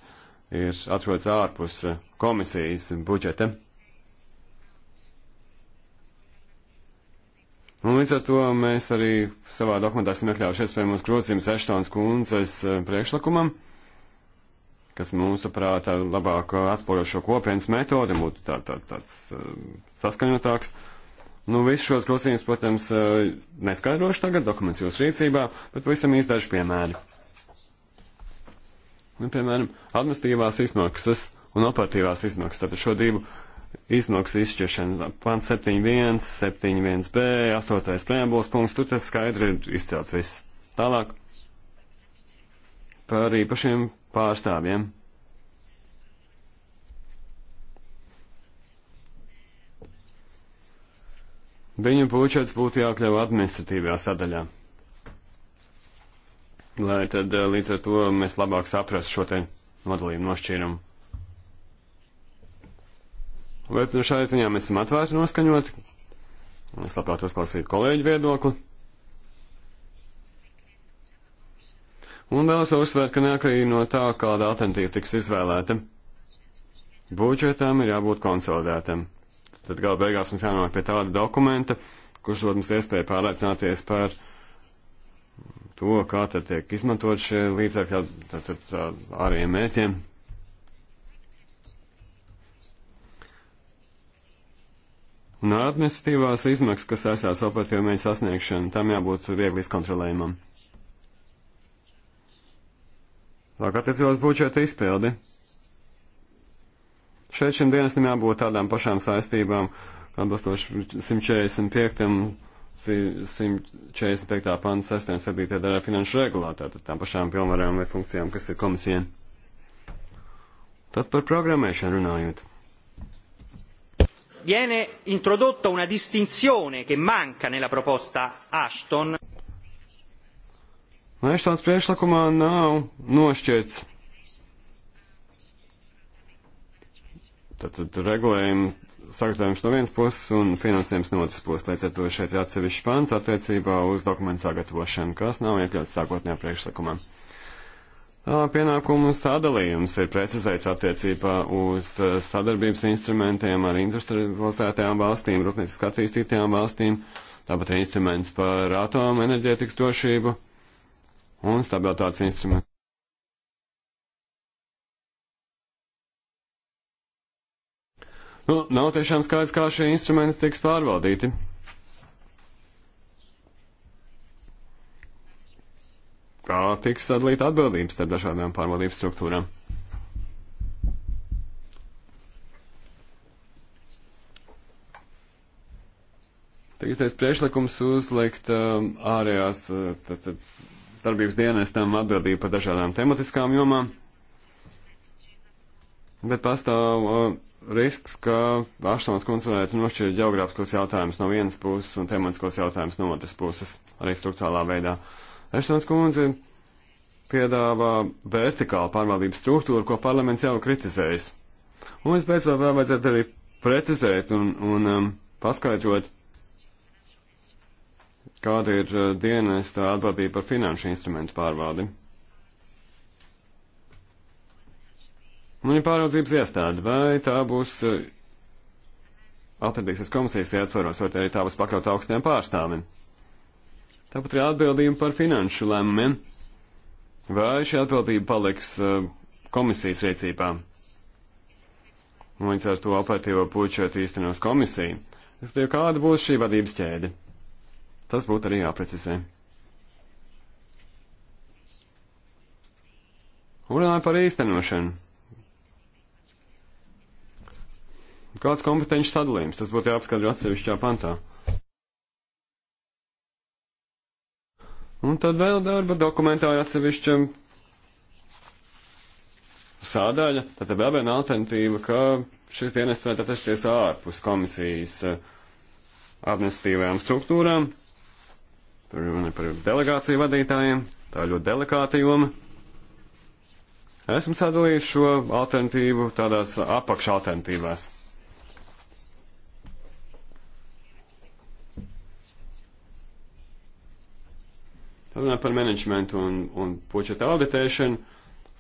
ir atrodas ārpus uh, komisijas budžeta. Un līdz ar to mēs arī savā dokumentā esam iekļaujuši iespējamos grozījumus Eštons kundzes uh, priekšlikumam. Uh, kas mūsuprāt labāk atspūļo šo kopienas metodi, būtu tā, tā, tāds uh, saskaņotāks. Nu, visus šos grozījumus, protams, uh, neskaidrošu tagad, dokuments jūsu rīcībā, bet pavisam īsti daži piemēri. Nu, piemēram, administratīvās izmaksas un operatīvās izmaksas. Tātad šo divu izmaksu izšķiršana. Pants 7.1, 7.1b, 8. preambulas punkts, tur tas skaidri ir izcelts viss. Tālāk par īpašiem pārstāvjiem. Viņu būčets būtu jākļauj administratīvajā sadaļā. Lai tad eh, līdz ar to mēs labāk saprastu šo te nodalījumu nošķīrumu. Bet nu šai ziņā mēs esam atvērti noskaņoti. Es labprāt uzklausītu kolēģu viedokli. un vēlas uzsvērt, ka neatkarīgi no tā, kāda alternatīva tiks izvēlēta, budžetam ir jābūt konsolidētam. Tad gala beigās mums jānonāk pie tāda dokumenta, kurš dod mums iespēju pārliecināties par to, kā tad tiek izmantot šie līdzekļi ārējiem mērķiem. Un administratīvās izmaksas, kas saistās operatīvu mērķu sasniegšanu, tam jābūt viegli izkontrolējumam. Lāk attiecībās budžeta izpildi. Šeit šim dienestam jābūt tādām pašām saistībām, atbilstoši 145. 145. pāns 6. un 7. darā finanšu regulā, tātad tām pašām pilnvarām vai funkcijām, kas ir komisija. Tad par programmēšanu runājot. Viene introdotta una distinzione che manca nella proposta Ashton. Nu, Eštons priešlikumā nav nošķirts. Tātad regulējumi sagatavojums no vienas puses un finansējums no otras puses. Līdz ar to šeit ir atsevišķs pants attiecībā uz dokumentu sagatavošanu, kas nav iekļauts sākotnējā priekšlikumā. Pienākumu sadalījums ir precizēts attiecībā uz sadarbības instrumentiem ar industrializētajām valstīm, rūpnieciski attīstītajām valstīm, tāpat ir instruments par atomu enerģētikas drošību un stabilitātes instrumentu. Nu, nav tiešām skaidrs, kā šie instrumenti tiks pārvaldīti. Kā tiks sadalīta atbildības starp dažādām pārvaldības struktūrām? Teiktais priešlikums uzlikt um, ārējās, uh, tad, tad darbības dienestam atbildība par dažādām tematiskām jomām, bet pastāv uh, risks, ka Aštons kundze varētu nošķirt geogrāfiskos jautājumus no vienas puses un tematiskos jautājumus no otras puses, arī struktūrālā veidā. Aštons kundze piedāvā vertikālu pārvaldības struktūru, ko parlaments jau kritizējis. Un es pēc vēl vajadzētu arī precizēt un, un um, paskaidrot, Kāda ir eh, dienesta atbildība par finanšu instrumentu pārvaldi? Un ir pāraudzības iestāde, vai tā būs eh, atradīsies komisijas ietvaros, vai arī tā būs pakļauta augstiem pārstāvim. Tāpat ir atbildība par finanšu lēmumiem, vai šī atbildība paliks eh, komisijas rīcībā. Un līdz ar to operatīvo puču īstenos komisiju. Kāda būs šī vadības ķēde? Tas būtu arī jāprecizē. Un runājot par īstenošanu. Kāds kompetenci sadalījums? Tas būtu jāapskatra atsevišķā pantā. Un tad vēl darba dokumentā ir atsevišķa sādaļa. Tad vēl viena alternatīva, ka šis dienests varētu atrasties ārpus komisijas eh, administratīvajām struktūrām. Uh, Tur runa par delegāciju vadītājiem. Tā ir ļoti delikāta joma. Esmu sadalījis šo alternatīvu tādās apakšā alternatīvās. Runājot par menedžmentu un, un početa auditēšanu,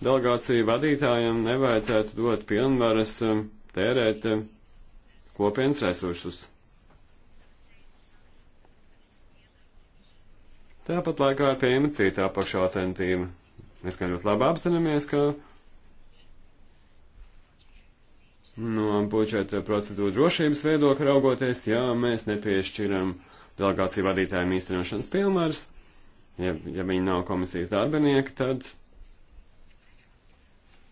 delegāciju vadītājiem nevajadzētu dot pilnvaras um, tērēt um, kopienas resursus. Tāpat laikā ir pieejama cita apakšā alternatīva. Mēs kā ļoti labi apzināmies, ka no budžeta procedūra drošības viedokļa raugoties, jā, mēs nepiešķiram delegāciju vadītājiem īstenošanas pilnvars. Ja, ja viņi nav komisijas darbinieki, tad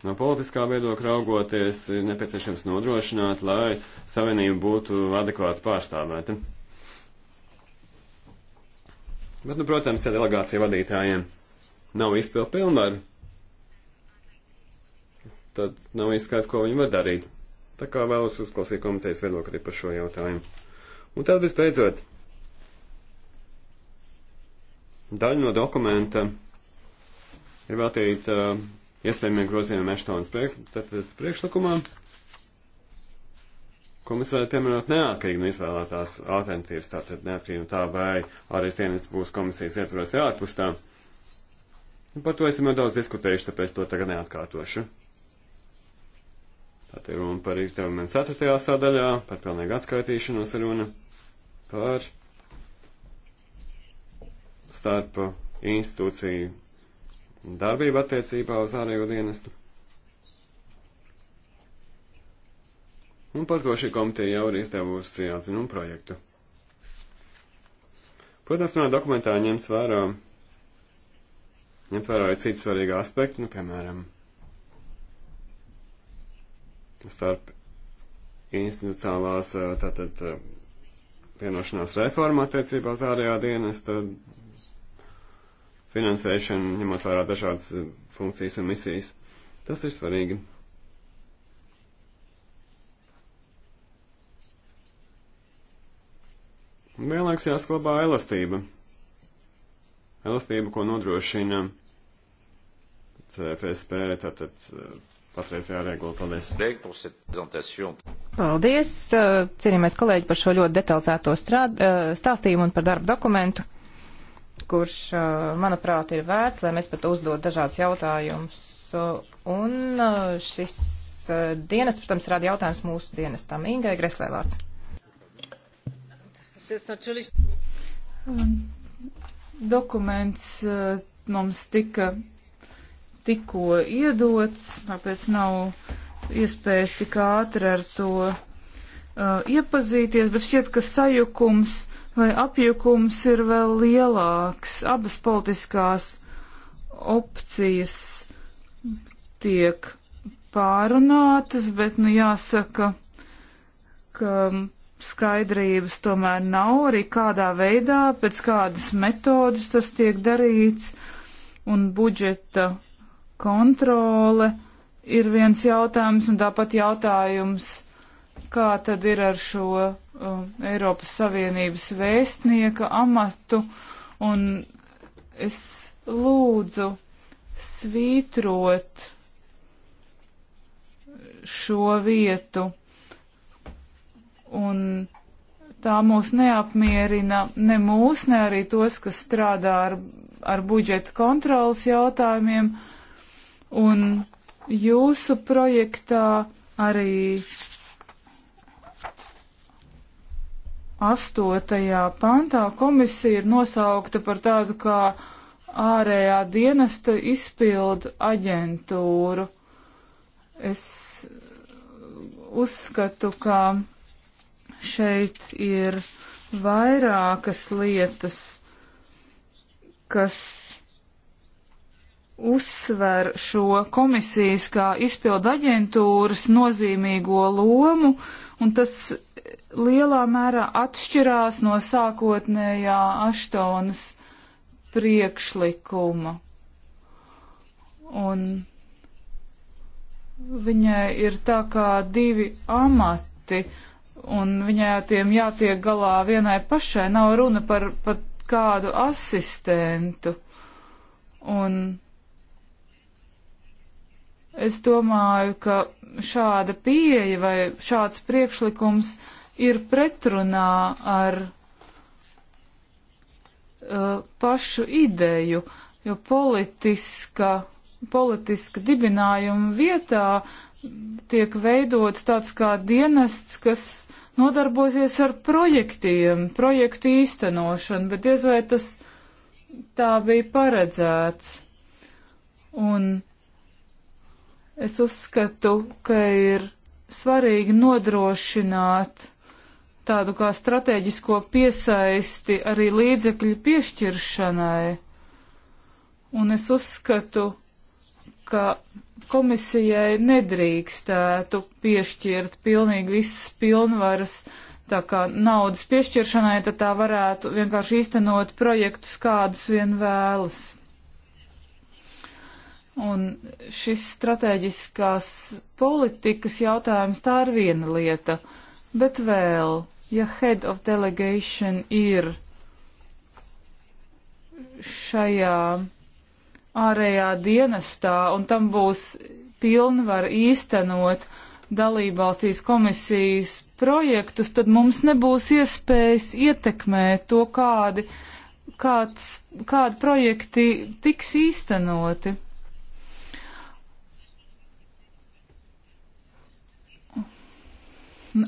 No politiskā viedokļa raugoties, ir nepieciešams nodrošināt, lai savienība būtu adekvāti pārstāvēta. Bet, nu, protams, ja delegācija vadītājiem nav izpildu pilnvaru, tad nav izskaidrs, ko viņi var darīt. Tā kā vēlos uzklausīt komitejas viedokli par šo jautājumu. Un tad visbeidzot, daļa no dokumenta ir veltīta uh, iespējamiem grozījumiem Eštonas priek priekšlikumā ko mēs varētu pieminēt neatkarīgi no izvēlētās alternatīvas, tātad neatkarīgi no tā, vai ārējais dienas būs komisijas ietvaros vai ārpus tā. Par to esam jau daudz diskutējuši, tāpēc to tagad neatkārtošu. Tātad ir runa par izdevumiem 4. sadaļā, par pilnīgu atskaitīšanos runa, par starp institūciju darbību attiecībā uz ārējo dienestu. un par ko šī komiteja jau ir izdevusi atzinumu projektu. Protams, manā dokumentā ņemts vērā, ņemt vērā arī citi svarīgi aspekti, nu, piemēram, starp institucionālās eh, tātad eh, vienošanās reforma attiecībā uz ārējā dienesta finansēšanu, ņemot vērā dažādas eh, funkcijas un misijas. Tas ir svarīgi. Vienlaiks jāsklabā elastība. Elastība, ko nodrošina CFSP, tātad eh, patreizējā regula. Paldies! Paldies, eh, cienījamais kolēģi, par šo ļoti detalizēto strād, eh, stāstījumu un par darbu dokumentu, kurš, manuprāt, ir vērts, lai mēs pat uzdod dažādus jautājumus. Un šis dienas, protams, rada jautājums mūsu dienestam. Ingai Greslē vārds. Dokuments eh, mums tika tikko iedots, tāpēc nav iespējas tik ātri ar to uh, iepazīties, bet šķiet, ka sajukums vai apjukums ir vēl lielāks. Abas politiskās opcijas tiek pārunātas, bet, nu, jāsaka, ka skaidrības tomēr nav arī kādā veidā, pēc kādas metodas tas tiek darīts, un budžeta kontrole ir viens jautājums, un tāpat jautājums, kā tad ir ar šo um, uh, Eiropas Savienības vēstnieka amatu, un es lūdzu svītrot šo vietu un tā mūs neapmierina ne mūs, ne arī tos, kas strādā ar, ar budžeta kontrolas jautājumiem. Un jūsu projektā arī astotajā pantā komisija ir nosaukta par tādu kā ārējā dienesta izpildu aģentūru. Es uzskatu, ka Šeit ir vairākas lietas, kas uzsver šo komisijas kā izpildu aģentūras nozīmīgo lomu, un tas lielā mērā atšķirās no sākotnējā Aštonas priekšlikuma. Un viņai ir tā kā divi amati, un viņai tiem jātiek galā vienai pašai, nav runa par pat kādu asistentu. Un es domāju, ka šāda pieeja vai šāds priekšlikums ir pretrunā ar uh, pašu ideju, jo politiska, politiska dibinājuma vietā tiek veidots tāds kā dienests, kas nodarbosies ar projektiem, projektu īstenošanu, bet diez vai tas tā bija paredzēts. Un es uzskatu, ka ir svarīgi nodrošināt tādu kā strateģisko piesaisti arī līdzekļu piešķiršanai. Un es uzskatu, ka komisijai nedrīkstētu piešķirt pilnīgi visas pilnvaras, tā kā naudas piešķiršanai, tad tā varētu vienkārši īstenot projektus, kādus vien vēlas. Un šis strateģiskās politikas jautājums tā ir viena lieta, bet vēl, ja head of delegation ir šajā ārējā dienestā, un tam būs pilnvar īstenot dalībvalstīs komisijas projektus, tad mums nebūs iespējas ietekmēt to, kādi, kāds, kādi projekti tiks īstenoti.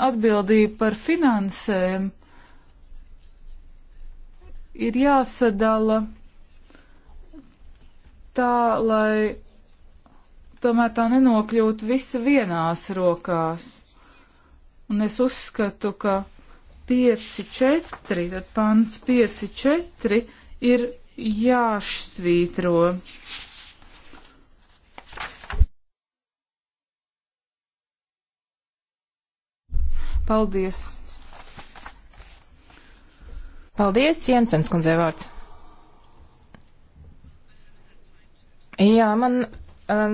Atbildība par finansēm ir jāsadala tā, lai tomēr tā nenokļūt visi vienās rokās. Un es uzskatu, ka 5-4, tad pants 5-4 ir jāšķvītro. Paldies! Paldies, Jensens kundzei vārds! Jā, man uh,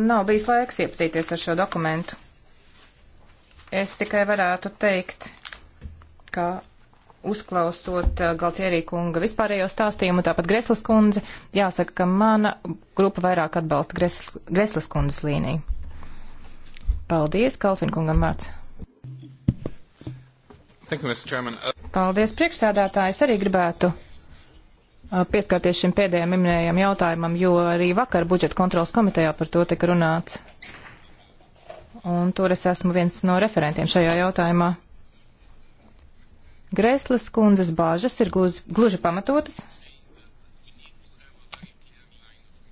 nav bijis laiks iepazīties ar šo dokumentu. Es tikai varētu teikt, ka uzklausot uh, Galtierī kunga vispārējo stāstījumu, tāpat Greslas kundze, jāsaka, ka mana grupa vairāk atbalsta Gres, Greslas kundzes līniju. Paldies, Kalfin kungam vārds. Thank you, Mr. Chairman. Paldies, priekšsēdētājs. Arī gribētu pieskarties šim pēdējam minējam jautājumam, jo arī vakar budžeta kontrolas komitejā par to tika runāts. Un tur es esmu viens no referentiem šajā jautājumā. Grēslas kundzes bāžas ir gluži, gluži pamatotas,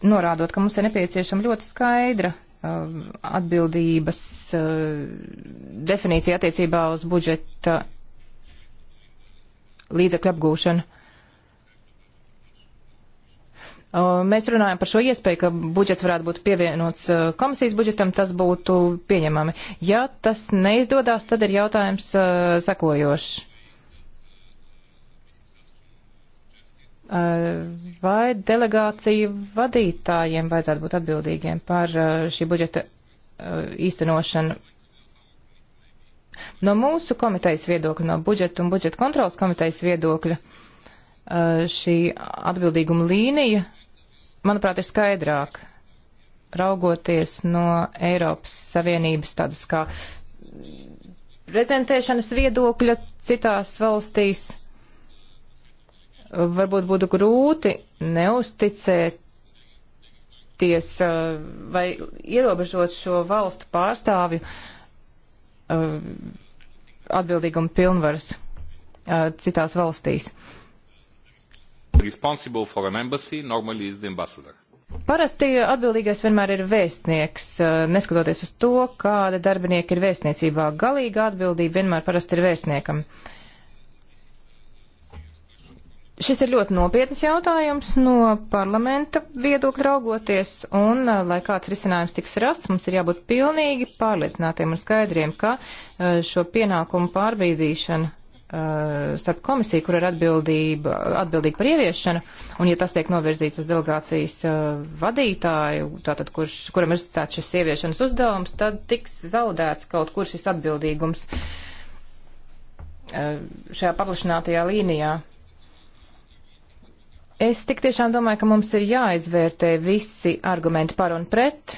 norādot, ka mums ir nepieciešama ļoti skaidra uh, atbildības uh, definīcija attiecībā uz budžeta līdzekļu apgūšanu. Uh, mēs runājam par šo iespēju, ka budžets varētu būt pievienots uh, komisijas budžetam, tas būtu pieņemami. Ja tas neizdodas, tad ir jautājums uh, sekojošs. Vai delegāciju vadītājiem vajadzētu būt atbildīgiem par šī budžeta īstenošanu? No mūsu komitejas viedokļa, no budžeta un budžeta kontrolas komitejas viedokļa, šī atbildīguma līnija manuprāt, ir skaidrāk raugoties no Eiropas Savienības tādas kā prezentēšanas viedokļa citās valstīs. Varbūt būtu grūti neusticēties uh, vai ierobežot šo valstu pārstāvju uh, atbildīgumu pilnvaras uh, citās valstīs. Responsible for an embassy normally is the ambassador. Parasti atbildīgais vienmēr ir vēstnieks, eh, neskatoties uz to, kāda darbinieka ir vēstniecībā. Galīga atbildība vienmēr parasti ir vēstniekam. Šis ir ļoti nopietns jautājums no parlamenta viedokļa raugoties, un, eh, lai kāds risinājums tiks rasts, mums ir jābūt pilnīgi pārliecinātiem un skaidriem, ka eh, šo pienākumu pārbīdīšana Uh, starp komisiju, kur ir atbildība, atbildīga par ieviešanu, un ja tas tiek novirzīts uz delegācijas uh, vadītāju, tātad kurš, kuram ir uzticēts šis ieviešanas uzdevums, tad tiks zaudēts kaut kur šis atbildīgums uh, šajā paplašinātajā līnijā. Es tik tiešām domāju, ka mums ir jāizvērtē visi argumenti par un pret,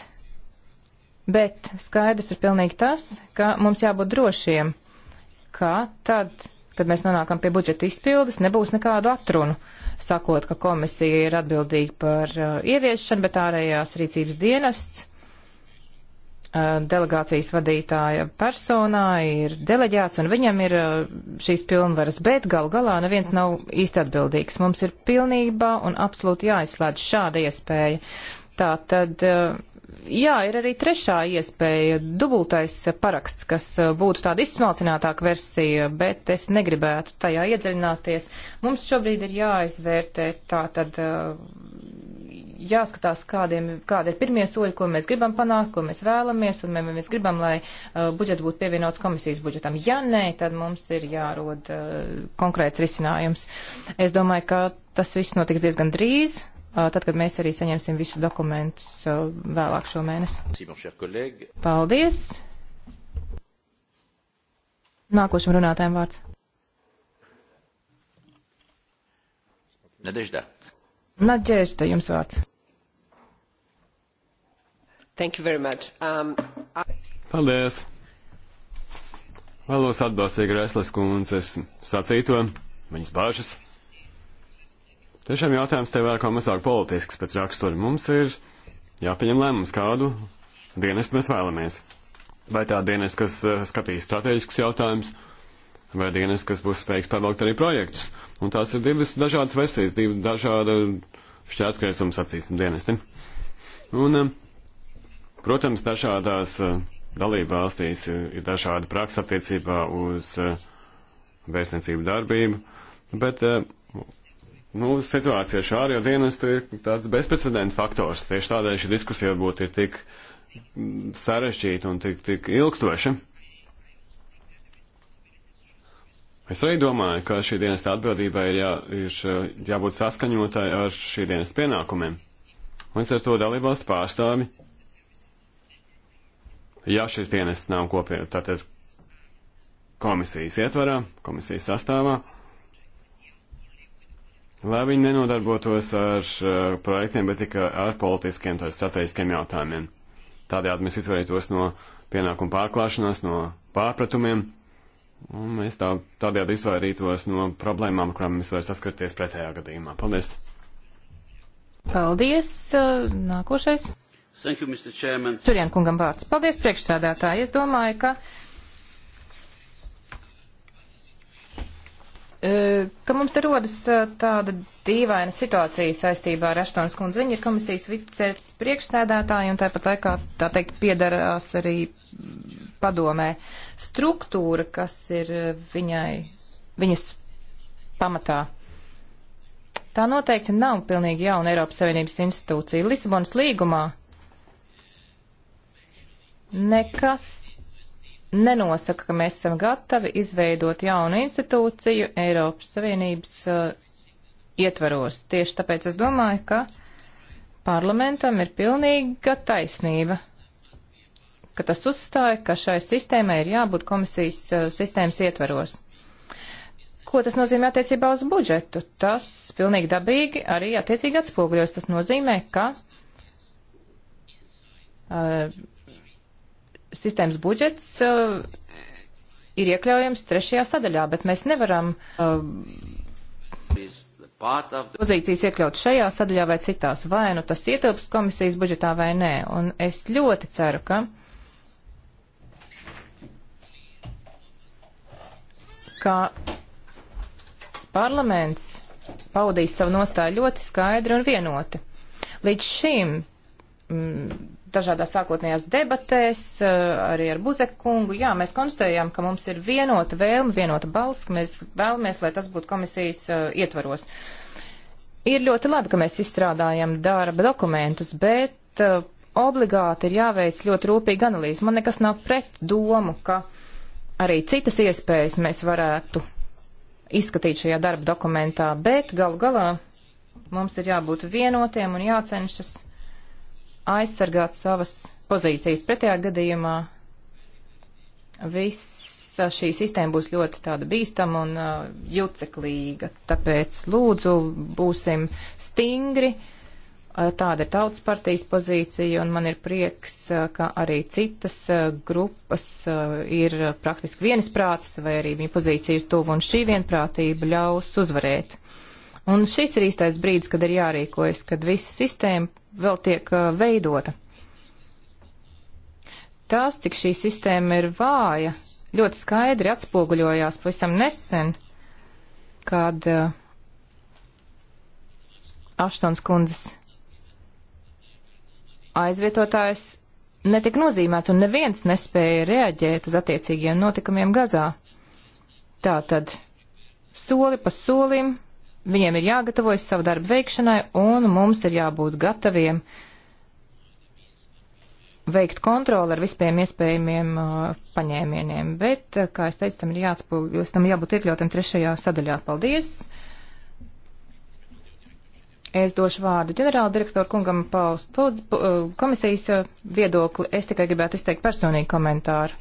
bet skaidrs ir pilnīgi tas, ka mums jābūt drošiem, ka tad, kad mēs nonākam pie budžeta izpildes, nebūs nekādu atrunu, sakot, ka komisija ir atbildīga par uh, ieviešanu, bet ārējās rīcības dienests uh, delegācijas vadītāja personā ir deleģēts un viņam ir uh, šīs pilnvaras, bet gal galā neviens nav īsti atbildīgs. Mums ir pilnībā un absolūti jāizslēdz šāda iespēja. Tā tad uh, jā, ir arī trešā iespēja - dubultais paraksts, kas eh, būtu tāda izsmalcinātāka versija, bet es negribētu tajā iedziļināties. Mums šobrīd ir jāizvērtē tā tad. Eh, jāskatās, kādiem, kādi ir pirmie soļi, ko mēs gribam panākt, ko mēs vēlamies, un vai mēs gribam, lai uh, budžets būtu pievienots komisijas budžetam. Ja nē, tad mums ir jārod uh, konkrēts risinājums. Es domāju, ka tas viss notiks diezgan drīz, Uh, tad, kad mēs arī saņemsim visus dokumentus uh, vēlāk šo mēnesi. Paldies! Nākošam runātājiem vārds. Nadežda. Nadežda, jums vārds. Thank you very much. Um, I... Paldies! Vēlos atbalstīt Grēslas kundzes sacīto, viņas bāžas. Tiešām jautājums tev vairāk vai mazāk politisks pēc rakstura. Mums ir jāpieņem lēmums, kādu dienestu mēs vēlamies. Vai tā dienestu, kas eh, skatīs strateģiskus jautājumus, vai dienestu, kas būs spējīgs pārvaldīt arī projektus. Un tās ir divas dažādas versijas, divi dažādi šķērskriesums, sacīsim, dienesti. Un, eh, protams, dažādās eh, dalība valstīs ir dažāda praksa attiecībā uz vēstniecību darbību, bet Nu, situācija ar šādu dienestu ir tāds bezprecedenta faktors. Tieši tādēļ šī diskusija būtu tik mm, sarežģīta un tik, tik ilgstoša. Es arī domāju, ka šī dienas atbildībai ir, jā, ir eh, jābūt saskaņotai ar šī dienas pienākumiem. Līdz ar to dalībvalstu pārstāvi, ja šis dienas nav kopīgi, tātad komisijas ietvarā, komisijas sastāvā, lai viņi nenodarbotos ar uh, projektiem, bet tikai ar politiskiem, tādiem strateģiskiem jautājumiem. Tādējādi mēs izvairītos no pienākumu pārklāšanās, no pārpratumiem, un mēs tā, tādējādi izvairītos no problēmām, kurām mēs varam saskarties pretējā gadījumā. Paldies! Paldies! Eh, nākošais! Thank you, Mr. Chairman. Šurien kungam vārds. Paldies, priekšsādātāji. Es domāju, ka E, ka mums te rodas e, tāda dīvaina situācija saistībā ar Aštons kundzi. Viņa ir komisijas vice priekšsēdētāja un tāpat laikā, tā teikt, piedarās arī padomē. Struktūra, kas ir e, viņai, viņas pamatā. Tā noteikti nav pilnīgi jauna Eiropas Savienības institūcija. Lisabonas līgumā nekas nenosaka, ka mēs esam gatavi izveidot jaunu institūciju Eiropas Savienības uh, ietvaros. Tieši tāpēc es domāju, ka parlamentam ir pilnīga taisnība, ka tas uzstāja, ka šai sistēmai ir jābūt komisijas uh, sistēmas ietvaros. Ko tas nozīmē attiecībā uz budžetu? Tas pilnīgi dabīgi arī attiecīgi atspoguļos. Tas nozīmē, ka uh, sistēmas budžets uh, ir iekļaujams trešajā sadaļā, bet mēs nevaram uh, pozīcijas iekļaut šajā sadaļā vai citās, vai nu tas ietilpst komisijas budžetā vai nē. Un es ļoti ceru, ka. ka parlaments paudīs savu nostāju ļoti skaidri un vienoti. Līdz šim mm, dažādās sākotnējās debatēs, eh, arī ar Buzeku kungu, jā, mēs konstatējām, ka mums ir vienota vēlme, vienota balss, ka mēs vēlamies, lai tas būtu komisijas eh, ietvaros. Ir ļoti labi, ka mēs izstrādājam darba dokumentus, bet eh, obligāti ir jāveic ļoti rūpīga analīze. Man nekas nav pret domu, ka arī citas iespējas mēs varētu izskatīt šajā darba dokumentā, bet galu galā mums ir jābūt vienotiem un jācenšas aizsargāt savas pozīcijas. Pretējā gadījumā visa šī sistēma būs ļoti tāda bīstama un uh, juceklīga. Tāpēc lūdzu būsim stingri. Uh, tāda ir tautas partijas pozīcija, un man ir prieks, uh, ka arī citas uh, grupas uh, ir praktiski vienisprātas, vai arī viņa pozīcija ir tuva, un šī vienprātība ļaus uzvarēt. Un šis ir īstais brīdis, kad ir jārīkojas, kad visa sistēma vēl tiek uh, veidota. Tās, cik šī sistēma ir vāja, ļoti skaidri atspoguļojās pavisam nesen, kad uh, Aštons kundzes aizvietotājs netika nozīmēts un neviens nespēja reaģēt uz attiecīgiem notikumiem Gazā. Tātad soli pa solim Viņiem ir jāgatavojas savu darbu veikšanai, un mums ir jābūt gataviem veikt kontroli ar vispiem iespējamiem uh, paņēmieniem. Bet, uh, kā es teicu, tam ir jāatspūgļos, tam jābūt iekļautam trešajā sadaļā. Paldies! Es došu vārdu ģenerāla direktoru kungam paust pūdz, uh, komisijas uh, viedokli. Es tikai gribētu izteikt personīgi komentāru.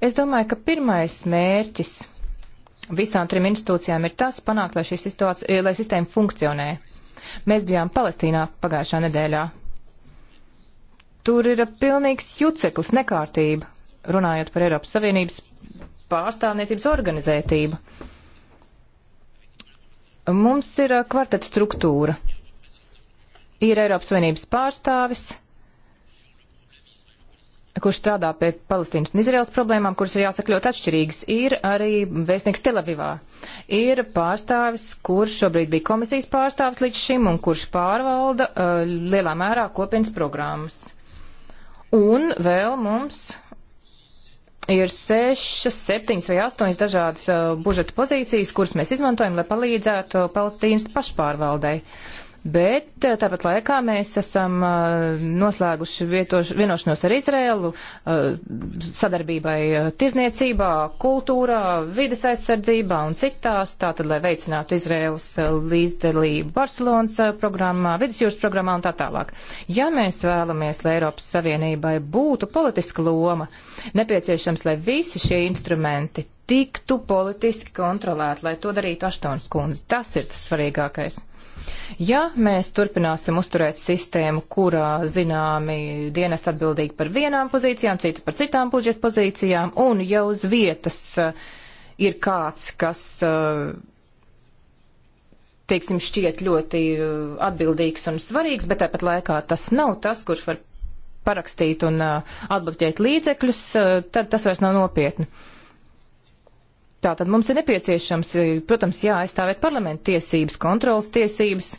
Es domāju, ka pirmais mērķis visām trim institūcijām ir tas panākt, lai, situācija, eh, lai sistēma funkcionē. Mēs bijām Palestīnā pagājušā nedēļā. Tur ir pilnīgs juceklis nekārtība, runājot par Eiropas Savienības pārstāvniecības organizētību. Mums ir eh, kvartet struktūra. Ir Eiropas Savienības pārstāvis, kurš strādā pie Palestīnas un Izraels problēmām, kuras ir jāsaka ļoti atšķirīgas. Ir arī vēstnieks Telavivā. Ir pārstāvis, kurš šobrīd bija komisijas pārstāvis līdz šim un kurš pārvalda uh, lielā mērā kopienas programmas. Un vēl mums ir sešas, septiņas vai astoņas dažādas uh, budžeta pozīcijas, kuras mēs izmantojam, lai palīdzētu Palestīnas pašpārvaldei. Uh, bet eh, tāpat laikā mēs esam eh, noslēguši vietoš, vienošanos ar Izrēlu eh, sadarbībai tirzniecībā, kultūrā, vides aizsardzībā un citās, tātad, lai veicinātu Izrēlas līdzdalību Barcelonas programmā, vidusjūras programmā un tā tālāk. Ja mēs vēlamies, lai Eiropas Savienībai būtu politiska loma, nepieciešams, lai visi šie instrumenti tiktu politiski kontrolēti, lai to darītu Aštons kundze. Tas ir tas svarīgākais. Ja mēs turpināsim uzturēt sistēmu, kurā zināmi dienest atbildīgi par vienām pozīcijām, cita par citām budžeta pozīcijām, un jau uz vietas uh, ir kāds, kas, uh, teiksim, šķiet ļoti uh, atbildīgs un svarīgs, bet tāpat laikā tas nav tas, kurš var parakstīt un atbloķēt līdzekļus, tad tas vairs nav nopietni. Uh, Tātad mums ir nepieciešams, eh, protams, jāaizstāvēt parlamenta tiesības, kontrolas tiesības.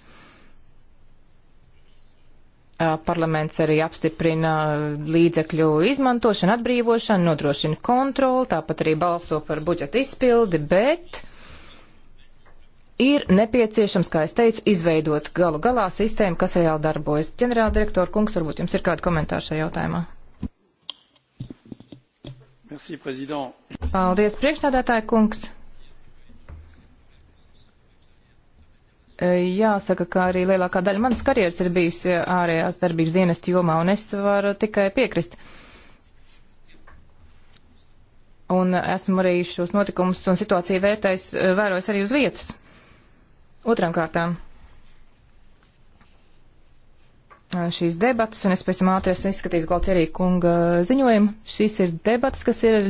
Parlaments arī apstiprina līdzekļu izmantošanu, atbrīvošanu, nodrošina kontroli, tāpat arī balso par budžeta izpildi, bet ir nepieciešams, kā es teicu, izveidot galu galā sistēmu, kas reāli darbojas. Ģenerāldirektora kungs, varbūt jums ir kādi komentāri šajā jautājumā? Merci, prezident. Paldies, priekšstādātāja kungs. E, jāsaka, ka arī lielākā daļa manas karjeras ir bijusi e, ārējās darbības dienestu jomā, un es varu tikai piekrist. Un esmu arī šos notikumus un situāciju vērtējis, e, vērojis arī uz vietas. Otram kārtām šīs debatas, un es pēc tam ātri esmu izskatījis Galtierī kunga ziņojumu. Šīs ir debatas, kas ir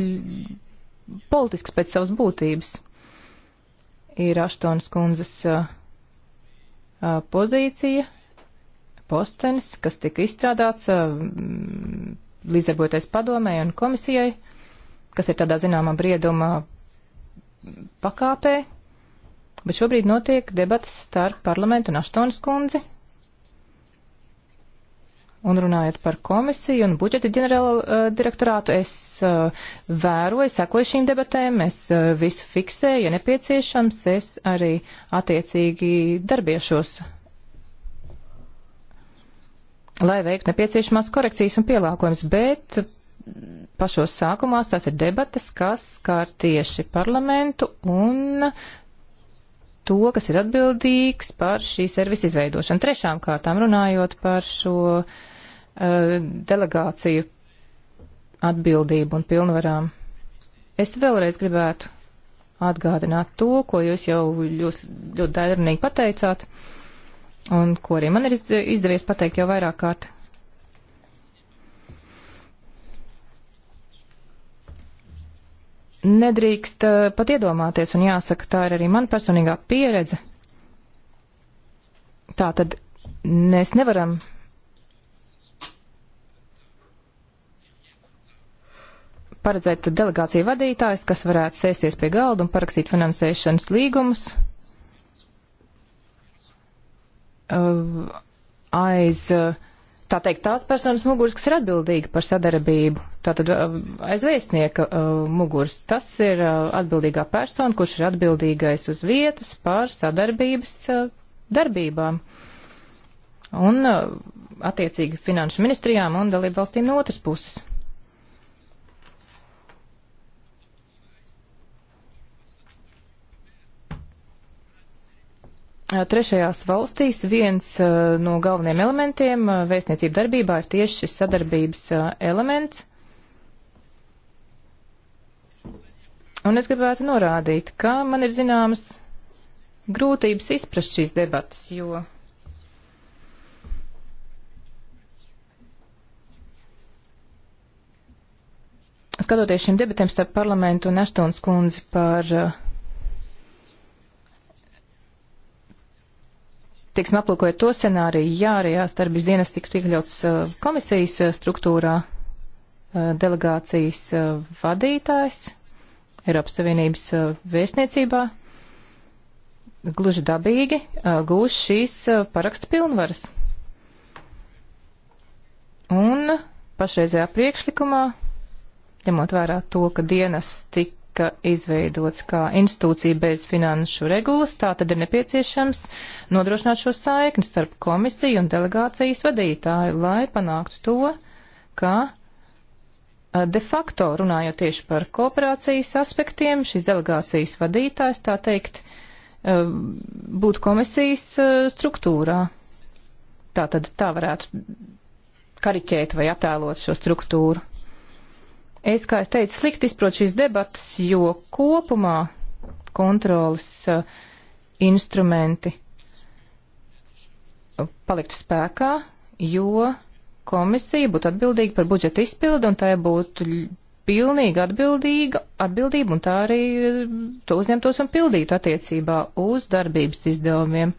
politisks pēc savas būtības. Ir Aštonas kundzes pozīcija, postenis, kas tika izstrādāts līdzdarboties padomē un komisijai, kas ir tādā zināmā brieduma pakāpē, bet šobrīd notiek debatas starp parlamentu un Aštonas kundzi Un runājot par komisiju un budžeta ģenerālo uh, direktorātu, es uh, vēroju, sekoju šīm debatēm, es uh, visu fiksēju, ja nepieciešams, es arī attiecīgi darbiešos, lai veiktu nepieciešamās korekcijas un pielāgojums, bet pašos sākumās tās ir debatas, kas skār tieši parlamentu un to, kas ir atbildīgs par šī servisa izveidošanu. Trešām kārtām runājot par šo uh, Eh, delegāciju atbildību un pilnvarām. Es vēlreiz gribētu atgādināt to, ko jūs jau jūs ļoti dairnīgi pateicāt, un ko arī man ir izdevies pateikt jau vairāk kārt. Nedrīkst eh, pat iedomāties, un jāsaka, tā ir arī man personīgā pieredze. Tā tad mēs nevaram paredzēt delegāciju vadītājs, kas varētu sēsties pie galda un parakstīt finansēšanas līgumus uh, aiz, uh, tā teikt, tās personas muguras, kas ir atbildīgi par sadarbību. Tātad uh, aiz vēstnieka muguras. Tas ir atbildīgā persona, kurš ir atbildīgais uz vietas par sadarbības darbībām. Un attiecīgi finanšu ministrijām un dalību valstīm no otras puses. Eh, trešajās valstīs viens eh, no galvenajiem elementiem eh, vēstniecību darbībā ir tieši šis sadarbības elements. Un es gribētu norādīt, ka man ir zināmas grūtības izprast šīs debatas, jo. Skatoties šīm debatēm starp parlamentu un Aštons kundzi par uh, teiksim, aplūkojot to scenāriju, ja ārējās darbības dienas tiktu iekļauts uh, komisijas uh, struktūrā, uh, delegācijas uh, vadītājs Eiropas Savienības uh, vēstniecībā, gluži dabīgi uh, gūs šīs paraksta pilnvaras. Un pašreizējā priekšlikumā, ņemot vērā to, ka dienas tik tika izveidots kā institūcija bez finanšu regulas, tā tad ir nepieciešams nodrošināt šo saikni starp komisiju un delegācijas vadītāju, lai panāktu to, ka de facto runājot tieši par kooperācijas aspektiem, šis delegācijas vadītājs, tā teikt, būtu komisijas struktūrā. Tā tad tā varētu kariķēt vai attēlot šo struktūru. Es, kā es teicu, slikti izprotu šīs debatas, jo kopumā kontrolas uh, instrumenti uh, paliktu spēkā, jo komisija būtu atbildīga par budžeta izpildu un tai būtu pilnīgi atbildīga atbildība un tā arī uh, to uzņemtos un pildītu attiecībā uz darbības izdevumiem.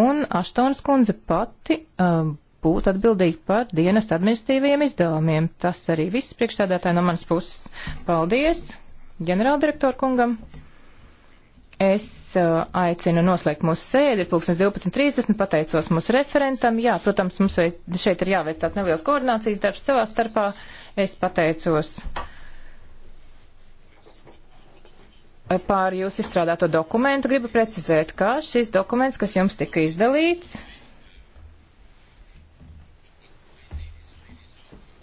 Un Aštons kundze pati um, uh, būt atbildīgi par dienas administratīviem izdevumiem. Tas arī viss priekšstādātāji no manas puses. Paldies ģenerāldirektoru kungam. Es uh, aicinu noslēgt mūsu sēdi, pulkstens 12.30, pateicos mūsu referentam. Jā, protams, mums šeit ir jāveic tāds neliels koordinācijas darbs savā starpā. Es pateicos uh, pār jūsu izstrādāto dokumentu. Gribu precizēt, ka šis dokuments, kas jums tika izdalīts,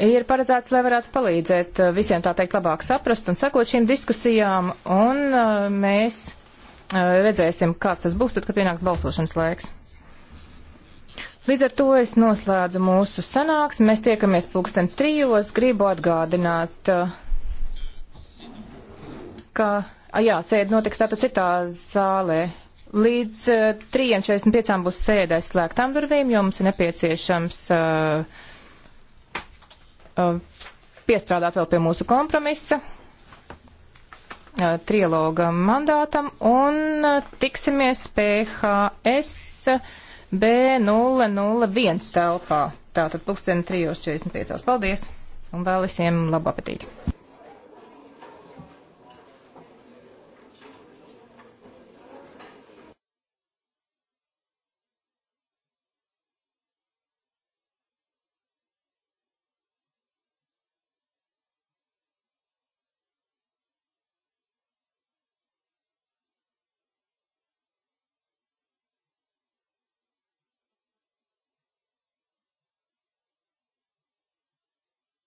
ir paredzēts, lai varētu palīdzēt eh, visiem tā teikt labāk saprast un sakot šīm diskusijām, un eh, mēs eh, redzēsim, kāds tas būs, tad, kad pienāks balsošanas laiks. Līdz ar to es noslēdzu mūsu sanāksmi. Mēs tiekamies pulksten trijos. Gribu atgādināt, ka, jā, sēde notiks tātad citā zālē. Līdz 3.45 būs sēde aizslēgtām durvīm, jo mums ir nepieciešams uh, Uh, piestrādāt vēl pie mūsu kompromisa uh, triloga mandātam un uh, tiksimies PHS B001 telpā. Tātad pulksteni 3.45. Paldies un vēl visiem labu apetīti!